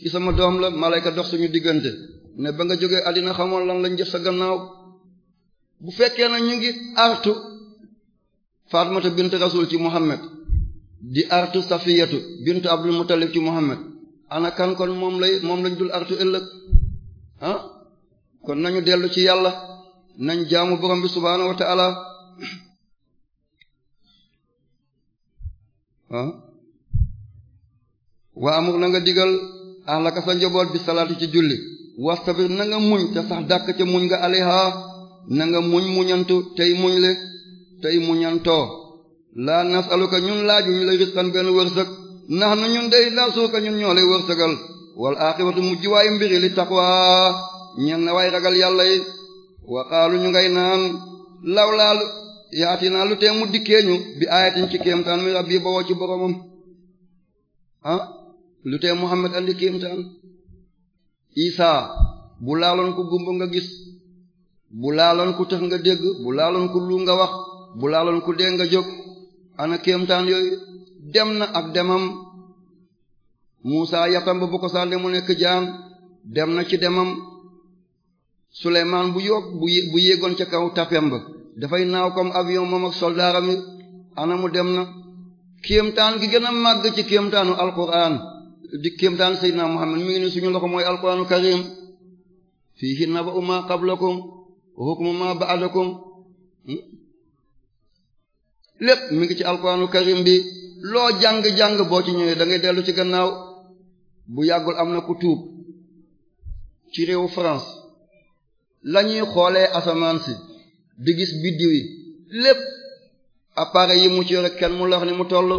ci sama doom la malayka dox suñu diggante ne ba nga jógee àddina xamoon lan lañ jëf sa gannaaw bu fekkee na ñu ngi artu Fatmata bint Rasul ci Muhammad di artu Safiyatu bint Abdul Muttalib ci Muhammad ana kan kon moom lay moom lañ dul artu ëllëg ah? kon nañu dellu ci yàlla nañ jaamu borom bi subhaanahu wa ah? waa amur na nga digal ahlaka sa njaboot bi salaati ci julli wastabir na nga muñ te sax dàkk ca muñ nga alayha na nga muñ muñantu tey muñ le tey muñantoo laa nasaluka ñun laajuñu la risqan benn wërsëg nax na ñun dey nasuuka ñun ñoo wërsëgal wal aaxibatu mujj waayu mbiri li taqwaa ñel na waay ragal yàlla yi waqaalu ñu ngay naan law laal yaati naa lu tee mu dikkeeñu bi ayatin ci kéemtaan mi rabbi bawoo ci boromam ah? lu tee Muhammad andi kéemtaan Isa bu laaloon ku gumba nga gis bu laaloon ku tëx nga dégg bu laaloon ku lu nga wax bu laaloon ku dee nga jóg ana kéemtaan yooyu dem na ak demam Muusa yatam bu ko sànne mu nekk jaan dem na ci demam Suleymaan bu yokk bu yéegoon ca kaw tapem ba dafay naaw comme avion moom ak soldaaram yi ana mu dem na kéemtaan gi gën a màgg ci kéemtaanu alquran di kéemtaan Seydina Muhammad mi ngi ni suñu loxo mooy alquraanul karim fiihi naba'u ma qablakum wa hukmu ma ba'dakum lépp mi ngi ci alquraanul karim bi loo jàng-jàng boo ci ñëwee da dellu ci gannaaw bu yàggul am na ku tuub ci réewu France lañuy xoolee asamaan si di gis biddiw yi lépp appareil yi mu ci yore kenn mu lax ni mu toll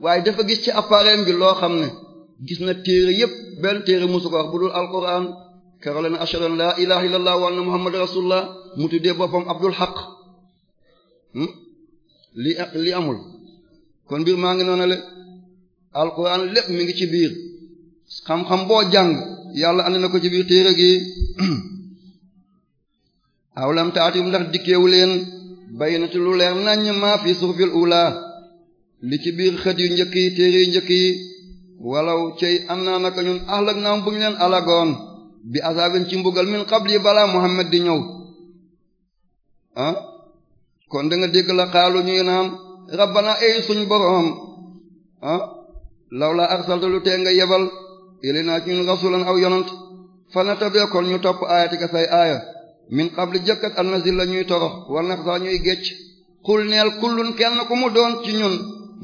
waaye dafa gis ci appareil bi loo xam ne gis na téere yépp benn téere musu bu dul alquran kero leen ashhadu an laa ilaha illallah wa muhammad rasulullah mu tuddee boppam abdul haq hmm? li amul kon mbir maa ngi noona le alquran lépp mi ngi ci biir xam-xam boo jàng yàlla andi na ko ci biir téere gi awlam taatim ndax dikkeewu leen baynati lu leer nañ maa fi suufil ula li ci biir xët yu njëkk yi téere yu njëkk yi walaw cey am naa naka ñun ahlak naam bu ñu leen alagoon bi asaabin ci mbugal min qabli balaa Muhammad di ñëw ah kon da nga dégg la xaalu ñuy naan rabbana ay suñ boroom ah lawla arsalta lu nga yebal ilayna ñun rasulan aw yonant fanatabee kon ñu topp aayatika say aaya min qabli jëkk ak annazil la ñuy torox war nax sax ñuy gécc xul neel kullun kenn ku mu doon ci ñun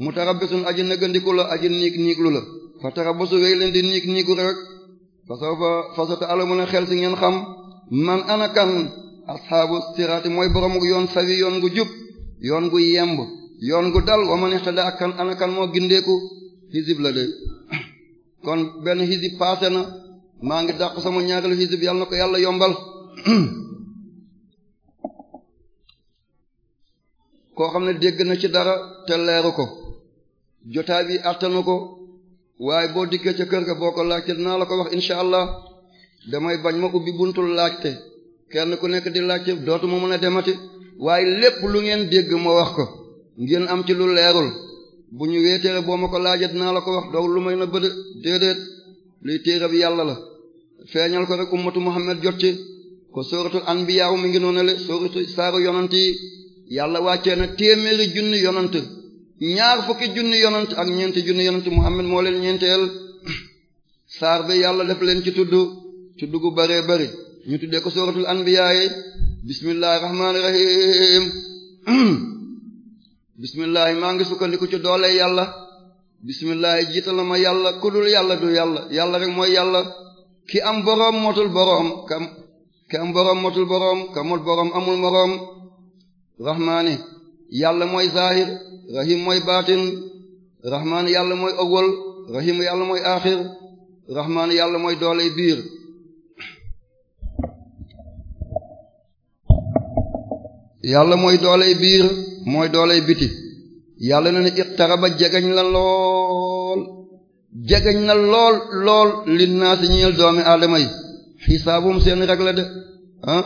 mutarabbisun aji nëggandiku la aji niig niiglu la fa tarabbas wéy leen di niig niigu rek fasawfa fasata'lamuna xel si ngeen xam man anakan asxaabu siraati mooy boroomu yoon sawi yoon gu jub yoon gu yemb yoon gu dal wa man ihtada kan anakan moo gindeeku hizib la de kon benn hizib paase na maa ngi dàq sama ñaareelu hizib yàlla na ko yàlla yombal koo xam ne dégg na ci dara te leeru ko jotaay bi attanu ko waaye boo dikkee ca kër ga boo ko laajte dinaa la ko wax incha allah damay bañ ma ubbi buntu laajte kenn ku nekk di laajte dootuma mën a demati waaye lépp lu ngeen dégg ma wax ko ngeen am ci lu leerul bu ñu weeteere boo ma ko laajee dinaa la ko wax doo lu may na bëd déedéet luy téere bi yàlla la feeñal ko rek ummatu muhammad jot ci ko sóoratul anbiya mi ngi noonale sóoratu saaru yonant yi yàlla wàccee na téeméeri junni yonant ñaar fukki junni yonent ak ñeenti junni yonent Muhammad moo leen ñeenteel saar bi yàlla def leen ci tudd tudd gu bëree bari ñu tuddee ko suratul anbiya yi bismillahi rahmaani rahim bismillahi maa ngi sukkandiku ci doole yàlla bismillahi jiital na ma yàlla ku dul yàlla du yàlla yàlla rek mooy yàlla ki am boroom motul boroom kam ki am boroom motul boroom kamul boroom amul moroom rahmaani yàlla mooy zahir rahim mooy baatin rahmaan yàlla mooy awwal rahim yàlla mooy aaxir rahmaan yàlla mooy doole biir yàlla mooy doole biir mooy doole biti yàlla na ne iqtaraba jegeñ la lool jegeñ na lool lool lin naa si ñeel doomi aadama yi xisaabum seen rek la de ah?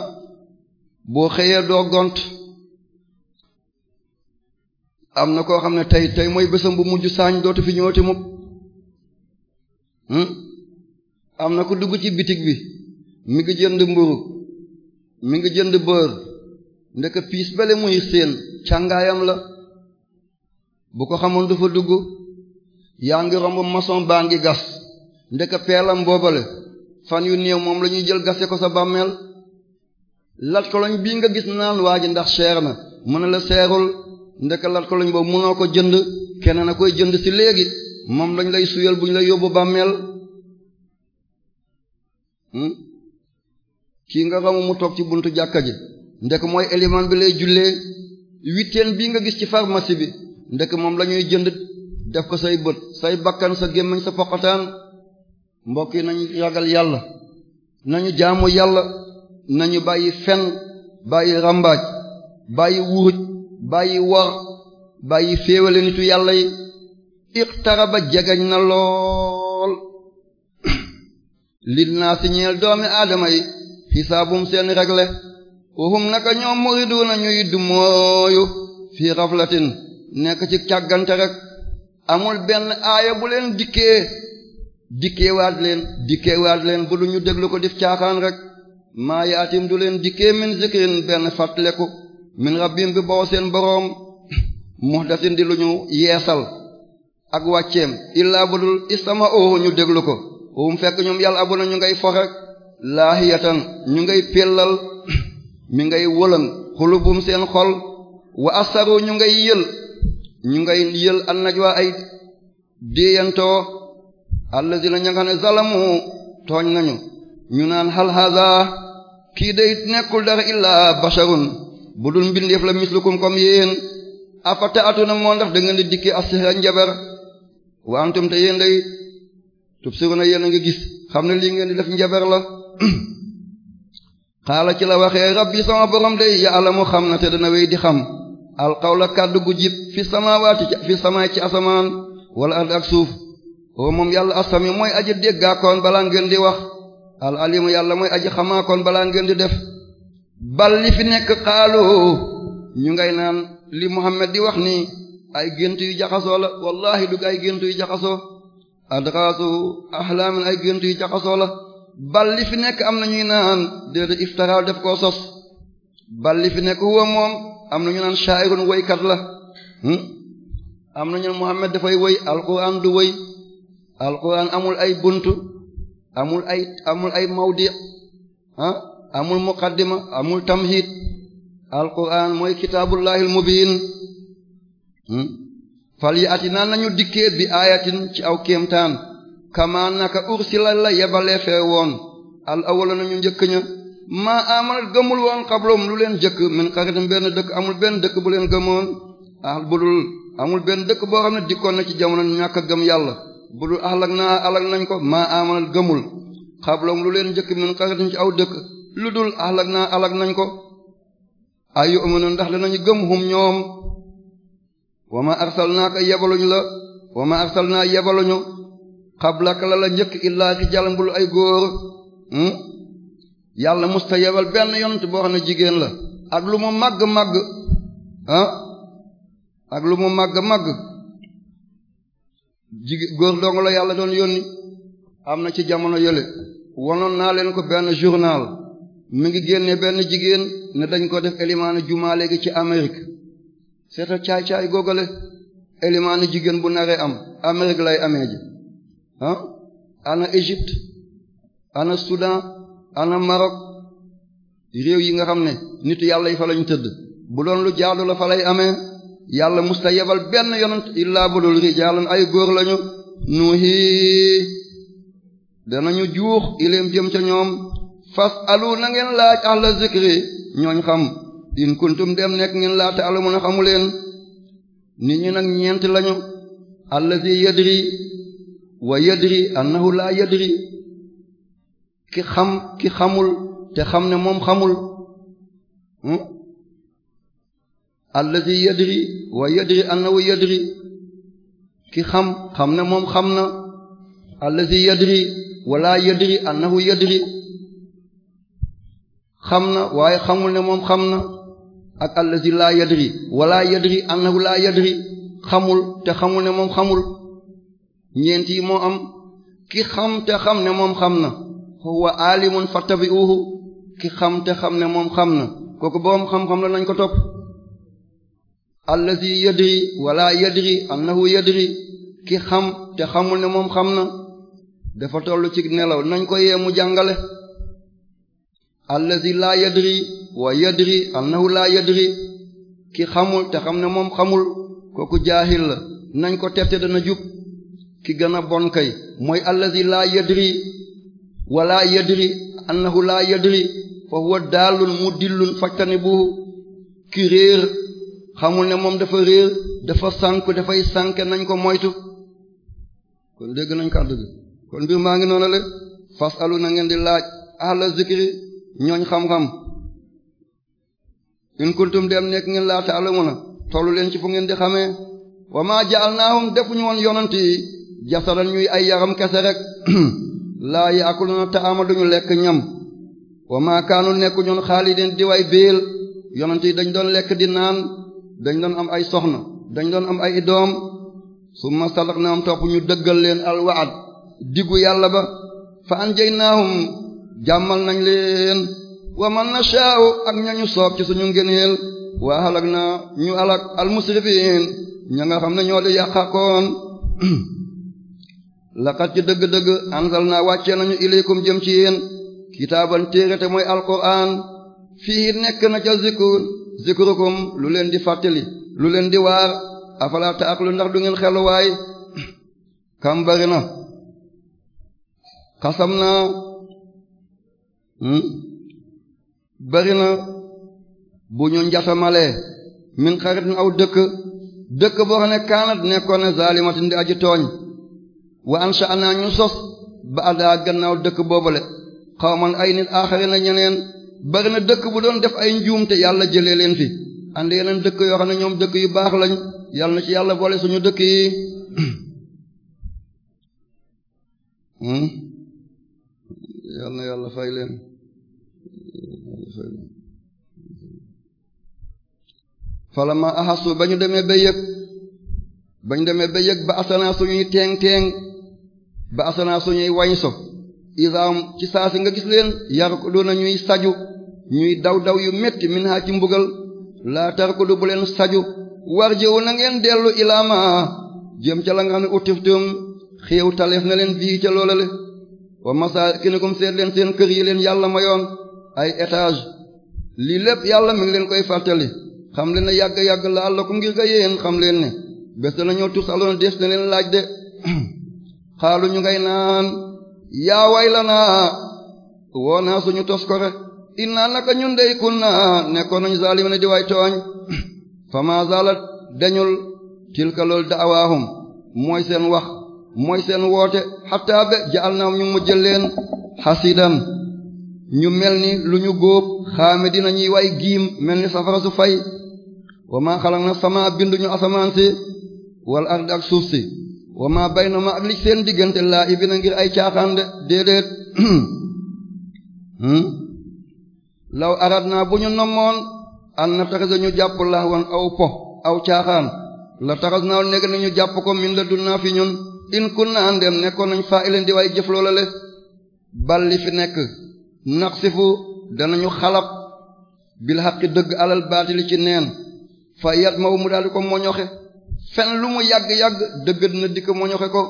boo xëyee doo gont am na koo xam ne tey tey mooy bésam bu mujj saañ dootu fi ñëwati mukk hmm? am na ko dugg ci bitig bi mi ngi jënd mburu mi ngi jënd bër ndeke piis bale muy seen càngaayam la bu ko xamoon du fa dugg yaa ngi romb maçon baa ngi gas ndeke peelam boobale fan yu néew moom la ñuy jël gase ko sa bàmmeel lat koloñ bii nga gis naan waa ji ndax seer na mën na la seerul ndeka lat ko lañ boobu mënoo ko jënd keneen a koy jënd ci léegi moom lañ lay suuyal bu ñu lay yóbbu bàmmeel hmm? kii nga ramu mu toog ci buntu jàkka ji ndekk mooy élément bi lay jullee huitaine bii nga gis ci pharmacie bi ndek moom lañuy jënd def ko say bët say bakkan sa gémmiñ sa poqataan mbokk yi nañu ragal yàlla nañu jaamu yàlla nañu bàyyi fen bàyyi rambaaj bàyyi wuruj bàyyi wor bàyyi féewale nitu yàlla yi iqtaraba jegañ na lool lin naa si ñeel doomi aadama yi xisaabum seen regle waxum naka ñoom muriduuna ñuy du mooyu fii raflatin nekk ci càggante rek amul benn aaya bu leen dikkee dikkee waat leen dikkee waat leen bu du ñu déglu ko dif caaxaan rek maa yaatim du leen dikkee min zikrin benn fàttaleku min rabbim bi bawoo seen boroom muhdasin di lu ñu yeesal ak wàcceem illaa budul istama oohu ñu déglu ko hum fekk ñoom yàlla abuna ñu ngay fox rek laahiyatan ñu ngay pellal mi ngay wëlëng xulubum seen xol wa asaru ñu ngay yël ñu ngay yël an najwa ay déeyantoo allazina ña nga xam ne tooñ nañu ñu naan hal kii day nekkul dara illaa basharun bu dul mbindeef la mislukum comme yéen afata na moo ndax da ngeen di dikki asira njabar wa antum te yéen day tubsiruna yéen a nga gis xam ne lii ngeen di def njabar la xaala ci la waxee rabbi sama borom day ya'lamu xam na te dana wey di xam alqawla kàddu gu jib fi samaawaati fi samaa ci asamaan wala ard ak suuf o moom yàlla asami mooy aji déggaakoon balaa ngeen di wax al alimu yàlla mooy aji xamaakoon balaa ngeen di def bal li fi nekk xaalu ñu ngay naan li Muhammad di wax ni ay gént yu jaxasoo la wallahi dug ay gént yu jaxasoo adrasu ahlaamin ay gént yu jaxasoo la bal fi nekk am na ñuy naan déedéet iftaraaw def koo sos bal fi nekk huwa moom am na ñu naan shaa'irun woykat la hmm? am na ñu naan Muhammad dafay woy alquran du woy alquran amul ay bunt amul ay amul ay mawdi ah? amul muqaddima amul tamhid alquran mooy kitaabullahil mubiin hmm? fal yi ati naan nañu dikkee bi ayatin ci aw kéemtaan kamaa naka ursila la yebalee fee woon al awala nañu njëkk maa amal gëmul woon xablom lu leen jëkk min xaritam benn dëkk amul benn dëkk bu leen gëmoon bu budul amul benn dëkk boo xam ne dikkoon na ci jamono ñàkk a gëm yàlla budul ahlak naa alak nañ ko maa amal gëmul xablom lu leen jëkk min xaritam ci aw dëkk lu dul alak naa alak nañ ko ay uminu ndax danañu gëm hum ñoom wama arsalnaaka yebaluñu la wama arsalnaa yebaluñu xablaka la la njëkk illaa rijalan bul ay góor hmm? yàlla musta yebal benn yonent boo xam ne jigéen la ak lu mu màgg-màgg ah ak lu mu màgg-màgg jig góor dong la yàlla doon yónni am na ci jamono yële wonoon naa leen ko benn journal mi ngi génne benn jigéen ne dañ ko def élimaanu jumaa léegi ci Amérique seetal caay-caay googale élimaanu jigéen bu naree am Amérique lay amee ji ah ana Égypte ana Soudan ana Maroc réew yi nga xam ne nit yàlla yi fa lañu tëdd bu doon lu jaadu la fa lay amee yàlla musta yebal benn yonent illaa budul rijaalan ay góor lañu nuuhi danañu juux ileem jëm ca ñoom fasalu na ngeen laaj ahla zikri ñooñ xam in kuntum dem nekk ngeen laa na xamu leen nit ñi nag ñeent lañu allazi yadri wa yadri annahu laa yadri ki xam ki xamul xam ne moom xamul hm? allazi yadri wa yadri annahu yadri ki xam xam ne moom xam na allazi yadri wa laa yadri annahu yadri xam na waaye xamul ne moom xam na ak allazi laa yadri wala yadri annahu laa yadri xamul te xamul ne moom xamul ñeent yi moo am ki xam te xam ne moom xam na huwa alimun fattabi'uhu ki xam te xam ne moom xam na kooku boom xam la nañ ko topp allazi yadri wala yadri annahu yadri ki xam te xamul ne moom xam na dafa tollu ci nelaw nañ ko yee mu jàngale allazi laa yadri wa yadri annahu laa yadri ki xamul te xam ne moom xamul kooku jaahil la nañ ko tette dana jub ki gën a bon kay mooy allazi laa yadri wa laa yadri annahu laa yadri fa huwa daalun mudillun fajtanibuhu ki réer xamul ne moom dafa réer dafa sànk dafay sànke nañ ko moytu kon dégg nañ kàddu bi kon mbir maa ngi noona le fas alu na ngeen di laaj ahla zikri ñooñ xam-xam in kuntum dem nekk ngeen laa ta'lamuna tollu leen ci fu ngeen di xamee wa maa ja'alnaahum defuñu woon yonent yi jasadan ñuy ay yaram kese rek laa ya'kuluna ta'ama duñu lekk ñam wa maa kaanu nekk ñoon xaalidin di way biil yonent yi dañ doon lekk di naan dañ doon am ay soxna dañ doon am ay doom summa sadaqnaahum topp ñu dëggal leen alwaad diggu yàlla ba fa anjaynaahum jàmmal nañ leen wa man na shaaw ak ñañu soob ci suñu ngëneel wa halak na ñu alak almusrifiin ña nga xam ne ñoo di yàqakoon laqad ci dëgg-dëgg anzal naa wàccee nañu ilaykum jëm ci yéen kitaaban téere te mooy alquraan fii nekk na ca zikr zikrukum lu leen di fàttali lu leen di waar ak lu ndax du ngeen xelu waay na xasam naa Hmm? bari na bu ñu njasamalee min xarit na aw dëkk dëkk boo xam ne kaanat nekkoon ne zaalimatin di aji tooñ wa ansha'na ñu sos ba adaa gannaaw dëkk boobale xawman ay nit aaxari na ñeneen bari na dëkk bu doon def ay njuumte yàlla jëlee leen fi ànd yeneen dëkk yoo xam ne ñoom dëkk yu baax lañ yàlla na ci yàlla boole suñu dëkk yi hmm? yàlla na yàlla fay leen falama axasu ba ñu demee ba yëg ba ñu demee ba yëg ba asanaa suñuy teeng teeng ba asanaa ci saasi nga gis leen yarkudu na ñuy saju ñuy daw daw yu metti min ha ci mbugal laa tarkudu bu leen saju warjiwu na ngeen ilaa ilaama jëm ca la nga xam ne utiftum xéew taleef na leen bii ca loolale wa masaakinikum seet leen seen kër yi leen yàlla mayoon ay étage lii lépp yàlla mi leen koy fàttali xam leen ne yàgg-yàgg la àllakum ngir nga yéen xam leen ne bés dana ñëw tus aloona des na leen laaj de xaalu ñu ngay naan yaa way la naa woonaa suñu tos kore inna naka ñun dey kunna nekkoon nañu zaalimiina di way tooñ fama zalat dañul tilka loolu da'awaahum mooy seen wax mooy seen woote xataa be ja'alnaahum ñu mujjal leen xasidan ñu mel ni lu ñu góob xaame dina ñuy way giim mel ni safara su fay wa maa xalaq na sama binduñu asamaan si wal ard ak suuf si wa maa bay na ma ak li seen diggante laa ibina ngir ay caaxaan de déedéet hmm? law araat naa bu ñu nommoon an na taxasa ñu jàpp la wan aw po aw caaxaan la taxas naa nekk na ñu jàpp ko min la dun naa fi ñun in kun na andem nekkoon nañu faa ileen di way jëf loola le balli fi nekk naqsifu danañu xalab bil xaqi dëgg alal baatili ci neen fa yat mawu mu daal di ko moñoxe fen lu mu yàgg-yàgg dëgg dina dikk moñoxe ko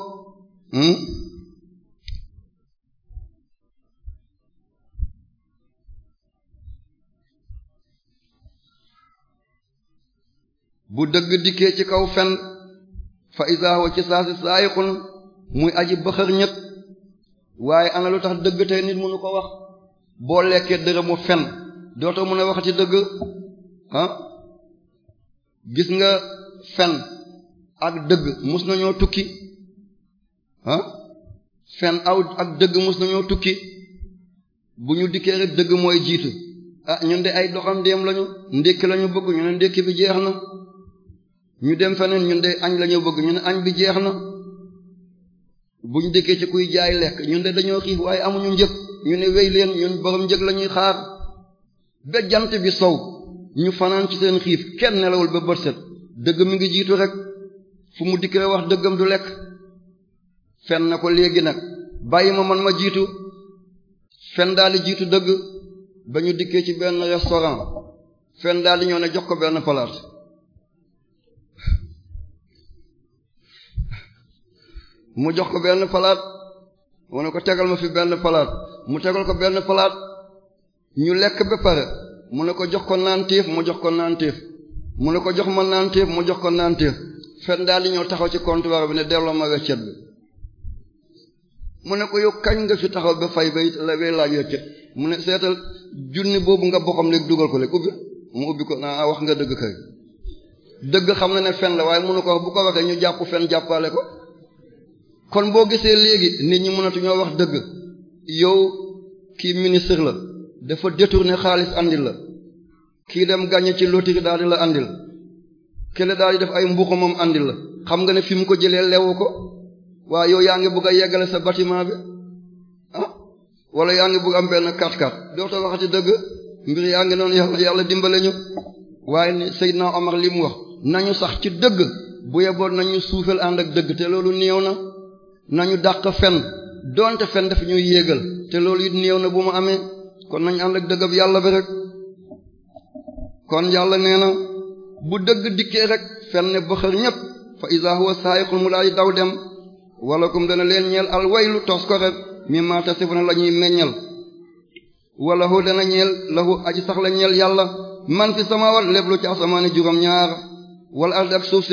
hmm? bu dëgg dikkee ci kaw fenn fa isaa ci saasi saayiqun muy aji bëxër ñëpp waaye ana lu tax dëgg tey nit mënu ko wax boo lekkee dërëmu fen dootoo mën a waxati dëgg ah? gis nga fen ak dëgg mus nañoo tukki ah fen aw ak dëgg mus nañoo tukki bu ñu dikkee rek dëgg mooy jiitu ah ñun de ay doxam ndéem lañu ndékki lañu bëgg ñu ne ndékki bi jeex na ñu dem feneen ñun de añ lañu bëgg ñu ne añ bi jeex na bu ñu dikkee ci kuy jaay lekk ñun de dañoo xiif waaye amuñu njëkk ñu ne wey leen ñun borom njëg la ñuy xaar ba jant bi sow ñu fanaan ci seen xiif kenn nelawul ba bët set dëgg mi ngi jiitu rek fu mu dikkee wax dëggam du lekk fen na ko léegi nag bàyyi ma man ma jiitu fenn daal di jiitu dëgg ba ñu dikkee ci benn restaurant fenn daal di ñëw ne jox ko benn palaat mu jox ko benn palaat wane ko tegal ma fi benn palaat mu tegal ko benn palaat ñu lekk ba pare mu ne ko jox ko naan tiif mu jox ko naan tiif mu ne ko jox ma naan tiif mu jox ko naan tiif fen daal di ñëw taxaw ci comptoir bi ne delloo ma weccet bi mu ne ko yow kañ nga fi taxaw ba fay bay laaj weccet mu ne seetal junni boobu nga boxam léegi dugal ko léegi ubbi mu ubbi ko naa wax nga dëgg kay dëgg xam na ne fen la waaye mënu ko wax bu ko waxee ñu jàpp fen jàppale ko kon boo gisee léegi nit ñi mënatuñoo wax dëgg yow kii ministre la dafa ne xaalis andil la kii dem gagné ci loterie daal di la andil kele daal di def ay mbuxu moom andil la xam nga ne fi mu ko jëlee lewu ko waaye yow yaa ngi bëgg a yeggale sa bâtiment bi ah wala yaa ngi bëgg am benn kat kat dootoo waxati dëgg mbir yaa ngi noonu yàlla yàlla dimbale ñu waaye ne Seydina Omar li mu wax nañu sax ci dëgg bu yeboon nañu suufel ànd ak dëgg te loolu néew na nañu dàq fenn doonte fen def ñuy yéegal te loolu it néew na bu mu amee kon nañ ànd ak dëgg ab yàlla bi rek kon yàlla nee na bu dëgg dikkee rek fen ne bëxër ñépp fa iza huwa sayiqul mu daay daw dem walakum dana leen ñeel al waylu tos ko rek mimma ne la ñuy meññal walahu dana ñeel lahu aji sax la ñeel yàlla man fi samawat lépp lu ci asamaani juróom-ñaar wala ard ak suuf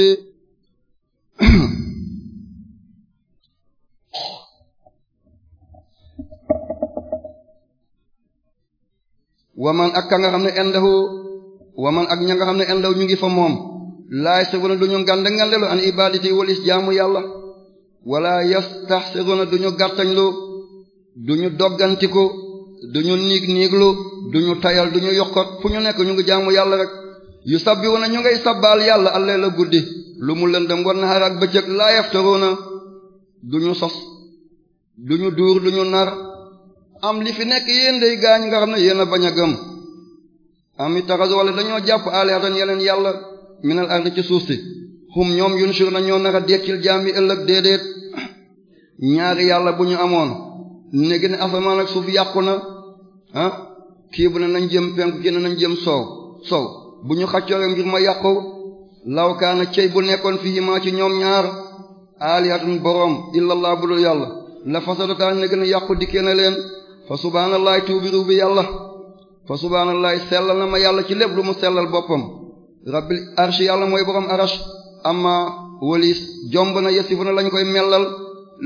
wa waman ak ka nga xam ne indahu waman ak ña nga xam ne indahu ñu ngi fa moom laay segona du ñu ngande ngandelu an ibadati walis jaamu yàlla wala yastaxsiruna du ñu gàttañlu du ñu doggantiku du ñu niig niiglu du ñu tayal du ñu yokkot fu ñu nekk ñu ngi jaamu yàlla rek yu sabbiwuna ñu ngay sabbaal yàlla allah la guddi lu mu lëndëm wan naxar ak bëccëg laa yaftaruna du ñu sos du ñu duur du ñu nar am li fi nekk yéen day gaañ nga xam ne yéen a bañ a gëm am itaxas wala dañoo jàpp alihatan yeneen yàlla minal ardi ci suuf si xum ñoom yunsur na ñoo nar a dekkil jaam yi ëllëg déedéet ñaar yàlla bu ñu amoon néegi ne asamaan ak suuf yàqu na ah kii bu ne nañ jëm penku kii ne nañ jëm soow soow bu ñu xaccoore ngir ma yàqu lawkaana cey bu nekkoon fi maa ci ñoom ñaar alihatan boroom illallah budul yàlla la fasadataan ne gën yàqu dikkee fa subhaanallahi tuubiru bi yàlla fa subhaanallahi sellal na ma yàlla ci lépp lu mu sellal boppam rabbil arshi yàlla mooy borom arash amma waliis jomb na yasifu na lañ koy mellal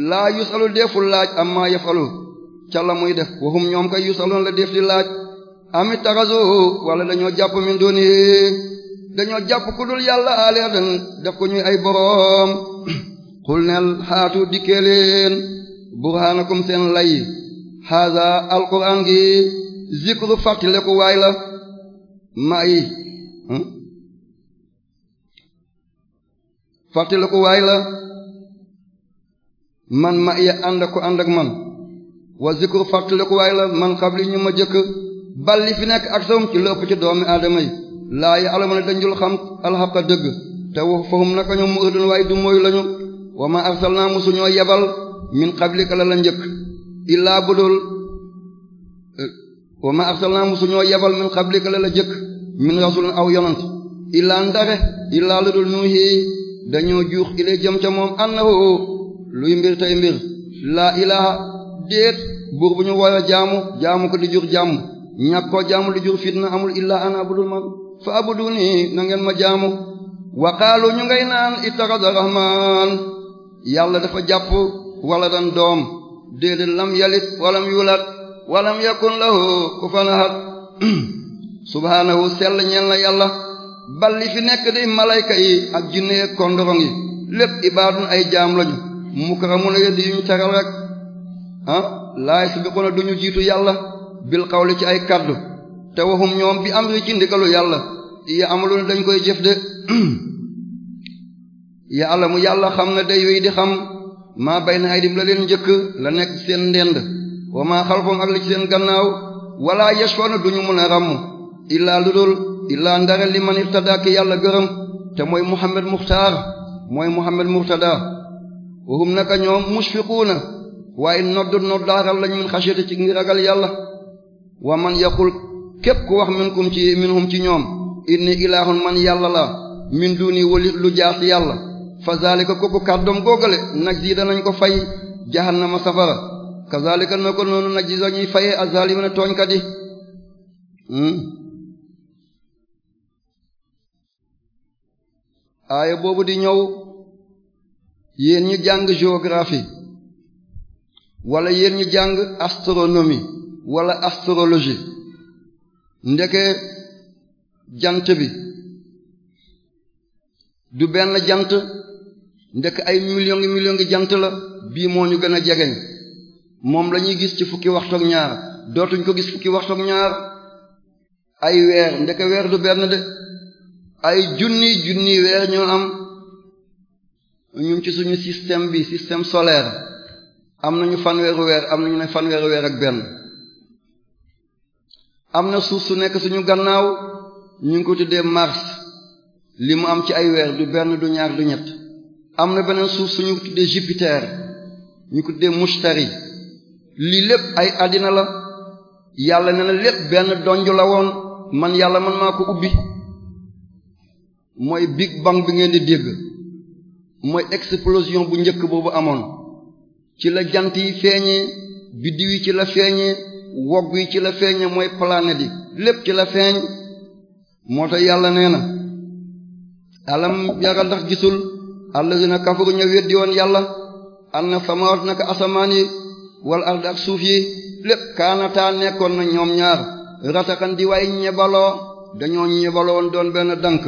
laa yusalu deful laaj amma yafalu ca la muy def waxum ñoom kay yusalu la def laaj amit tarazu wala dañoo jàpp min duni dañoo jàpp ku dul yàlla aleetan def ko ñuy ay boroom xul neel xaatu dikkee leen burhaanakum seen lay haada alquran gi zikru fàttaleku waay hmm? waay la man ma iya ànd ko ànd ak man wa zikru ku waay la man xabli ñu ma jëkk balli fi nekk ak sawum ci lépp ci doomi aadama yi laa yi alamana dañjul xam alxaqa dëgg te wax fahum naka ñoom mu ëddun waaye du mooy lañu wa ma arsalnaa musuñoo yebal min xablika la la njëkk illaa budul wa ma su musuñoo yebal min qablika la la jëkk min rasulin aw yonant illaa ndare illaa lu nuuhi dañoo juux ilay jëm ca moom annahu luy mbir tey mbir laa ilaha déet buur bu ñu woyo jaamu jaamu ko di jur jàmm ñàkk koo jaamu di jur fitna amul illaa ana abudul man fa abuduni na ma jaamu waqaalu ñu ngay naan ittaxada rahmaan yàlla dafa jàpp wala dan doom déedéet lam yalit walam yulat walam yakun lahu kufuwan ahad subhaanahu sell ñeel na yàlla balli fi nekk di malayka yi ak jinne kondorong yi lépp ibaadun ay jaam lañu mukarramuna yeddi yu ñu teral rek ah laay sabiquna duñu jiitu yàlla bil qawli ci ay kaddu te waxum ñoom bi amri ci ndigalu yàlla ya amalu ne dañ koy jëf de yàlla mu yàlla xam na day di xam maa bay na aydim la leen njëkk la nekk seen ndend wa maa xalfum ak li ci seen gannaaw wala yashfa'una duñu mën a ràmm illaa ludul illaa ndare li man irtada yàlla gërëm te mooy muhammad muxtaar mooy muhammad muxtada wahum naka ñoom mushfiquuna waaye nodd noddaaral lañ min xasiyati ci ngi ragal yàlla wa man yaqul képp ku wax minkum ci minhum ci ñoom inni ilaahun man yàlla la min duuni wali lu jaas yàlla fazalika kooku kàddoom góogale nag ji danañ ko fay jahannama safara kazalika na ko noonu nag ji dañuy fayee azalimina tooñkat yi hmm? aaya boobu di ñëw yéen ñu jàng géographie wala yéen ñu jàng astronomie walla astrologie ndeke jant bi du benn jant ndekk ay million ngi million ngi jant la bii moo ñu gën a jegeñ moom lañuy gis ci fukki waxtu ak ñaar dootuñ ko gis fukki waxtu ak ñaar ay weer ndeke weer du benn de ay junni junni weer ñoo am ñun ci suñu système bi système solaire am nañu fanweeru weer am weer ak benn am na suuf su nekk suñu gannaaw ñu ngi ko tuddee mars li mu am ci ay weer du benn du ñaar du ñett am na beneen suuf suñu tuddee Jupiter ñu ko tuddee Mushtari lii lépp ay àddina la yàlla ne na lépp benn donj la woon man yàlla man maa ko ubbi mooy Big Bang bi ngeen di dégg mooy explosion bu njëkk boobu amoon ci la jant yi feeñee biddiw yi ci la feeñee wogg yi ci la feeñee mooy planète yi lépp ci la feeñ moo tax yàlla nee na alam yara ndax gisul allazina kafaru ña weddi woon yàlla an na samawaat naka yi wal ard ak suuf lépp kaanataa nekkoon na ñoom ñaar rataxan di waay ñebaloo dañoo ñebaloo woon doon benn dank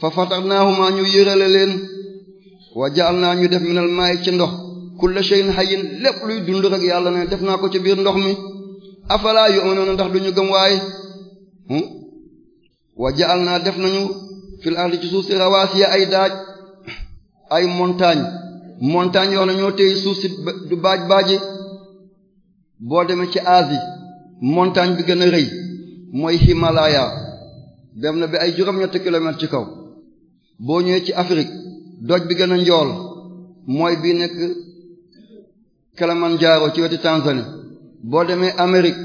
fa fatarnaahumaa ñu yërale leen wa jaal naa ñu def minal maay ci ndox kulla shay'in hayyin lépp luy dund rek yàlla ne def naa ko ci biir ndox mi afalaa yu'minuuna ndax duñu gëm waaye hmm? wa jaal def nañu fil ardi ci ay daaj ay montagne montagne yoo xam ne ñoo téye suuf du baaj baaji boo demee ci Asie montagne bi gën a rëy mooy Himalaya dem na bi ay juróom-ñetti kilomètres ci kaw boo ñëwee ci Afrique doj bi gën a njool mooy bi nekk Kilimanjaro ci wetu Tanzanie boo demee Amérique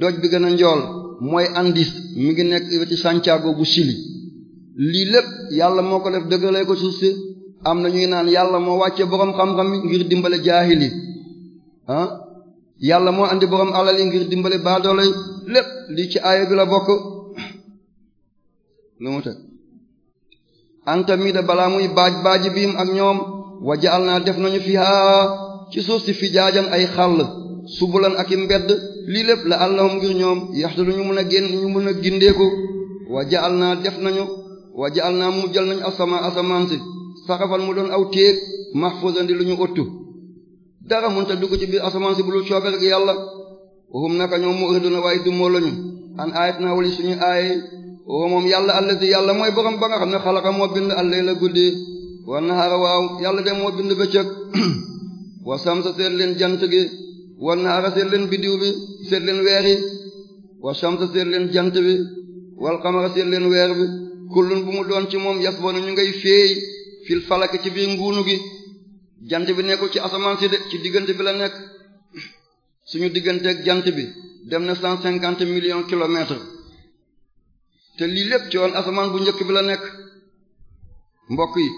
doj bi gën a njool mooy Andis mi ngi nekk wetu Santiago bu sili lii lépp yàlla moo ko def dëggalee ko suuf am na ñuy naan yàlla moo wàcce borom xam-xam ngir dimbale jaahil yi ah yàlla moo andi borom alal ngir dimbale baadoolo lépp li ci aaya bi la bokk lu mu teg anta mii de balaa muy baaj baaji biim ak ñoom wa jaal naa def nañu fi haa ci suuf si fi jaajan ay xàll subulan ak i mbedd lii lépp la allahum ngir ñoom yaxtu ñu mën a génn ñu mën a gindeeku wa jaal naa def nañu wa jaal naa mujjal nañu asama asamaan si sarafan mu doon aw téeg mahfuzan di lu ñu ottu dara mënta dugg ci biir asamaan si bu lu gi yàlla hum naka ñoom muriduna waaye dummoo lañu an ayat naa wali suñu aay wa moom yàlla allazi yàlla mooy borom ba nga xam ne xalaqa moo bind al-layla guddi wa nahaara waaw yàlla de moo bind bëccëg wa samsa seet leen jant gi wa nahaara seet leen biddiw bi seet leen weer yi wa samsa seet jant bi wal qamara seet leen weer bi kullun bu mu doon ci moom yasbanu ñu ngay fil falaki ci biir nguunu gi jant bi nekkul ci asamaan si de ci diggante bi la nekk suñu digganteeg jant bi dem na cent cinquante millions kilomètres te lii lépp ci woon asamaan bu njëkk bi la nekk mbokk yi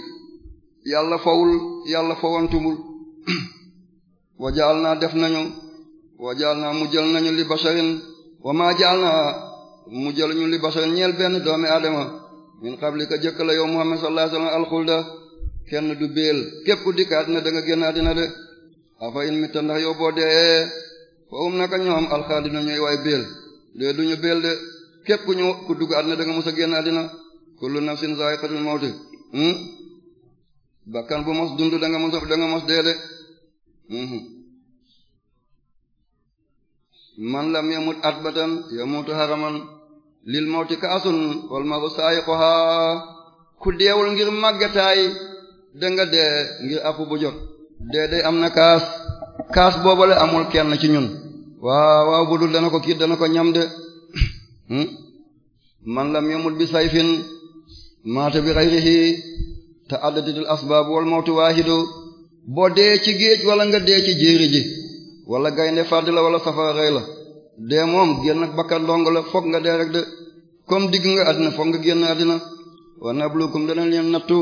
yàlla fawul yàlla fawantumul wajaal naa def nañu wajaal naa mu jël nañu li basharin wa maa jaal naa mu jël ñu li basharin ñeel benn doomi aadama min qablika jëkk la yow Muhammad sallallahu alxulda kenn du béel képp ku dikk àddina da nga génn àddina de afa in mitta ndax yow boo dee fa um naka ñoom alxaali ñooy waay béel de duñu béel de képp ku ñu ku dugg àddina da nga mës a génn àddina kullu nafsin zaiqatul mawti hmm? bakkan bu mos dund da nga mos da nga mos dee de hmm. man lam yamut atbatan yamutu haraman lil mawti kaasun wal maru saayiquha ku deewul ngir màggataay da nga dee ngir àpp bu jot am na kaas kaas boobale amul kenn ci ñun waaw waaw bu dul dana ko kiit dana ko ñam de hmm? man lam yamut bi sayfin maata bi ghayrihi te addaditul asbaab wal mawtu waahidu boo dee ci géej wala nga dee ci jéeri ji wala gaynde fàdd la wala safara rey la dee moom génn ak bakkan dong la foog nga dee rek de comme digg nga àddina foog nga génn àddina wa nablukum dana leen nattu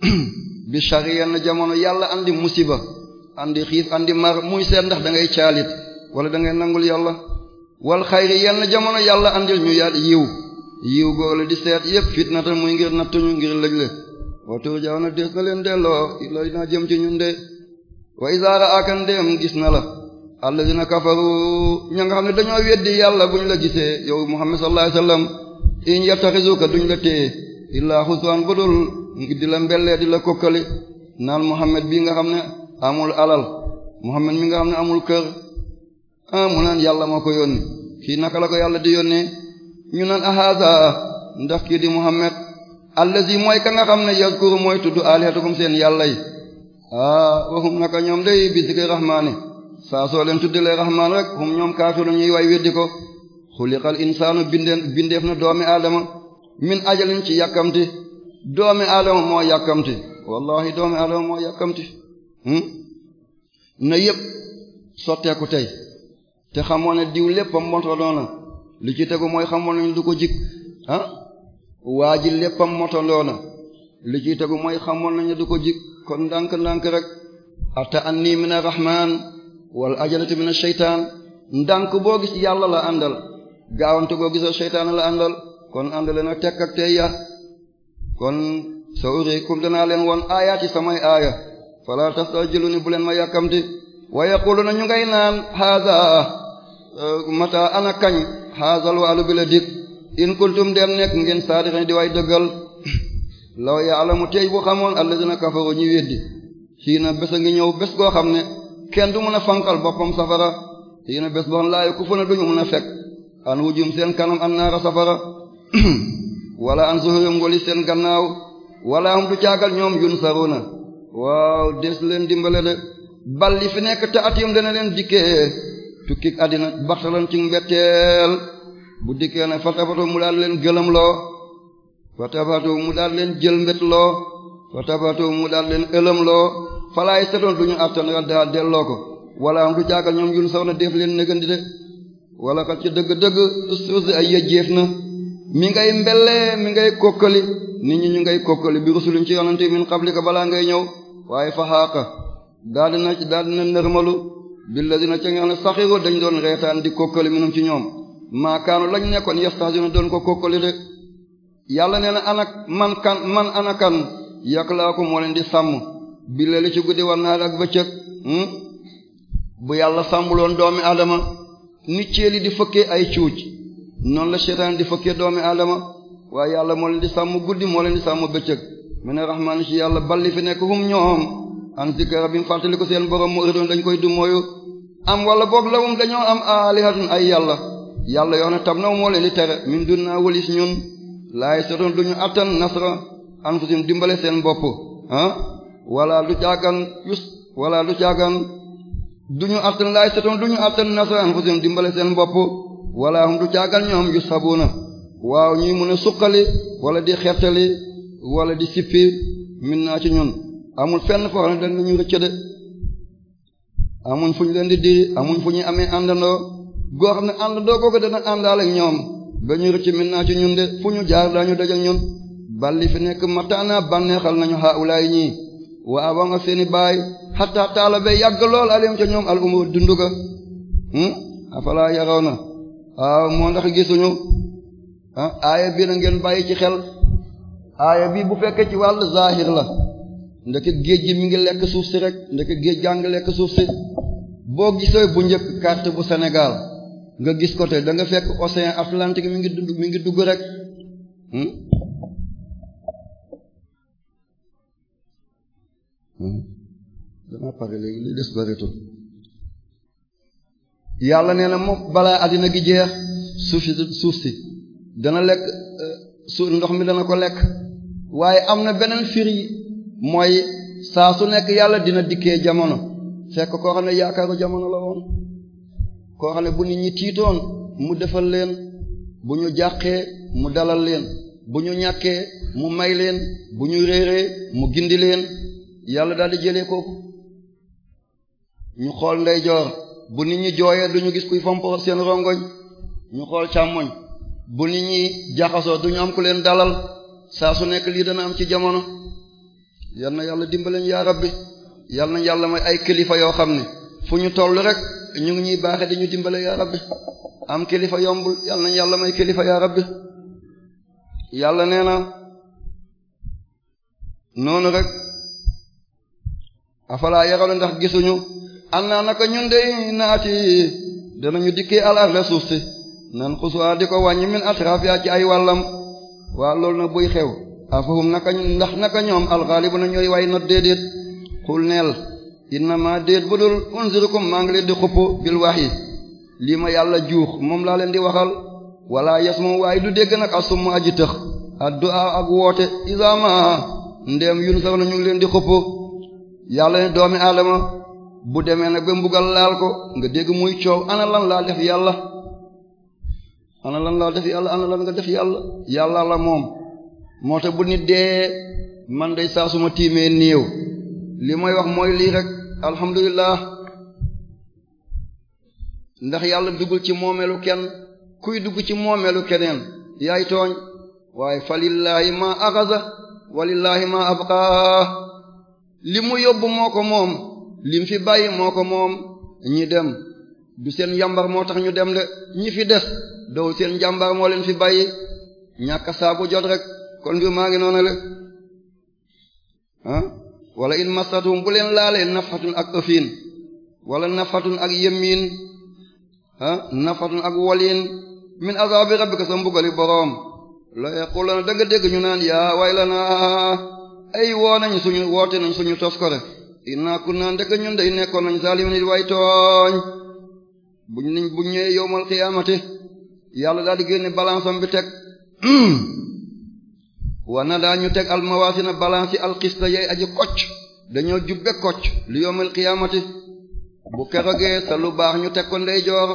bi shariyan jamono yàlla andi musiba andi xiif andi mar muy seet ndax da ngay caalit wala da ngay nangul yàlla wal xayri yenn jamono yàlla andil ñu yaat yiw yiw góorle di seet yépp fitnatan muy ngir nattuñu ngir lëgle watur jaaw na des na leen delloo lay naa jëm ci ñun de wa isaara akan dem gis na la alladina kafaru ña nga xam ne dañoo weddi yàlla buñ la gisee yow muhammad sallallahu alayhi wasallam in yattaxizuka duñ la téye illaa xusuwaan ngi di la mbellee di la kokkali naan Muhammad bi nga xam ne amul alal Muhammad mi nga xam ne amul kër ah mu naan yàlla moo ko yónni kii naka la ko yàlla di yónnee ñu naan ahaza ndax kii di Muhammad allazi mooy ka nga xam ne yazkuru mooy tudd alihatakum seen yàlla yi ah waxum naka ñoom day bi zikri rahmaani saa soo leen tuddalee rahmaan rek hum ñoom kaafiru ñuy way weddi ko xuliqal insaanu bindeef na doomi aadama min ajalin ci yàkkamti doomi aadama moo yàkkamti wallahi doomi aadama moo yàkkamti hmm? na yëpp sotteeku tey te xamoon ne diw lépp montandoo na lu ci tegu mooy xamoon nañ du ko jik ah waa ji léppam montandoo na lu ci tegu mooy xamoon nañ du ko jik kon ndànk-ndànk rek atta anni min arrahman wal ajalati min asheytaan ndànk boo gis yàlla la àndal gaawante boo gisa sheytaan la àndal kon àndale na tekk ak tey ya kon sa urikum danaa leen won aayaati samay aaya fala tastajiluni bu leen ma yàkkamti wa na ñu ngay naan haza euh, mata ana kañ haazal waalu bi la dik in kuntum dem nekk ngeen saadiqin di way dëggal law yaalamu tey bu xamoon alladina kafaru ñi weddi xiina bés ngi ñëw bés goo xam ne kenn du mën a fankal boppam safara xiina bés bon laayu ku fu na duñu mën a fekk an wujum seen kanam an naara safara wala an zuhurum walis seen gannaaw wala hum du caagal ñoom yun saruna waaw des leen dimbale de bal li fi nekk taatim dana leen dikkee tukkik àddina baxtalan ci mbetteel bu dikkee ne fatabato mu daal leen gëlëmloo fatabato mu daal leen jël mbettloo fatabato mu daal leen ëlëmloo falaay setoon duñu àttan raddaa delloo ko wala hum du caagal ñoom yun saruna def leen negandi de wala ci dëgg-dëgg suusi ay yëjjeef na mi ngay mbellee mi ngay kokkali nit ñi ñu ngay kokkali bi rusulin ci yonante min qablika balaa ngay ñëw waaye fa xaaqa daal dina daal dina nërmalu billa dina ca nga ne saxiru dañ doon reetaan di kokkali minum ci ñoom maakaanu lañ nekkoon yastahzinu doon ko kokkali rek yàlla nee na anak man kan man anakan yàq laa ko moo leen di sàmm billa li ci guddi war naa ak bëccëg hmm? bu yàlla loon doomi adama ni ceeli di fëkkee ay cuuj noonu la seytaane di fëkkee doomi aadama waaye yàlla moo leen di sàmm guddi moo leen di sàmm bëccëg mu ne rahmaan ci yàlla balli fi nekk hum ñoom an zikra bi mu fàttali ko seen borom mu ëddoon dañ koy dumóoyu am wala boog lawum dañoo am aalihatun ay yàlla yàlla yoo xam ne tam naw moo leen di tere min dun naa walis ñun laay sotoon duñu attan nasra anfusim dimbale seen bopp ah wala du caagan us wala du caagan duñu attan laay sotoon duñu attan nasra seen bopp wala hum du jàggal ñoom yu sabuuna waaw ñuy mën a suqali wala di xettali wala di sippi min naa ci ñun amul fenn foo xam ne dañ ñu rëcc de amuñ fu ñu leen di diri amuñ fu ñuy amee àndandoo goo xam ne àndandoo ko de àndaal ak ñoom ba ñu rëcc min naa ci ñun de fu ñu jaar daañu daj ak ñun balli fi nekk mataana bànneexal nañu xaawulaay ñii waa ba nga seeni baay xataa taala ba yàgg lool alim ca ñoom al umur dunduga hmm? afalaa yaraw na waaw ah, moo ndax gisuñu ah aaya bi na ngeen bàyyi ci xel aaya bi bu fekkee ci wàll zahir la ndeke géej gi mi ngi lekk suuf si rek ndeke géej gaa ngi lekk suuf si boo gisee bu njëkk carte bu senegal nga gis ko tey da nga fekk océan Atlantique mi ngi dugg mi ngi dugg rek hmm? hmm? dana pare léegi li des yàlla nee na moom balaa àddina gi jeex suuf si suuf si dana lekk euh, su ndox mi dana ko lekk waaye am na beneen firi mooy saa su nekk yàlla dina dikkee jamono fekk koo xam ne yaakaaru jamono la woon koo xam ne bu nit ñi tiitoon mu defal leen bu ñu jàqee mu dalal leen bu ñu ñàkkee mu may leen bu ñu réeree mu gindi leen yàlla daal di jëlee kooku ñu xool ndeyjoor bu nit ñi jooyee duñu gis kuy fomp seen rongoñ ñu xool càmmoñ bu nit ñi jaxasoo duñu am ku leen dalal saa su nekk lii dana am ci jamono yal na yàlla dimbaleñ yaa rabbi yal na yàlla may ay kilifa yoo xam ne fu ñu toll rek ñu ngi ñuy baaxe di ñu dimbale yaa rabbi am kilifa yombul yal nañ yàlla may kilifa yaa rabbi yàlla nee na noonu rek afalaa yaroo ndax gisuñu an naa naka ñun dey naati danañu dikkee al arda suuf si nan xusuwaa di ko wàññi min atraaf ci ay wàllam waa loolu na buy xew afahum naka ndax naka ñoom alxaalibu na ñooy way not déedéet xul neel innama déet bu dul unzirukum maa ngi leen di xupp bil wahyi lii ma yàlla juux moom laa leen di waxal wala yes moom waaye du dégg nag asum aji tëx addu'a ak woote isaama ndéem yun sax na ñu leen di xupp yàlla ne doomi aadama bu demee nag ba mbugal laal ko nga dégg muy coow ana lan laa def yàlla ana lan laa def yàlla ana lan nga def yàlla yàlla la moom moo tax bu nit dee man day saa suma tiimee néew li mooy wax mooy lii rek alhamdulilah ndax yàlla duggul ci moomeelu kenn kuy dugg ci moomeelu keneen yaay tooñ waaye fa lillaahi ma axasa wa lillaahi ma abqaa li mu yóbbu moo ko moom lim fi bàyyi moo ko moom ñi dem du seen njàmbar moo tax ñu dem de ñi fi des doow seen njàmbar moo leen fi bay ñàkk saabu jot rek kon bi maa ngi le ah wala in masatum bu leen laalee nafatun ak ëfin wala nafatun ak yëmmiin ah ak woliin min azabi rabbika sa mbugali boroom la yaquluna dëgg dëgg ñu naan yaa way la na ay woo nañ suñu woote nañ suñu tos inna naa ndëgg ñun day nekkoon nañ zalimin it way tooñ buñ niñ buñ ñëwee yowmal xiyaamati yàlla daal di génne balance bi teg na daa ñu teg almawasina balance yi alxista yay aji kocc dañoo jubbe kocc li yowmal xiyaamati bu kerogee sa lu baax ñu teg ko ndeyjoor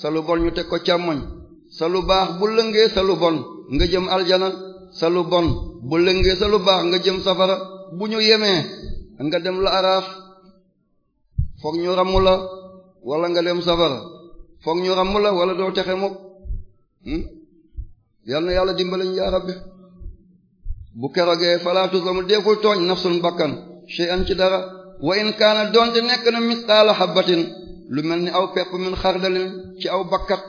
sa lu bon ñu teg ko càmmoñ sa lu baax bu lëngee sa lu bon nga jëm aljana sa lu bon bu lëngee sa lu baax nga jëm safara bu ñu yemee nga dem la araaf foog ñu ramm la wala nga dem safara foog ñu ramm la wala doo texe mukk hmm? yal yàlla dimbale ñu yaa rabbi bu kerogee falaa tuzlamu deful tooñ nafsun bakkan shay'an ci dara wa in kaana doonte nekk na misqaala xabbatin lu mel ni aw pepp min xardalin ci aw bakkat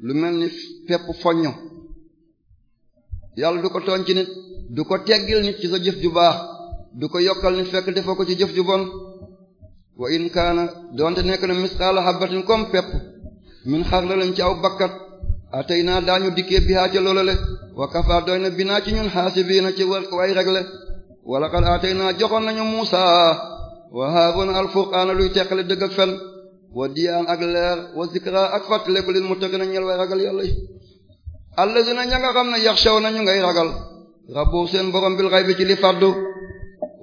lu mel ni pepp foñño yàlla du ko tooñ ci nit du ko teggil nit ci sa jëf ju baax du ko yokkal nit fekk defoo ko ci jëf ju bon wa in kaana doonte nekk na misqaala habatin comme pepp min xarlalin ci aw bakkat atey naa daañu dikkee bihaa ca loolale wa kafa doy na binaa ci ñun xaasibiina ci war way regle wa laqad atey naa joxoon nañu Muusa wa Haaruna alfurqaana luy teqale dëgg ak fen wa diyaan ak leer wa zikra ak fàttaleku lil muttaqina ñel way ragal yàlla yi a ña nga xam ne yaxshaw nañu ngay ragal rabbu seen borom bil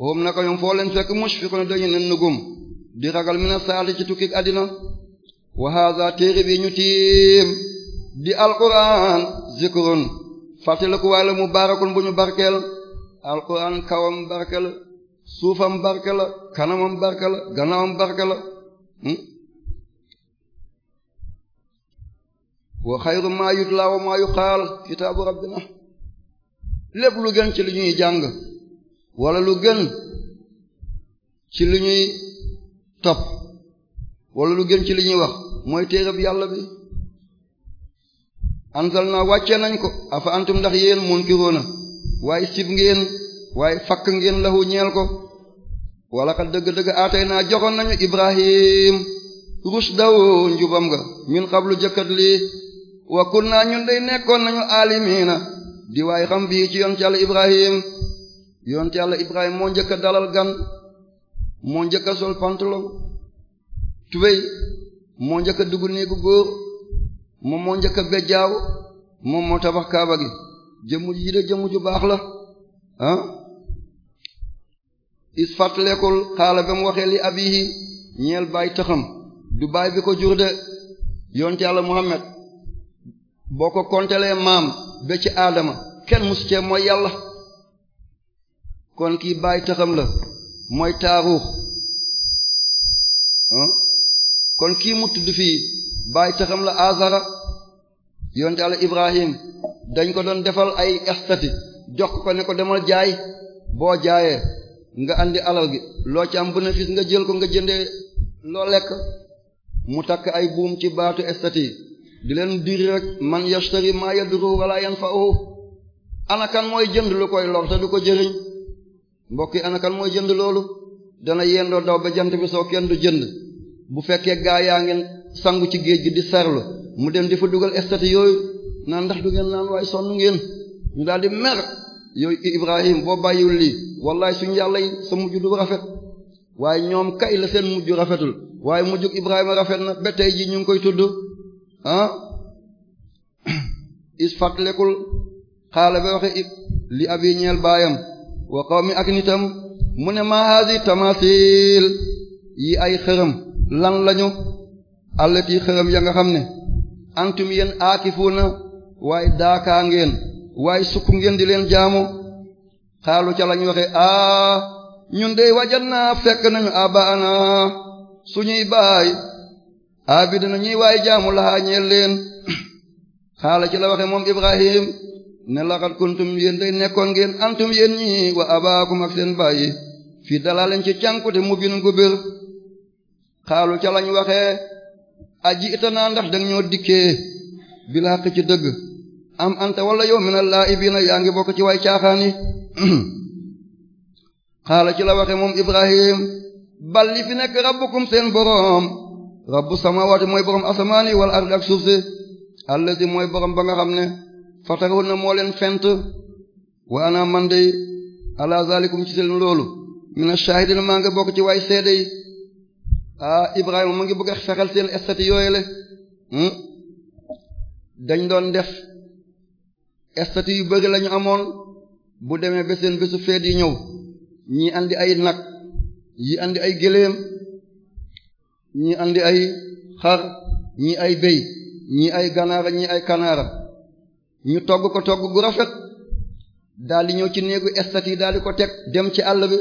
wom naka ñoom foo leen fekk mushfiquna dañu ne nugum di ragal mina saati ci tukki àddina wa haza téere bi ñu tiim di alquran zikrun fàttaliku waay la bu ñu barkeel alquran kawam barke la suufam barke la kanamam barke la gannaawam barke la hmm? wa xayru maa yutla wa maa yuqaal kitaabu rabbina lépp lu ci li ñuy jàng wala lu gën ci li ñuy topp wala lu gën ci li ñuy wax mooy téereb yàlla bi anzal naa wàccee nañ ko afa antum ndax yéen munkiruuna waaye sib ngéen waaye fakk ngeen lahu ñeel ko wala kat dëgg-dëgg aatay naa joxoon nañu ibrahim rusdaw njubam nga min xablu jëkkat lii wa kun naa ñun day nekkoon nañu aalimiina di waaye xam bii ci yoon ci yàlla ibrahim yonte yàlla Ibrahima moo njëkk a dalal gan moo njëkk a sol pantalon tubéy moo njëkk a dugg néegu góor moom moo njëkk a bejjaaw moom moo tabax kaaba gi jëmm ji de jëmu ju baax la ah is fàttalekul xaala ba mu waxee li abihi ñeel baay taxam du baay bi ko jur de yonte yàlla Muhammad boo ko kontelee maam ba ci aadama kenn musu cee mooy yàlla kon kii bàyyi taxam la mooy taarux kon kii mu tudd fii bàyyi taxam la azara yonte Yàlla Ibrahim dañ ko doon defal ay estati jox ko ne ko demal jaay boo jaayee nga àndi alal gi loo ci am bénéfice nga jël ko nga jëndee loo lekk mu takk ay buum ci baatu estati di leen diri rek man yashtari ma yadru wala yanfa'u ana kan mooy jënd lu koy lor du ko jëriñ mbokk yi ana mooy jënd loolu dana yendoo daw ba jant bi soo kenn du jënd bu fekkee gaa yaa ngeen sangu ci géej gi di sarlu mu dem di fa dugal estate yooyu naan ndax du ngeen naan waaye sonn ngeen ñu daal di mer yooyu Ibrahim boo bàyyiwul lii wallaay su yàlla yi sa mujj du rafet waaye ñoom kay la seen mujj rafetul waaye mujjug Ibrahima rafet na ba tey ji ñu ngi koy tudd ah is fàttalekul xaala ba waxe li abi ñeel baayam wa qawmi ak nitam mu ne ma haasi yi ay xërëm lan lañu allati xërëm ya nga xam ne antum yéen aakifuuna waaye daakaa ngeen waaye sukk ngeen di leen jaamu xaalu ca lañ waxe aa ñun dey wajan naa fekk nañu abaana suñuy baay na ñuy waay jaamu laxaa ñeel leen xaala ci la waxe moom Ibrahim ne laxat kuntum yéen day nekkoon ngeen antum yéen ñi wa abaakum ak seen bàyyi fii dalalen ci cànkute mu binu gubér xaalu ca lañ waxee aji itanaa ndax danga ñoo dikkee bilaa ci dëgg am anta wala mi na laa ibiina yaa ngi bokk ci way caaxaan yi xaala ci la waxe moom ibrahim bal li fi nekk rabbukum seen boroom rabbu samawaati mooy boroom asamaani wal ardi ak suuf si allazi mooy boroom ba nga xam ne fataroo na moo leen fent waa naa man de ala zalikum ci seen loolu mina shahidina maa nga bokk ci waay seede yi ah Ibrahima mu ngi bëgg a fexal seen estati yooyu le hmm? dañ doon def estati yu bëri lañu amoon bu demee ba seen bésu feet yi ñëw ñii àndi ay nag yi àndi ay gëléem ñii àndi ay xar ñii ay béy ñii ay ganaara ñii ay kanaara ñu togg ko togg gu rafet daal ñëw ci néegu estat yi daal di ko teg dem ci àll bi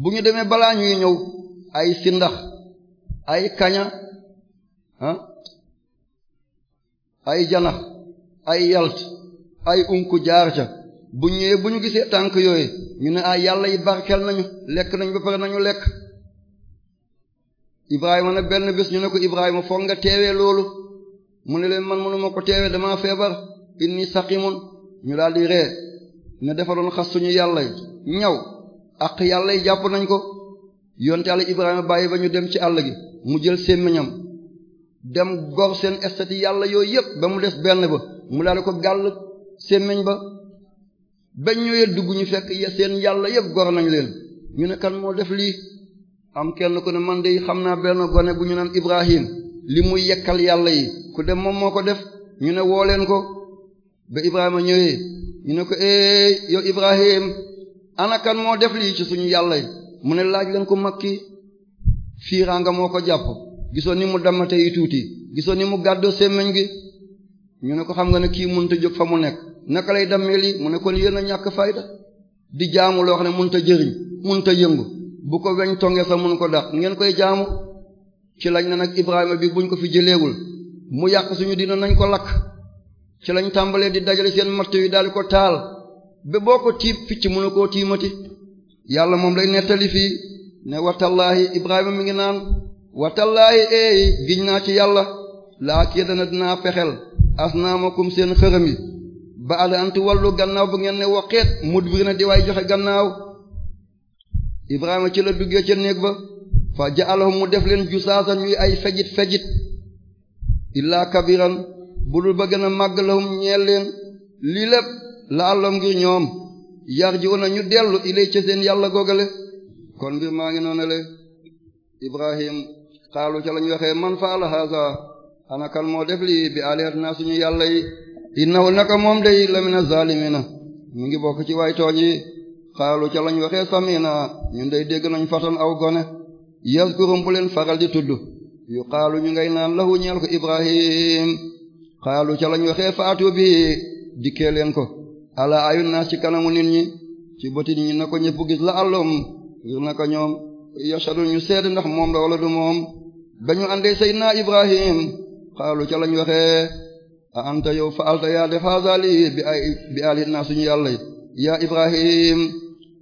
bu ñu demee balaa ñuy ñëw ay sindax ay kaña ah, ay janax ay yalt ay unku jaar ca bu ñëwee bu ñu gisee tànk yooyu ñu ne ay ah, yàlla yi barkeel nañu lekk nañu ba pare nañu lekk Ibrahima nag benn bés ñu ne ko Ibrahima foog nga teewee loolu mu ne leen man mënuma ko teewee damaa feebar. inni saqimun ñu daal di ree ne dafa doon xas suñu yàlla yi ñaw ak yàlla yi jàpp nañ ko yonte yàlla Ibrahima bàyyi ba ñu dem ci àll gi mu jël sémmiñam dem gor seen estati yàlla yooyu yëpp ba mu des benn ba mu daal ko gàll sémmiñ ba bañ ñëwee dugg ñu fekk seen yàlla yëpp gor nañ leen ñu ne kan moo def lii am kenn ku ne man de xam naa benn gone bu ñu naan Ibrahim li muy yekkal yàlla yi ku dem moom moo ko def ñu ne woo ko. ba Ibrahima ñëwee ñu ne ko eh yow Ibrahim ana moo def lii ci suñu yàlla yi mu ne laaj leen ko ki fiiraanga moo ko jàpp gisoo ni mu damate yi tuuti gisoo ni mu gàddoo semmeñ gi ñu ne ko xam nga ne kii munut a jóg fa mu nekk naka lay dammee lii mu ne kon yéen a ñàkk fayda di jaamu loo xam ne mënut a jëriñ mënut a yëngu bu ko weñ tongee sax mënu ko dàq ngeen koy jaamu ci lañ na nag Ibrahima bi buñ ko fi jëleegul mu yàq suñu dina nañ ko lakk. ci lañ tàmbalee di dajale seen matt yi daal di ko taal ba boo ko tiib picc mënu koo tiimati yàlla moom lay nettali fii ne watallaahi Ibrahima mi ngi naan watallaahi eey giñ naa ci yàlla laa kii dana dinaa fexel asnaamakum seen xërëm yi ba ada antu wàllu gannaaw bu ngeen ne woqeet mudbir na di waay joxe gannaaw Ibrahima ci la duggee ca néeg ba fa ja'alahum mu def leen jusaasa ñuy ay fejit fejit illaa kabiran budul ba gën a màgg lahum ñeel leen lii lépp la àllam ngir ñoom yar ji una ñu dellu ilay ca seen yàlla googale kon mbir maa ngi noon noonale ibrahim xaalu ca lañu waxee man faala haza anakan moo def lii bi alihatina suñu yàlla yi innahu naka moom day lamina zalimina mu ngi bokk ci way tooñ yi xaalu ca lañu waxee samina ñun day dégg nañ fatan aw gone yazkurum bu leen faral di tudd yu xaalu ñu ngay naan lahu ñeel ko ibrahim xaalu ca lañ waxee faatu bii dikkee leen ko ala ayu naas ci kanamu nit ñi ci bëti nit ñi na ko la àllum ngir naka ñoom yashadu ñu ndax moom la wala du moom dañu àndee seydina ibrahim xaalu ca lañ waxee a anta yow fa alta yaa def bi ay bi ali naa suñu yàlla yaa ibrahim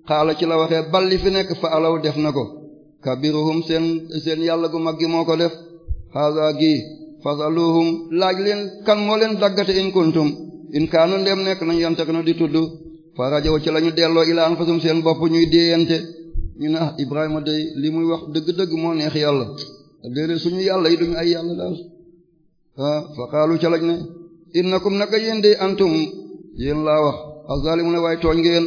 xaala ci la waxee balli fi nekk fa alaw def na ko kabiruhum seen seen yàlla gu mag gi moo ko def haazaa gi fasaluhum laaj leen kan moo leen daggate in kuntum in kaanu ndem nekk nañ yantak na di tudd fa rajow ci la ñu delloo ilaan fasum seen bopp ñuy déeyante ñu ne ah Ibrahima day lii muy wax dëgg-dëgg moo neex yàlla déedéet suñu yàlla yi duñu ay yàlla daal ah fa xaalu ca lañ ne innakum naka yéen de antum yéen laa wax azalimu ne waaye tooñ ngeen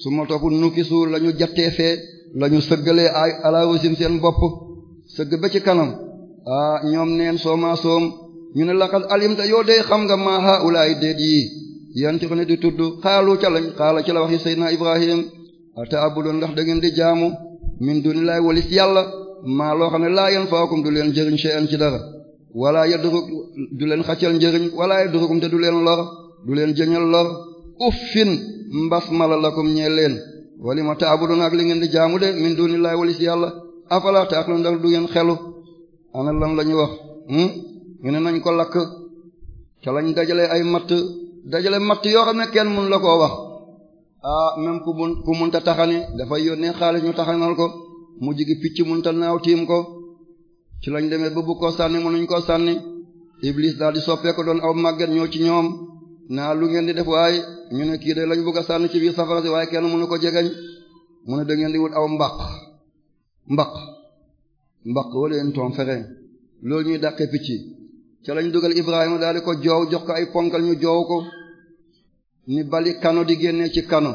su ma topp nukisu la ñu jattee fee la ñu sëggalee ay alaarusim seen bopp sëgg ba ci kanam a ah, ñoom neen sooma soom ñu ne laqad alimta yoo dee xam nga maa haulaay déet yi yanti ko ne di tudd xaalu ca lañ xaala ci la waxi seydina ibrahim ata abudoon ndax da ngeen di jaamu min duni walis yàlla maa loo xam ne laa yan faakum du leen jëriñ shay'an ci dara walaa yaduruk du leen xaccal njëriñ walaa yadurukum te du leen lor du leen jëñal lor uffin mbas mala lakum ñee leen walima taabudun ak li ngeen di jaamu de min duni walis yàlla afala taqilun ndax du ngeen xelu ana lan la hmm? ñu wax mu ne nañ ko lakk ca lañ dajale ay matt dajale matt yoo xam ne kenn mun la koo wax ah même ku mun ku munta taxani dafay yónnee xaalis ñu taxanal ko mu jigi picc munta naaw tiim ko ci lañ demee ba bu ko sànni mënuñ ko sànni iblis daal di soppeeku doon aw màgget ñoo ci ñoom naa lu ngeen di def waaye ñu ne kii de lañ bëgg a sànni ci biir safara si waaye kenn mënu ko jegeñ mu ne da ngeen di wut aw mbaq mbaq mbaq wala en ton ferin loolu ñuy dàqee picc ca lañ dugal Ibrahima daal di ko joow jox ko ay ponkal ñu joow ko ni bali kano di génnee ci kano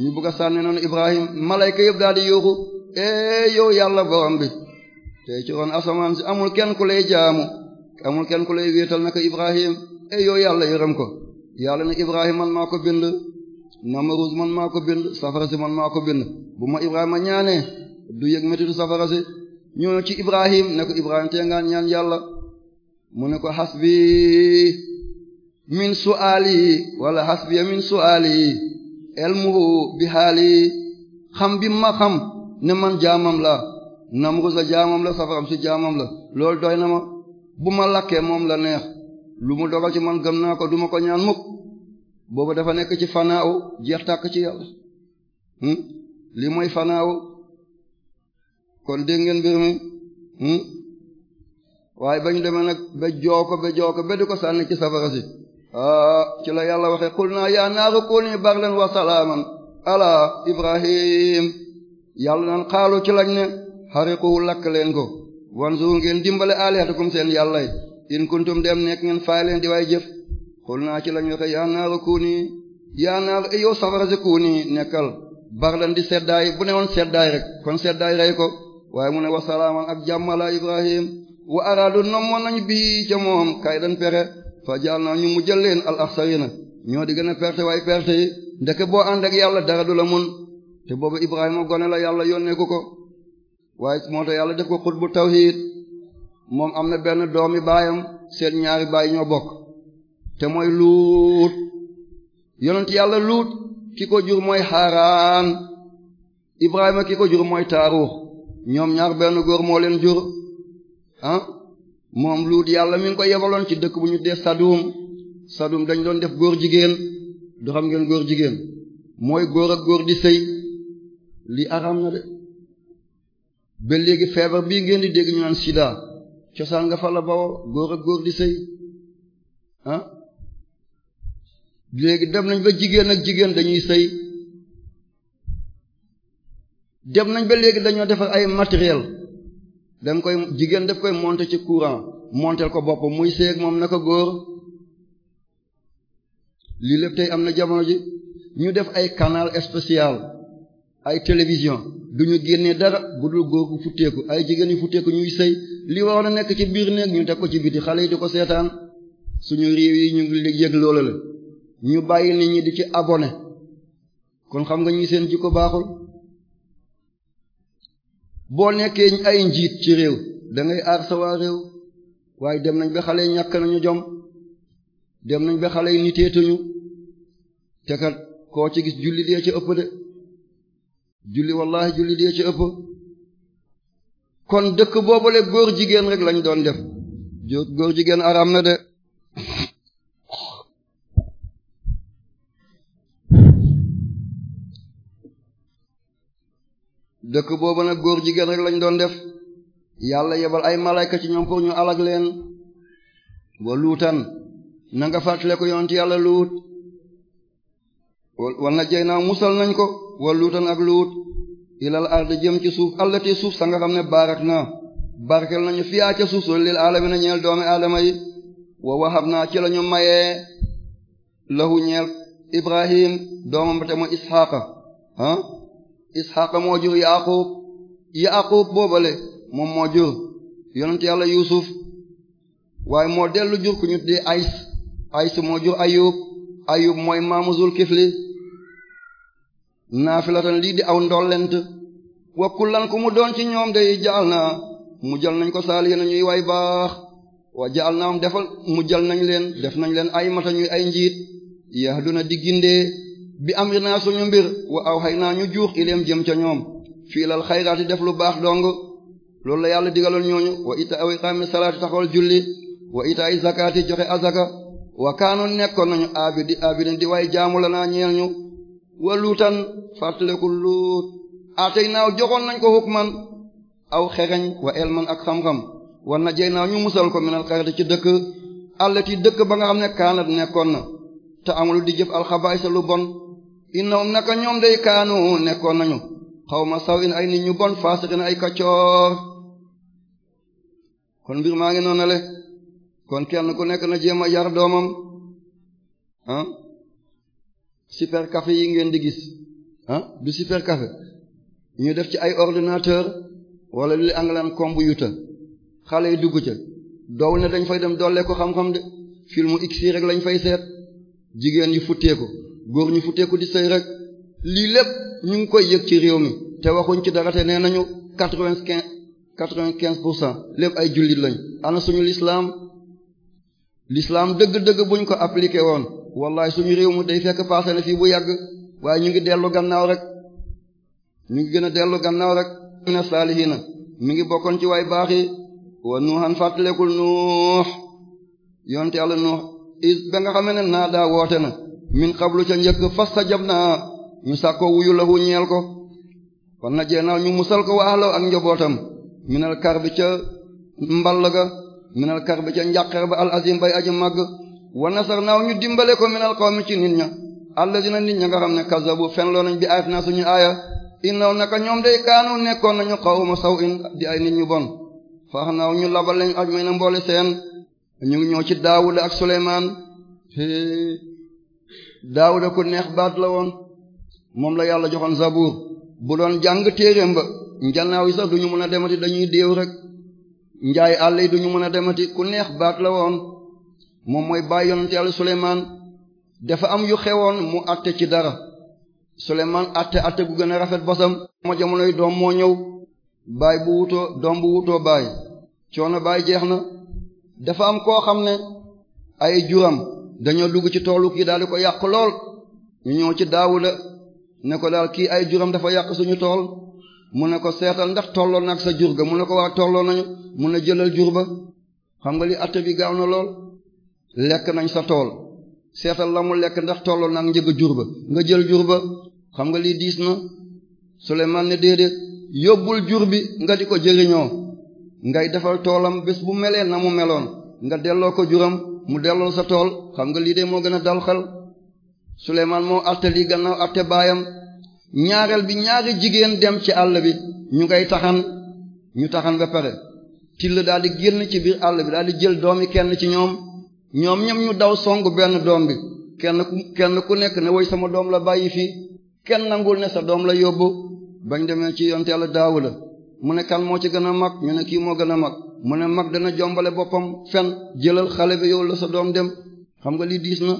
ñu bugg a sànne noonu Ibrahima malayka yëpp daal di yuuxu e yow yàlla borom bi tey ci ron asamaan si amul kenn ku lay jaamu amul kenn ku lay wéetal naka Ibrahima e yow yàlla yërëm ko yàlla ne Ibrahima man maa ko bind Namrud man maa ko bind safara si man maa ko bind bu ma Ibrahima ñaanee du yëg metitu safara si ñëw ci Ibrahim ne ko Ibrahim te ngaan ñaan yàlla mu ne ko hasbi min su'ali wala hasbi min su'ali ilmuhu bi haali xam bi ma xam ne man jaamam la Namrus la jaamam la safaram si jaamam la loolu doy na ma bu ma lakkee moom la neex lu mu dogal ci man gëm naa ko duma ko ñaan mukk boobu dafa nekk ci fanaaw jeex tàkk ci yàlla hmm? li mooy fanaaw kon dégg ngeen mbir mi hmm? waaye ba ñu demee nag ba joo ko ba joo ko ba di ko sànni ci safara si ah, ci la yàlla waxe qul naa yaa naaru kuni bardan wa salaaman ala ibrahim yàlla naan xaalu ci lañ ne xariquhu lakk leen ko wanzur ngeen dimbale alihatakum seen yàllay in kuntum dem nekk ngeen faay leen di waay jëf xul naa ci lañ waxe yaa naaru kuni yaa naaru yow safara si nekkal bardan di seddaay bu ne woon seddaay rek kon seddaay rey ko waaye mu ne wasalaaman ak jàmm ibrahim wa araadu nommoon nañ bii ca moom kay dan pere fa jaal na ñu mu jël leen al axsarina ñoo di gën a perte waaye perte yi ndeke boo ànd yàlla dara du la mun te boobu ibrahima gone la yàlla yónnee ko ko waaye moo tax yàlla def ko bu tawhid moom am na benn doomi baayam seen ñaari baay ñoo bokk te mooy luut yonent yàlla luut ki ko jur mooy xaaraan ibrahima ki ko jur mooy taaruux ñoom ñaar benn góor moo leen jur ah, moom luut yàlla mi ngi ko yebaloon ci dëkk bu ñu dee sadum sadum dañ doon def góor jigéen du xam ngeen góor jigéen mooy góor ak góor di sëy lii araam na de ba léegi feebar bii ngeen di dégg ñu naan sida cosaan nga fa la bawoo góor ak góor di sëy ah léegi dem nañ ba jigéen ak jigéen dañuy sëy dem nañ ba léegi dañoo defar ay matériel da koy jigéen def koy monter ci courant monter ko bopp muy seeg moom naka góor lii lépp tey am na jamono ji ñu def ay canal spécial ay télévision du ñu génnee dara bu dul góor gu futteeku ay jigéen yu futteeku ñuy sëy li waroon a nekk ci biir néeg ñu teg ko ci biti xale yi di ko seetaan suñu réew yi ñu ngi yëg loola la ñu bàyyi nit ñi di ci abonné kon xam nga ñi seen jikko baaxul boo nekkee ay njiit ci réew da ngay aar réew waaye dem nañ ba xale yi ñàkk nañu jom dem nañ ba xale yi niteetuñu te kat koo ci gis julli dee ci ëpp de julli wallahi julli dee ci ëpp kon dëkk boobale góor jigéen rek lañu doon def góor jigéen araam na de dëkk boobu nag góor jigéen rek lañ doon def yàlla yebal ay malayka ci ñoom pour ñu alag leen wa luutan na nga fàttale ko ci yàlla luut wal na jey naa musal nañ ko wa luutan ak luut ilal ard jëm ci suuf allati suuf sa nga xam ne baarak naa barkel nañu fiyaa ca suuf soli lil aalamiina ñeel doomi aadama yi wa wahab naa ci lañu mayee lahu ñeel ibrahim doomam ba te mu isxaaqa ah. isxaqa moo jur yaqub yaqub boobale moom moo jur yonent yàlla yusuf waaye moo dellu jur ku ñu di ays ays moo jur ayub ayub mooy maamu zul kifli naafilatan lii di aw ndollent wa kullan ku mu doon ci ñoom day jaal naa mu jël nañ ko saali na ñuy waay baax wa jaal naa defal mu jël nañ leen def nañ leen ay mata ñuy ay njiit yahduna di gindee bi amri naa suñu mbir wa aw xay naa ñu juux ileem jëm ca ñoom fii lal xayraati def lu baax dong loolu la yàlla digaloon ñooñu wa ita aw iqaami salaati taxawal julli wa ita ay zakaati joxe azaka wa kaanu nekkoon nañu abidi abidin di waaye jaamu la naa ñeel ñu wa luutan fàttaleku luut atey naaw joxoon nañ ko hukman aw xereñ wa elman ak xam-xam wa najey naa ñu musal ko minal xarati ci dëkk allati dëkk ba nga xam ne kaanat nekkoon na te amul di jëf alxabaaysa lu bon innahum naka ñoom day kaanu nekkoon nañu xawma saw in ay nit ñu bon faasiqin ay kaccoor kon mbir maa ngi noonale kon kenn ku nekk na jéem a yar doomam ah super yi ngeen di gis ah du super café ñu def ci ay ordinateur wala li angalaan computer xale yi dugg ca doow ne dañ fay dem doole ko xam-xam de film x rek lañ fay seet jigéen yu futteeku góor ñu futteeku di sëy rek lii lépp ñu ngi koy yëg ci réew mi te waxuñ ci dara te nee nañu quatre-vingt-quinze quatre-vingt-quinze pour cent lépp ay jullit lañ ana suñu lislaam lislaam dëgg-dëgg buñ ko appliqué woon wallaay suñu réew mi day fekk passé na fii bu yàgg waaye ñu ngi dellu gannaaw rek ñu ngi gën a dellu gannaaw rek mina saalihiina mi ngi bokkoon ci waay baax yi wa nuuxan fàttalekul nuux yonte yàlla nuux is ba nga xamee ne naa daa woote na min xablu ca njëkk fastajab naa ñu sàkkoo wuyu lahu ñeel ko fan na jeenaaw ñu musal ko waaxlaw ak njobootam minal kar bi ca mball ga minal kar bi ca njàqar ba al azim bay aji màgg wa nasar naaw ñu dimbale ko minal qawmi ci nit ña alladina nit ña nga xam ne kazabu fenloo nañ bi ayat naa ñu aaya innaw naka ñoom day kaanu nekkoon nañu xawma saw in di ay nit ñu bon faax naaw ñu labal lañ aj may na mboole seen ñu ngi ñëw ci daawuda ak suleymaan daawuda ku neex baat la woon moom la yàlla joxoon zabuur bu doon jàng téeréem ba njanaaw yi sax duñu mën a demati dañuy déew rek njaay àll yi duñu mën a demati ku neex baat la woon moom mooy bàyyi yonent yàlla suleymaan dafa am yu xewoon mu àtte ci dara suleymaan àtte àtte bu gën a rafet bosam moo jamonoy doom moo ñëw baay bu wutoo doom bu wutoo baay coono baay jeex na dafa am koo xam ne ay juram dañoo dugg ci toolu kii daal di ko yàq lool ñu ñëw ci daawuda ne ko daal kii ay juram dafa yàq suñu tool mu ne ko seetal ndax tolloo nag sa jur ga mu ne ko waa tolloo nañu mu ne jëlal jur ba xam nga li atte bi gaaw na lool lekk nañ sa tool seetal la mu lekk ndax tolloo na ak njëg jur ba nga jël jur ba xam nga lii diis na Souleymane ne déedéet yóbbul jur bi nga di ko jëriñoo ngay defal toolam bés bu melee na mu meloon nga delloo ko juram mu delloo sa tool xam nga lii de moo gën a dal xel Souleymane moo atte lii gannaaw atte baayam ñaareel bi ñaari jigéen dem ci àll bi ñu ngay taxan ñu taxan ba pare till daal di génn ci biir àll bi daal di jël doomi kenn ci ñoom ñoom ñoom ñu daw song benn doom bi kenn ku kenn ku nekk ne woy sama doom la bàyyi fii kenn nangul ne sa doom la yóbbu bañ demee ci yonteel daawu la mu ne kan moo ci gën a mag ñu ne kii moo gën a mag mu ne mag dana jombale boppam fen jëlal xale bi yow la sa doom dem xam nga lii diis na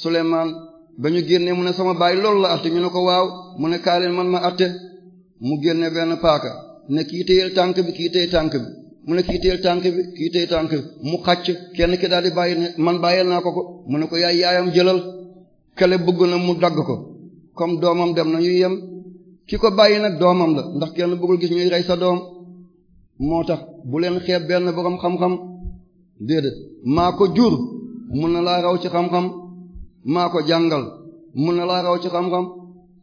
Souleymane ba ñu génnee mu ne sama bàyyi loolu la atte ñu ne ko waaw mu ne kaa man ma atte mu génne benn paaka ne kii téyel tànk bi kii téy tànk bi mu ne kii tànk bi kii tànk bi mu xàcc kenn ki daal di bàyyi ne man bàyyeel naa ko ko mu ne ko yaay yaayam jëlal kale bëgg na mu dagg ko comme doomam dem na ñuy yem ki ko bàyyi nag doomam la ndax kenn bëggul gis ñuy rey sa doom moo tax buleen leen xeeb benn boroom xam-xam déedéet maa ko jur mun na laa raw ci xam-xam maa ko jàngal mun na laa raw ci xam-xam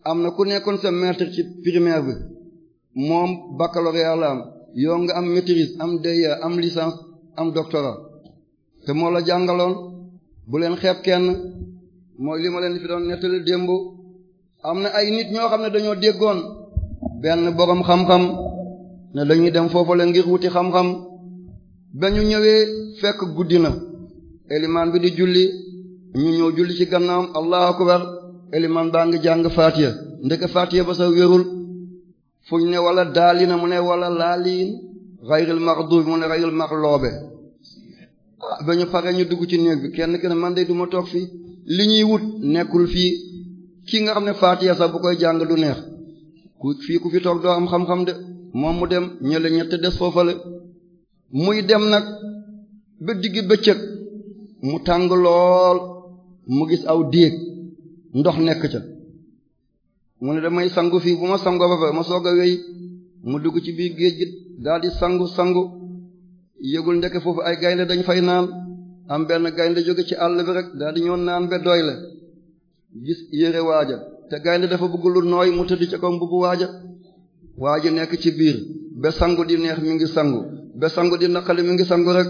am na ku nekkoon sa maître ci primaire bi moom baccalauréat la am yow nga am maîtrise am DEA am licence am doctorat te moo la jàngaloon bu leen xeeb kenn mooy li ma leen fi doon nettali démb am na ay nit ñoo xam ne dañoo déggoon benn boroom xam-xam ne dañuy dem foofale ngir wuti xam-xam ba ñu ñëwee fekk guddi na elimaan bi di julli ñu ñëw julli ci gannaam allahu akbar elimaan baa ngi jàng faatiya ndeke faatiya ba sa wérul fu ñu ne wala daalina mu ne walla laaliin xayril maxduub mu ne xayril maxloobe loobe ah, ba ñu ñu dugg ci néeg bi kenn kenn man de duma toog fi li ñuy wut nekkul fii ki nga xam ne faatiya sax bu koy jàng du neex ku fii ku fi toog doo am xam-xam de moom mu dem ñële ñett des foofale muy dem nag ba diggi bëccëg mu tàng lool mu gis aw déeg ndox nekk ca mu ne damay sangu fii bu ma sangoo ba ma sooga a mu dugg ci biir géej gi daal sangu sangu yëgul ndeke foofu ay gaynde dañ fay naan am benn gaynde jóge ci àll bi rek daal ñëw naan ba doy la gis yére waaja te gaynde dafa bëgg lu nooy mu tëdd ca kaw mbubu waaja waa ji nekk ci biir ba sangu di neex mi ngi sangu ba sangu di naqali mi ngi sangu rek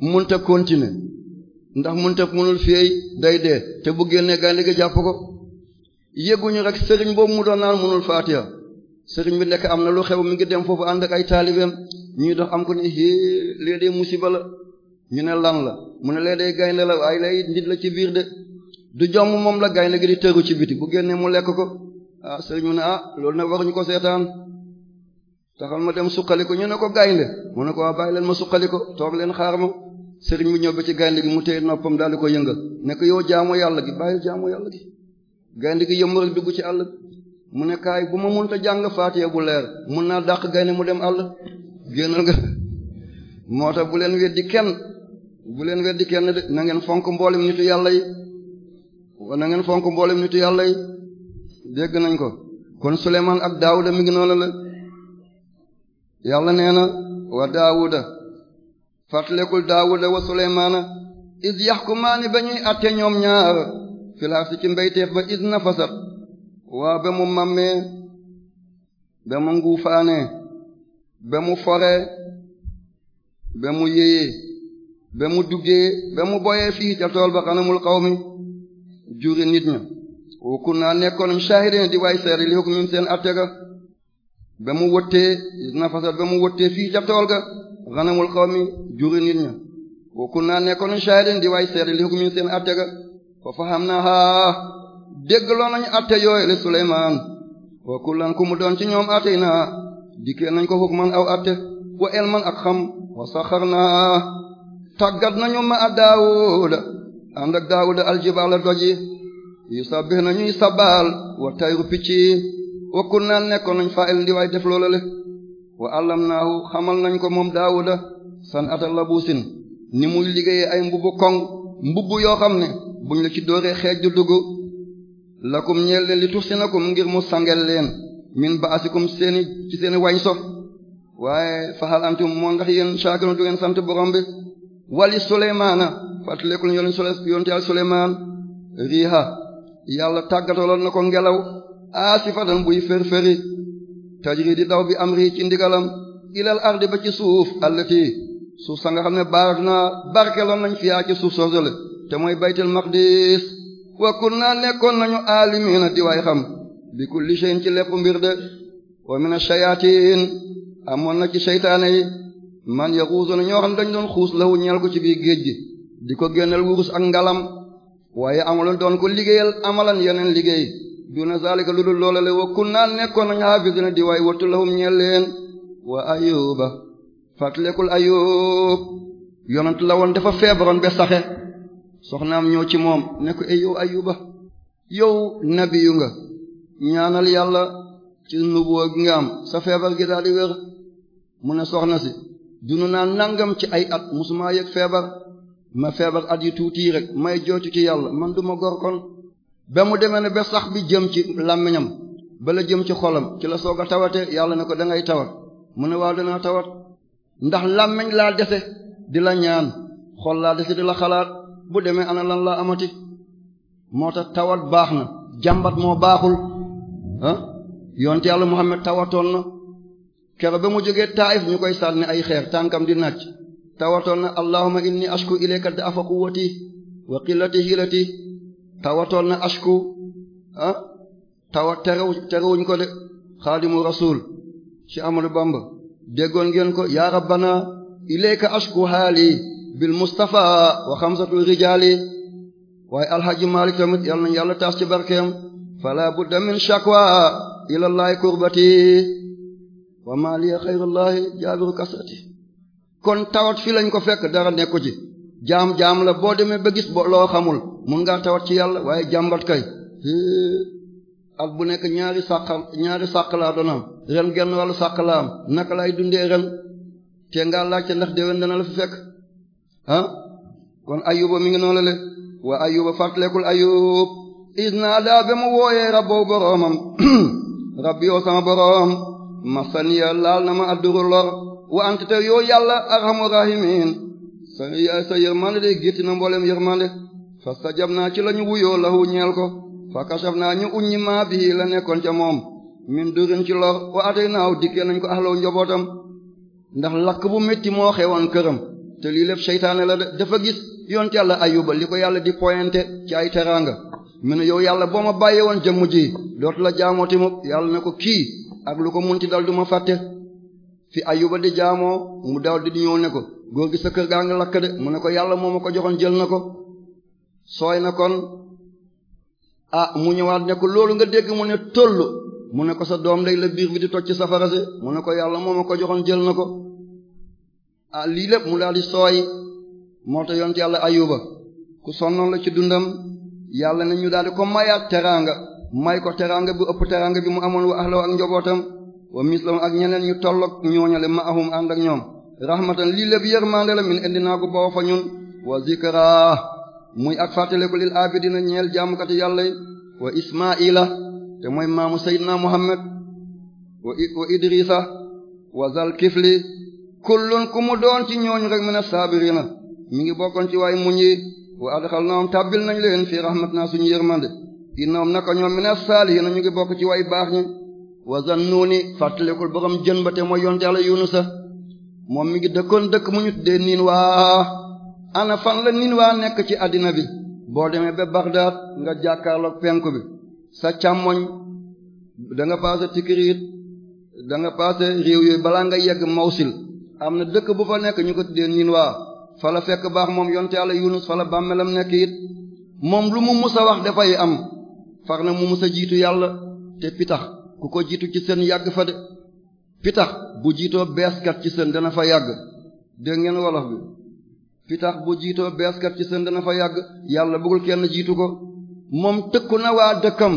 munta continuer ndax munta mënul fiyey day dee te bu génnee gaynde gi jàpp ko yëguñu rek sëriñ boobu mu doon naan mënul faatiya sëriñ bi nekk am na lu xew mi ngi dem foofu ànd ak ay taalibeem ñuy dox am ko ne é lée dee musiba la ñu ne lan la mu ne lee day gaynde la ay lay nit la ci biir de du jomm moom la gaynde gi di tëru ci biti bu génnee mu lekk ko ah sëriñ mu ne ah loolu nag waruñu ko seetaan taxal ma dem suqaliku ñu ne ko gaynde mu ne ko waa ah, bàyyi leen ma suqaliku toog leen xaar ma sëriñ bi ñëw ba ci gaynde gi mu téye noppam daal di ko yëngal ne yow jaamu yàlla gi bàyyil jaamu yàlla gi gaynde gi yëmb dugg ci àll mu ne bu ma mënta jàng faatiya bu leer mun naa dàq gaynde mu dem àll génnal nga moo tax bu leen weddi kenn bu leen weddi kenn de na fonk mboolem nitu yàlla yi na ngeen fonk mboolem nitu yàlla dégg nañ ko kon Souleymane ak Daawuda mi ngi noonu la yàlla nee na wa Daawuda fàttalekul Daawuda wa Souleymane is yaxkumaani ba ñuy atte ñoom ñaar filaar si ci mbéyteef ba is nafasat waa ba mu mammee ba mu nguufaanee ba mu foree ba mu yéyee ba mu duggee ba mu boyee fii ca tool ba xanamul xaw juri nit ña wa naa nekkoon shahidin di waay seere li hukmim seen atte ga ba mu na nafasat ba mu wëttee fii ca tool ga xanamul xaw mi juri nit ña wa kun naa nekkoon shahidin di waay seere li hukmim seen atte ga fa faham na haa déggloo nañu atte yooyu li Suleymaan wa kullan ku mu doon ci ñoom atte yi naa dikkee nañ ko hukman aw atte wa elman ak xam wa saxar naa tàggat nañu ma a Daawuda ànd ak aljibaala doji yu sabbih na ñuy sabaal wa tayru picc yi wa kunnaa nekkoon nañ faa il di def loola le wa allamnaahu xamal nañ ko moom daawuda san ata labusin ni muy liggéeyee ay mbubu koŋ mbubb yoo xam ne buñ la ci dooree xeej du dugg lakum ñeel leen li tuxsinakum ngir mu sangel leen ba baasikum seeni ci seeni wañ so waaye faxal antum moo ndax yéen shaakirun du sant borom bi wali suleymaana fàttaleekul yoon yonte yàlla suleymaan riiha yàlla tàggataloon na ko ngelaw aasifatan buy fër-fëri tajri di daw bi amri ci ndigalam ilal ardi ci suuf allati suuf sa nga xam ne baarak naa barkeloon nañ fiyaa ci suuf soosale te mooy baytul maqdis wa kunna nekkoon nañu aalimiina di waay xam bi kulli shay'in ci lépp mbir de wa mina shayaatin amoon na ci seytaane yi man yaxuusoona ñoo xam ne dañ doon xuus lawu ñeel ci biir géej gi di ko génneel wurus ak ngalam waaye amaloon doon ko liggéeyal amalan yeneen liggéey duna zalika lu dul loola le wa kunnaan nekkoon nañu hafisina di waay wattu lahum ñeel leen wa ayuba fàttalekul ayub yonent la woon dafa feebaroon ba saxe soxnaam ñëw ci moom ne ko yow ayuba yow nabiyu nga ñaanal yàlla ci nubuwa gi nga am sa feebar gi daal mu ne soxna si dunu naa nangam ci ay at musuma yëg feebar ma feebar at yu tuuti rek may jooytu ci yàlla man du ma gor kon ba mu demee ne ba sax bi jëm ci làmmiñam la jëm ci xolam ci la soog a tawatee yàlla ne ko dangay ngay tawat mu ne waaw danaa tawat ndax làmmiñ laa dese di la ñaan xol laa dese di la xalaat bu demee ana lan laa amati moo tax tawat baax na jàmbat moo baaxul yoon yonte yàlla Muhammad tawatoon na kero ba mu jógee taayif ñu koy sànni ay xeer tànkam di nàcc tawatoon na allahumma inni ashku ilayka da'fa quwwati wa qillati hilati tawatoon na ashku ah tawa terew terewuñ ko de xaadimu rasul ci Amadou Bamba déggoon ngeen ko ya rabbana ilayka ashku haali bil mustafa wa xamsatu rijaali waaye alhaji malik tamit yàlla yàlla taas ci barkeem fala budda min shakwa ila allahi kurbati wa ma xayrullahi jaabiru kasrati kon tawat fi lañ ko fekk dara nekku ci jaam jaam la boo demee ba gis bo loo xamul mun ngaa tawat ci yàlla waaye jàmbat kay at bu nekk ñaari sàq ñaari sàq laa doon am ren genn wàllu sàq laa am naka laay dundee ren te ngaa laajte ndax déwén la fi fekk ah kon ayuba mi ngi noonu la waa ayuba fàttalekul ayub isnaadaa ba mu wooyee rabboo boroomam rabbi yoo sama boroom masaniya laal na ma adduru lor wa anta te yow yàlla arhamur rahimin sa sa yërmande de gétti na mboolem yërmande fa naa ci la ñu wuyoo lahu ñeel ko fa naa ñu uññi maa bii la nekkoon ca moom min durin ci lor wa atay naaw dikkee nañ ko axlaw njobootam ndax lakk bu métti moo xewoon këram te lii lépp seytaane la dafa gis yont yàlla ayuba li ko yàlla di pointé ci ay teraanga mu ne yow yàlla boo ma bàyyee woon jëmm ji dootu la jaamooti mu yàlla ne ko fi ayuba di jaamoo mu daw di ñëw ne ko góor gi sa kër gaa nga lakk de mu ne ko yàlla moo ma ko joxoon jël na ko sooy na kon ah mu ñëwaat ne ko loolu nga dégg mu ne toll mu ne ko sa doom day la biir bi di toj ci safara si mu ne ko yàlla moo ma ko joxoon jël na ko ah lii lépp mu daal di sooy moo tax yont yàlla ayuba ku sonnoon la ci dundam yàlla na ñu daal di ko mayaat teraanga may ko teraanga bi ëpp teraanga bi mu amoon wa ahla ak njobootam wa mislahum ak ñeneen ñu tolloog ñooñale ma'ahum ànd ak ñoom rahmatan lii lépp yërmande la min indi naa gu bawoo fa ñun wa zikraa muy ak fàttaleku lil abidina ñeel jaamukati yàlla yi wa ismaila te mooy maamu seydina muhammad wa wa wa zal kifli kullun ku mu doon ci ñooñu rek mina saabirina mi ngi bokkoon ci waay mu yi wa adxalnaahum tàbbil nañ le fii rahmatinaa suñu yërmande innaahum naka ñoom mina saalihiina ñu ngi bokk ci waay baax ñi wa zannuuni fàttalikul borom jën ba te mooy yonte yàlla yunusa moom mi ngi dëkkoon dëkk mu ñu tuddee niin waa ana fan la niin waa nekk ci àddina bi boo demee ba Bagdad nga jàkkaarloog penk bi sa càmmoñ da nga passé Tikrit da nga passé réew yooyu balaa nga yegg Mawsil am na dëkk bu fa nekk ñu ko tuddee niin waa fa la fekk baax moom yonte yàlla yunus fa la bàmmelam nekk it moom lu mu musa wax dafay am far na mu musa jiitu yàlla te pitax ku ko jiitu ci seen yàgg fa de pitax bu jiitoo beeskat ci seen dana fa yàgg dégg ngeen wolof bi pitax bu jiitoo beeskat ci seen dana fa yàgg yàlla bëggul kenn jiitu ko moom tëkku na waa dëkkam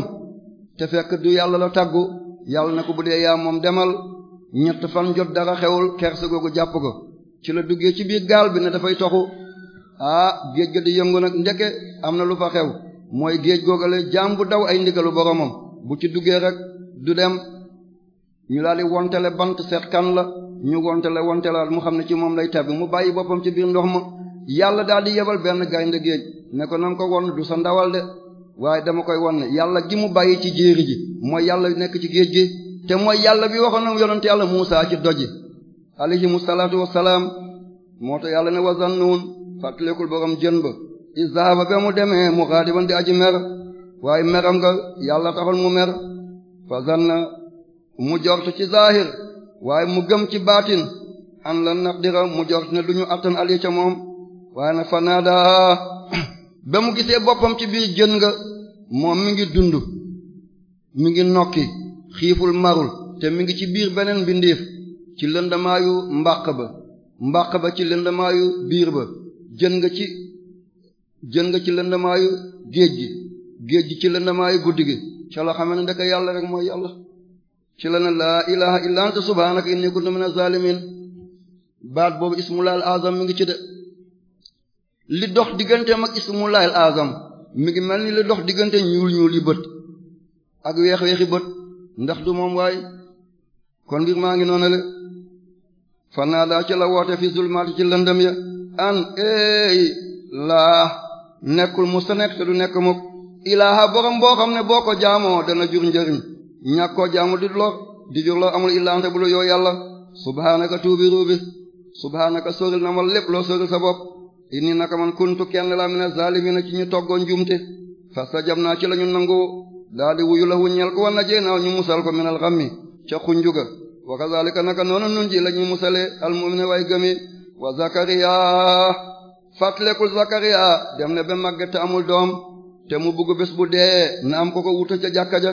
te fekk du yàlla la tàggu yàlla na ko bu dee yaa moom demal ñett fan jot dara xewul kersa googu jàpp ko ci la duggee ci biir gaal bi ne dafay toxu ah géej ga di yëngu nag ndeke am na lu fa xew mooy géej googu la jaam bu daw ay ndigalu boromam bu ci duggee rek du dem ñu daal di wontele bant seet kan la ñu wontele wontelaat mu xam ne ci moom lay tàbbi mu bàyyi boppam ci biir ndox ma yàlla daal di yebal benn gaynde géej ne ko nan ko won du sa ndawal de waaye dama koy won ne yàlla gi mu bàyyi ci jéeri ji mooy yàlla nekk ci géej gi te mooy yàlla bi waxoon na yonent yàlla Muusaa ci doji alayhimu salaatu wassalaam moo tax yàlla ne wazannuun fàttalikul borom jën ba izaaba ba mu demee mu xaadiban di aji mer nga yàlla taxoon mu mer fa mu jortu ci zahir waaye mu gëm ci baatin an lan naqdira mu jortu ne du ñu attan ali moom waaye nag fa naa daa ba mu gisee boppam ci biir jën nga moom mi ngi dund mu ngi nokki xiiful marul te mi ngi ci biir beneen bindeef ci lëndamaayu mbàq ba mbàq ba ci lëndamaayu biir ba jën nga ci jën nga ci lëndamaayu géej gi géej gi ci lëndamaayu guddi gi ca la xamee ne ndeke yàlla rek mooy yàlla ci la ne laa ilaha illa anta subhanaka inni kuntu minaz zalimin baat boobu ismulaayil azam mi ngi ci de li dox digganteem ak ismulaayil azam mi ngi mel ni li dox diggante ñuul ñuul yi bët ak weex weexi bët ndax du moom waay kon mbir maa ngi noonale fanaadaa ci la woote fi zulmaati ci lëndëm ya an eey laa nekkul musta te du nekk mukk ilaaha borom boo xam ne boo ko jaamoo dana jur njëriñ ñàkk koo jaamu di lor di jur lor amul illante bu dul yow yàlla subhaanaka tuubi ruubi subhaanaka soril na ma lépp loo soril sa bopp inni naka man kuntu kenn la a zaalimiina ci ñu toggoon jumte fastajabnaa ci la ñu nangu daa di wuyu la wu ñeel ko wan na jey naaw ñu musal ko minal xammi ca xunjuga wa kazaalika naka noonu nun ji la ñuy musale almu'mine way gëmi wa zakariya fatlekul zakariya dem ne ba màgg te amul doom te mu bëgg bés bu dee na am ko ko wuta ca jàkka ja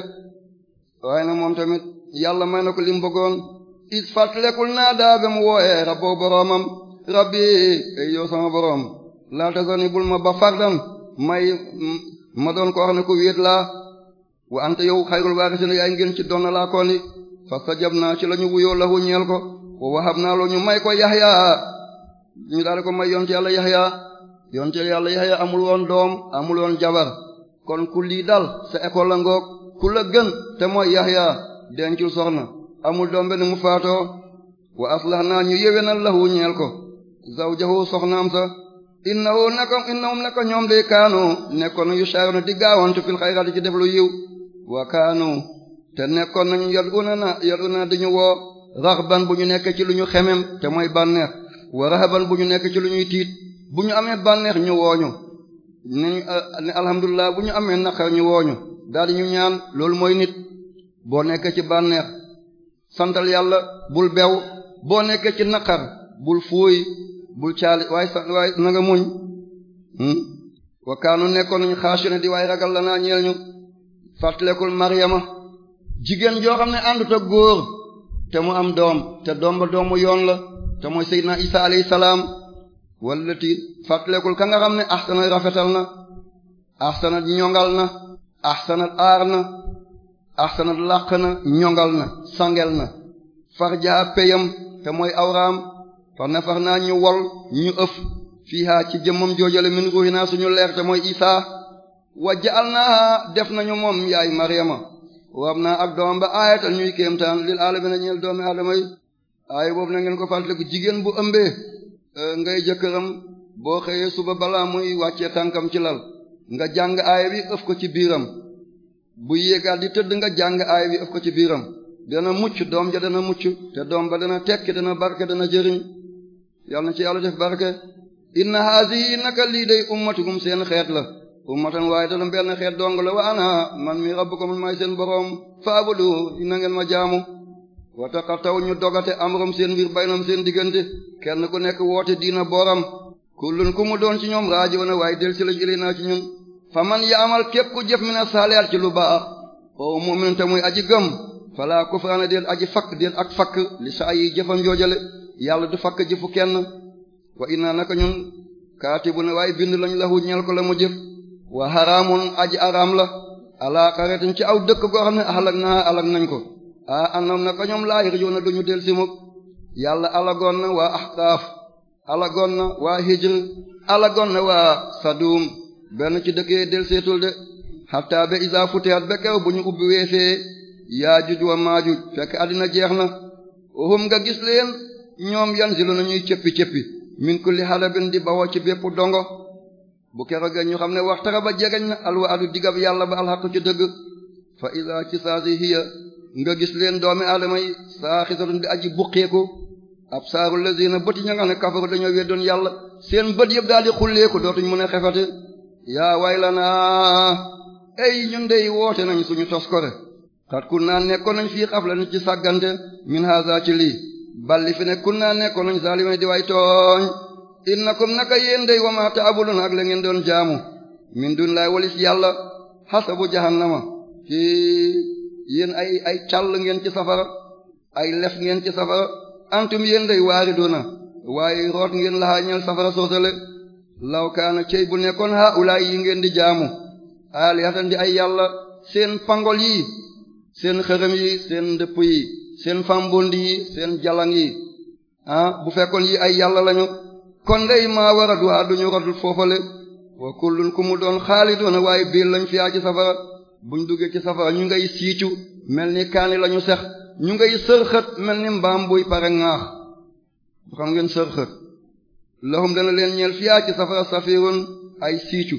waaye na moom tamit yàlla may na ko lim bëggoon is fàttalekul naa daa ba mu wooyee rabboo boroomam rabbi ay yow sama boroom laa tasani bul ma ba fardan may ma doon ko wax ne ku wéet laa wa anta yow xayrul waarisiina yaay ngeen ci doon laa koon yi fastajabnaa ci la ñu wuyoo lahu ñeel ko wa wahabnaa loo ñu may ko Yahya ñu daal ko may yonte yàlla Yahya yonte yàlla Yahya amul woon doom amul jabar kon ku lii dal sa école la ngoog ku la gën te mooy Yahya dencul soxna amul doom benn mu faatoo wa aslah naa ñu na lahu ñeel ko zawjahu soxnaam sa innahu naka innahum naka ñoom day kaanu nekkoon yu shaaruna di gaawantu fil xayraati ci def lu yiw wa kaanu te nekkoon nañu yot una na yot una di ñu woo raxban bu ñu nekk ci lu ñu xemem te mooy bànneex wa ban bu ñu nekk ci lu ñuy tiit bu ñu amee bànneex ñu wooñu dinañ euh, ne alhamdulilah bu ñu amee naqar ñu wooñu daal di ñu ñaan loolu mooy nit boo nekkee ci bànneex santal yàlla bul bew boo nekkee ci naqar bul fuuy bul caali waaye sa waaye na nga muñ hmm? wakaanu nekkoon nañu xaasu ne di waaye ragal la naa ñeel ñu fàttalekul Mariama jigéen joo ne àndut góor te mu am doom te doom ba doomu yoon la te mooy Seydina Isa alayhi wallati fàttalekul ka nga xam ne ahsana rafetal na ahsana ñongal na ahsana aar na ahsana làq na ñongal na sangel na farjaa peyam te mooy awraam far na far naa ñu wol ñu ëf fiihaa ci jëmmam joojale min ruhinaa suñu leer te mooy isaa wa ja'alnaaha def nañu moom yaay mariama wam naa ak doomam ba aayatan ñuy kéemtaan lil aalamiina ñeel doomi aadama yi aaya boobu na ngeen ko fàttaliku jigéen bu ëmbee Euh, ngay jëkkëram boo xëyee suba balaa muy wàccee tànkam ci lal nga jàng aaya bi ëf ko ci biiram bu yéegaat di tëdd nga jàng aaya bi ëf ko ci biiram dana mucc doom ja dana mucc te doom ba dana tekk dana barke dana jëriñ yàlla na ci yàlla def barke inna haadihi naka lii day ummatukum seen xeet la ummatan waaye dana benn xeet dong la wa ana man mi rabbukum man maay seen boroom faabudu na ngeen ma jaamu wata xattaw ñu dogate amrum seen mbir baynam seen diggante kenn ku nekk woote diina boram kullun ku mu doon ci ñoom rajo na waaye del ci lañ ilay naa ci ñun fa man yaamal képp ku jëf mi na saaliyaat ci lu baax foofu mu'minun te muy aji gëm falaa kufraana del aji fakk del ak fakk li saa yi jëfam joojale yàlla du fakk jëfu kenn wa inna naka ñun kaatibu ne waaye bind lañ lahu ñeel ko la mu jëf wa haraamun aj araam la alaa xaratin ci aw dëkk goo xam ne ahlak naa alak nañ ko a ah, na naka ñoom laa na duñu del si mukk yàlla alagoon na waa ahqaaf alagoon na waa hijr alagoon na waa sadum benn ci dëkk yee del seetul de hatta be isa futeat be kew bu ñu ubbi weesee yaajuj wa maajuj fekk àddina jeex na hum nga gis leen ñoom yan si lu nañuy cëppi cëppi min kulli halabin di bawoo ci bépp dongo bu keroogee ñu xam ne waxtara ba jegeñ na alwa adu digab yàlla ba alxaq ci dëgg fa isa ci saasi hiya nga gis leen doomi aadama yi saaxisatun bi aji buqeeku ab saaru lazina bëti ña nga xam ne kafaru dañoo weddoon yàlla seen bët yëpp daal di xulleeku dootuñ mën a xefate yaa waylanaa ay ñun dey woote nañ suñu toskore xat kun naa nekkoon nañ fii xaf la nit ci sàggante min haza ci lii balli fi ne kun naa nekkoon nañ zaalima di way tooñ innakum naka yéen dey wama ta'budun ak la ngeen doon jaamu min dun laay walis yàlla hasabu jahannama ci yéen ay ay càll ngeen ci safara ay lef ngeen ci safara antum yéen day na waaye root ngeen laxaa ñeel safara soosale law kaana cey bu nekkoon haa ulaay yi ngeen di jaamu aalihatan di ay yàlla seen pangol yi seen xërëm yi seen ndëpp yi seen fambond yi seen jalang yi ah bu fekkoon yi ay yàlla lañu kon day maa war a duhaa duñu rotul foofale wa kullun ku mu doon xaaliduna waaye biir lañ fiyaa ci safara buñ duggee ci safara ñu ngay siicu mel ni kaani lañu sex ñu ngay sërxët mel ni mbaam buy pare ŋaax bu xam ngeen sërxët lahum dana leen ñeel fiyaa ci safara safirun ay siicu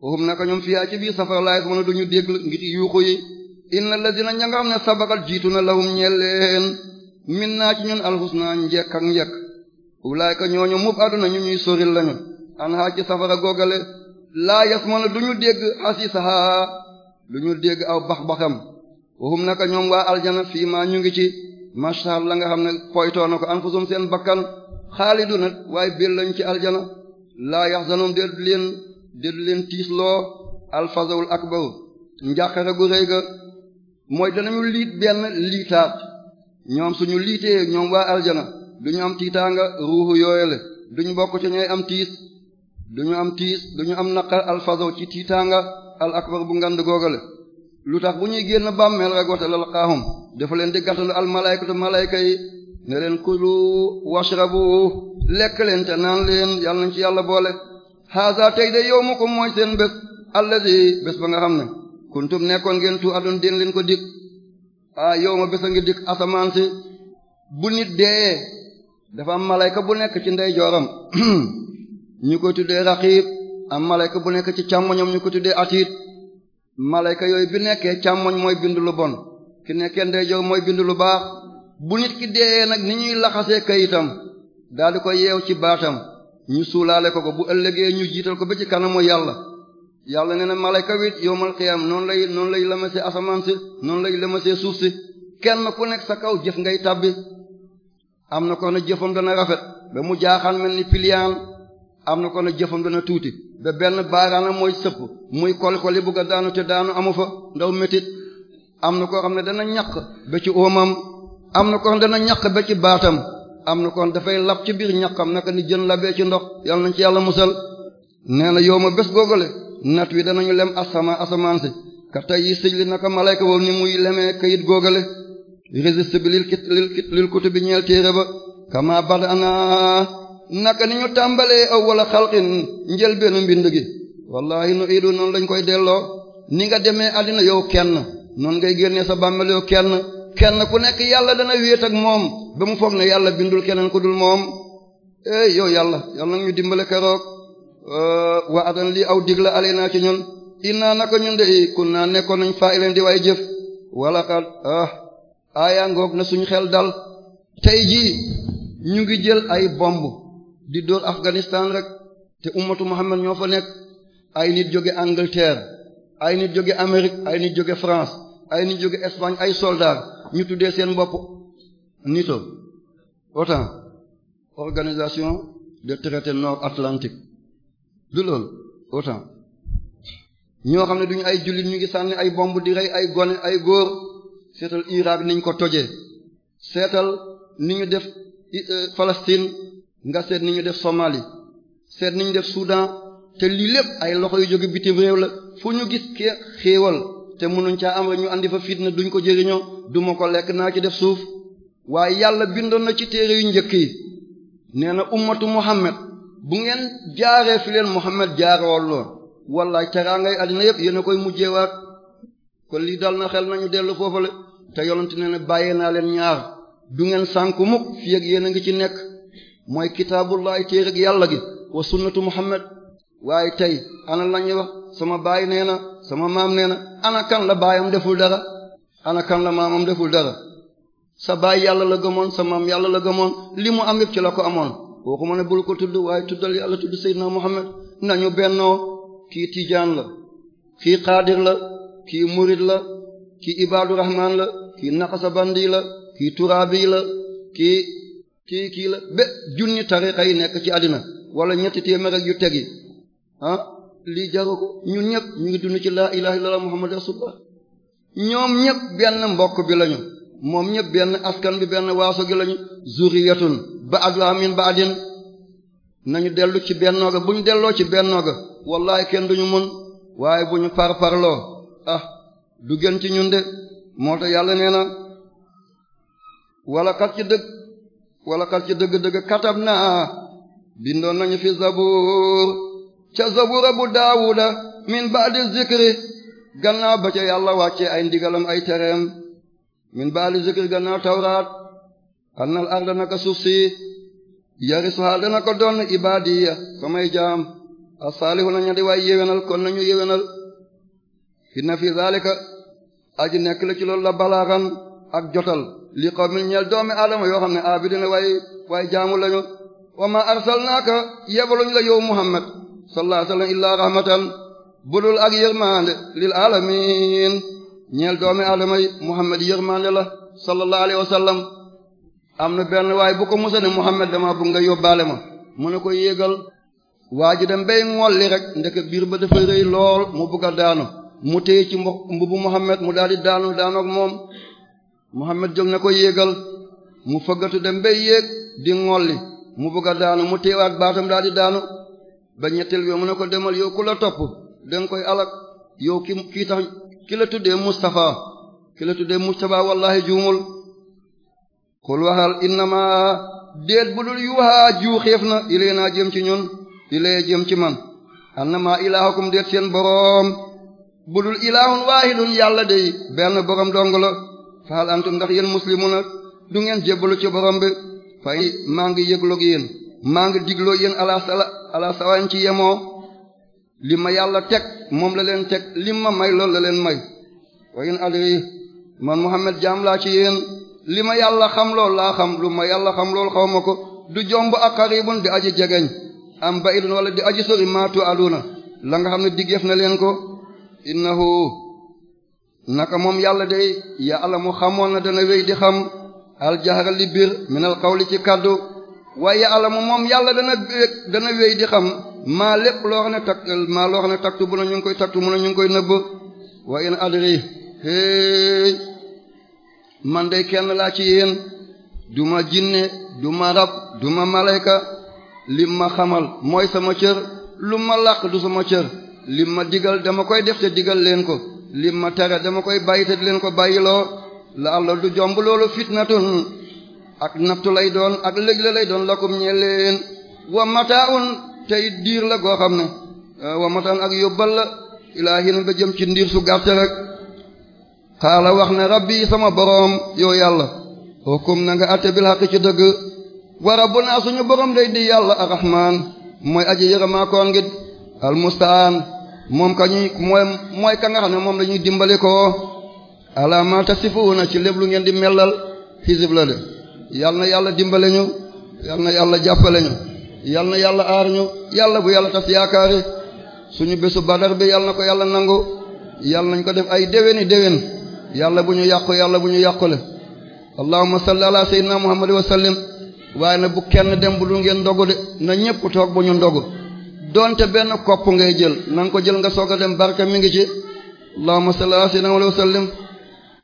waxum naka ñoom fiyaa ci bii safara laay mën a duñu dégg ngir yuuxu yi inna alladhina ña xam ne sabakat jiitu na lahum ñeel leen ci ñun alxusnaa njekk ak njekk ulaayka ñooñu mub aduna ñu ñuy soril lañu anhaa ci safara googale laa yasmana duñu dégg hasiisahaa lu ñu dégg aw bax-baxam waxum naka ñoom waa aljana fii maa ñu ngi ci mashar la nga xam ne poytoo na ko anfusum seen bakkan xaaliduna waaye biir lañ ci aljana laa yaxzanum déedu leen déedu leen tiis loo alfazawul akbaru njàqare gu rëy ga mooy danañu liit benn liitaat ñoom suñu liitee ñoom waa aljana du ñu am tiitaanga ruuxu yooyale duñu bokk ci ñooy am tiis duñu am tiis duñu am naqar alfazaw ci tiitaanga al ak akbar bu ngand googale lu tax bu ñuy génn bàmmeel rek wate la xaaxum dafa leen di gàttalu al malaykatu malayka yi ne leen kulu washrabu lekk leen te naan leen yàlla nañ ci yàlla boole haasa tey de yow mu ko mooy seen bés allazi bés ba nga xam ne kuntum nekkoon ngeen tu adun din leen ko dik ah yow ma bés a ngi dik asamaan si bu nit dee dafa am malayka bu nekk ci ndeyjooram ñu koy tuddee raqiib am malayka bu nekk ci càmmoñam ñu ko tuddee atiit malayka yooyu bi nekkee càmmoñ mooy bind bon ki nekkee ndeyjoor mooy bind lu baax bu nit ki dee nag ni ñuy laxasee kayitam daal di ko yeew ci baatam ñu suulaale ko ko bu ëllëgee ñu jiital ko ba ci kanamu yàlla yàlla nee na malayka wit yowmal qiyam noonu lay noonu lay lëmasee asamaan si noonu lay lëmasee suuf si kenn ku nekk sa kaw jëf ngay tabbi am na ko ne jëfam dana rafet ba mu jaaxaan mel ni piliyaan am na ko ne jëfam dana tuuti ba benn baaraana mooy sëpp muy kolkoli bugg a daanu te daanu amu fa ndaw métit am na koo xam ne dana ñaq ba ci óomam am na koo xam ne dana ñaq ba ci baatam am na koo xam dafay lab ci biir ñaqam naka ni jën labee ci ndox yàlla nañ ci yàlla musal nee na yow ma bés googale nat wi danañu lem asama asamaan si katay yi sijli naka malayka boobu ni muy lemee kayit googale résiste bi lil kit bi ñeel téere ba kama bad ana naka ni ñu tàmbalee awwala xalqin njëlbeenu mbind gi wallahi nu iidu noonu lañ koy delloo ni nga demee àddina yow kenn noonu ngay génnee sa bàmmeel kenn kenn ku nekk yàlla dana wéet ak moom ba mu foog ne yàlla bindul keneen ku dul moom éy yow yàlla yàlla nag ñu dimbale keroog wa adan lii aw digla ale naa ci ñun inaa naka ñun de i kun naa nekkoon nañ faa ileen di way jëf wala xad ah, aayaa ngoog na suñ xel dal tey jii ñu ngi jël ay bomb di dóor Afghanistan rek te ummatu Muhammad ñoo fa nekk ay nit jóge Angleterre ay nit jóge Amérique ay nit jóge France ay nit jóge Espagne ay soldats ñu tuddee seen bopp NATO OTAN organisation de traité nord atlantique du loolu OTAN ñoo xam ne duñu ay jullit ñu ngi sànni ay bomb di rey ay gone ay góor seetal Irak niñ ko tojee seetal ni ñu def euh, Palestine nga seet ni ñu def Somalie seet ni ñu def Soudan te lii lépp ay loxo yu jóge bitim réew la fu ñu gis ke xéewal te mënuñ caa am rek ñu àndi fa fitna duñ ko jëriñoo du ma ko lekk naa ci def suuf waaye yàlla bindoon na ci téere yu njëkk yi nee na ummatu Muhammad bu ngeen jaaree fi leen Muhammad jaarool loon wallaay teraangay àddina yëpp yéen a koy mujjeewaat kon lii dal na xel nañu dellu foofale te yolante nee na bàyyee naa leen ñaar du ngeen sànku mukk fi yéen a ngi ci nekk mooy kitaabullahi téereg yàlla gi wa sunnatu muhammad waaye tey ana lañu wax sama baay nee na sama maam nee na ana kan la baayam deful dara ana kan la maamam deful dara sa baay yàlla la gëmoon sa maam yàlla la gëmoon li mu am yëpp ci la ko amoon waxuma ne bul ko tudd waaye tuddal yàlla tudd seydina muhammad nañu bennoo kii tijaan la kii xaadir la kii murid la kii ibaadu rahmaan la kii naqasabandi la kii turaabi la kii kii kii la bé junni tariqa yi nekk ci àddina wala ñetti téeméer ak yu tegi ah lii jaru ko ñun ñëpp ñu ngi dund ci laa ilaha illallah muhammad rasulullah ñoom ñëpp benn mbokk bi lañu moom ñëpp benn askan bi benn waaso gi lañu zuriyatun ba'dha ba ba'din nañu dellu ci bennoo ga bu ñu delloo ci bennoo ga wallahi kenn duñu mën waaye bu ñu par parloo ah du gën ci ñun de moo tax yàlla nee na wala kat ci dëgg wala xat ci dëgg-dëgg katab naa bindoon nañu fi zabur ca zabura bu daawuda min baadi zikri gannaaw ba ca yàlla wàcce ay ndigalam ay tereem min baadi zikri gannaaw tawraat annal arda naka suuf si yarisuha dana ko doon ibaadiya samay jaam asaalihuna ña di waay yéwénal kon nañu yéwénal inna fi zalika aji nekk ci loolu la balaaran ak jotal li qawmin ñeel doomi aadama yoo xam ne abidina waaye waaye jaamu lañu wa ma arsalnaaka yebaluñ la yow muhammad sallallahu alayhi illaa rahmatan budul ak yërmande lil alamin ñeel doomi aadama muhammad yërmande la sallallahu alayhi am na benn waay bu ko musa ne muhammad dama bu nga yóbbaale ma mu ne ko yéegal waa dem bay ngolli rek ndek biir ba dafa rëy lool mu bugg daanu mu téye ci mbubu muhammad mu daal di daanu daanoog moom Muhammad jóg na ko yéegal mu fëggatu dem bay yéeg di ŋolli mu bëgg a daanu mu teewaat baatam daal di daanu ba ñetteel bi mu ne ko demal yow ku la topp da koy alak yow ki kii tax ki la tuddee Mustafa ki la tuddee Mustafa wallahi juumul xul waxal innama bu dul yuhaa juuxéef na ilée naa jëm ci ñun ilée jëm ci man annama ilaahukum déet seen boroom bu dul ilaahun waahidun yàlla dey benn boroom dong la faal antum ndax yéen muslimuna du ngeen jébbalu ci borom bi fay maa ngi yëgloog yéen maa ngi digloo yéen ala sala ala sawan ci yemoo li ma yàlla teg moom la leen teg li ma may loolu la leen may wa in adri man Muhammad jaam laa ci yéen li ma yàlla xam lool laa xam lu ma yàlla xam lool xawma ko du jomb ak qaribun di aji jegeñ am ba idun wala di aji sori maatu aduna la nga xam ne diggeef na leen ko innahu naka moom yàlla day yàlla mu xamoon na dana wéy di xam aljahra li biir minal xawli ci kàddu waaye yàlla mu moom yàlla dana dana wéy di xam maa lépp loo xam ne tak loo xam ne taktu bu na ñu ngi koy taktu bu na ñu ngi koy nëbb wa in adri hey man day kenn laa ci yéen duma jinne duma rab duma malayka lim ma xamal mooy sama cër lu ma làq du sama cër lim ma digal dama koy defte te digal leen ko lim ma tere dama koy bàyyi di leen ko bàyyiloo la allah du jomb loolu fitnatun ak nattu lay doon ak légle lay doon lakum ñeleen wa mataun tey diir la goo xam ne wa mataan ak yóbbal la ilaahin ba jëm ci ndiir su gàtt rek xaala wax ne rabbi sama boroom yow yàlla hukum na nga atte bil xaq ci dëgg wa rabbuna suñu boroom day di yàlla arrahmaan mooy aji yërëmaa koon ngit almustaan moom ka ñuy mooy mooy ka nga xam ne moom la ñuy dimbali ko ala ma tasifuna ci lépp lu ngeen di melal xisib de yal na yàlla dimbale ñu yal na yàlla jàppale ñu yal na yàlla aar ñu yàlla bu yàlla tas yaakaari suñu bésu badar bi yal na ko yàlla nangu yàlla nañ ko def ay déwéni déwén yàlla bu ñu yàqu yàlla bu ñu yàqule allahumma salli ala sayyidina muhammad wa sallim waaye na bu kenn dem bu dul ngeen ndogu de na ñépp toog bu ñu ndogu donte benn kopp ngay jël nang ko jël nga soog a dem barka mi ngi ci allahumma salli ala sayyidina wa sallim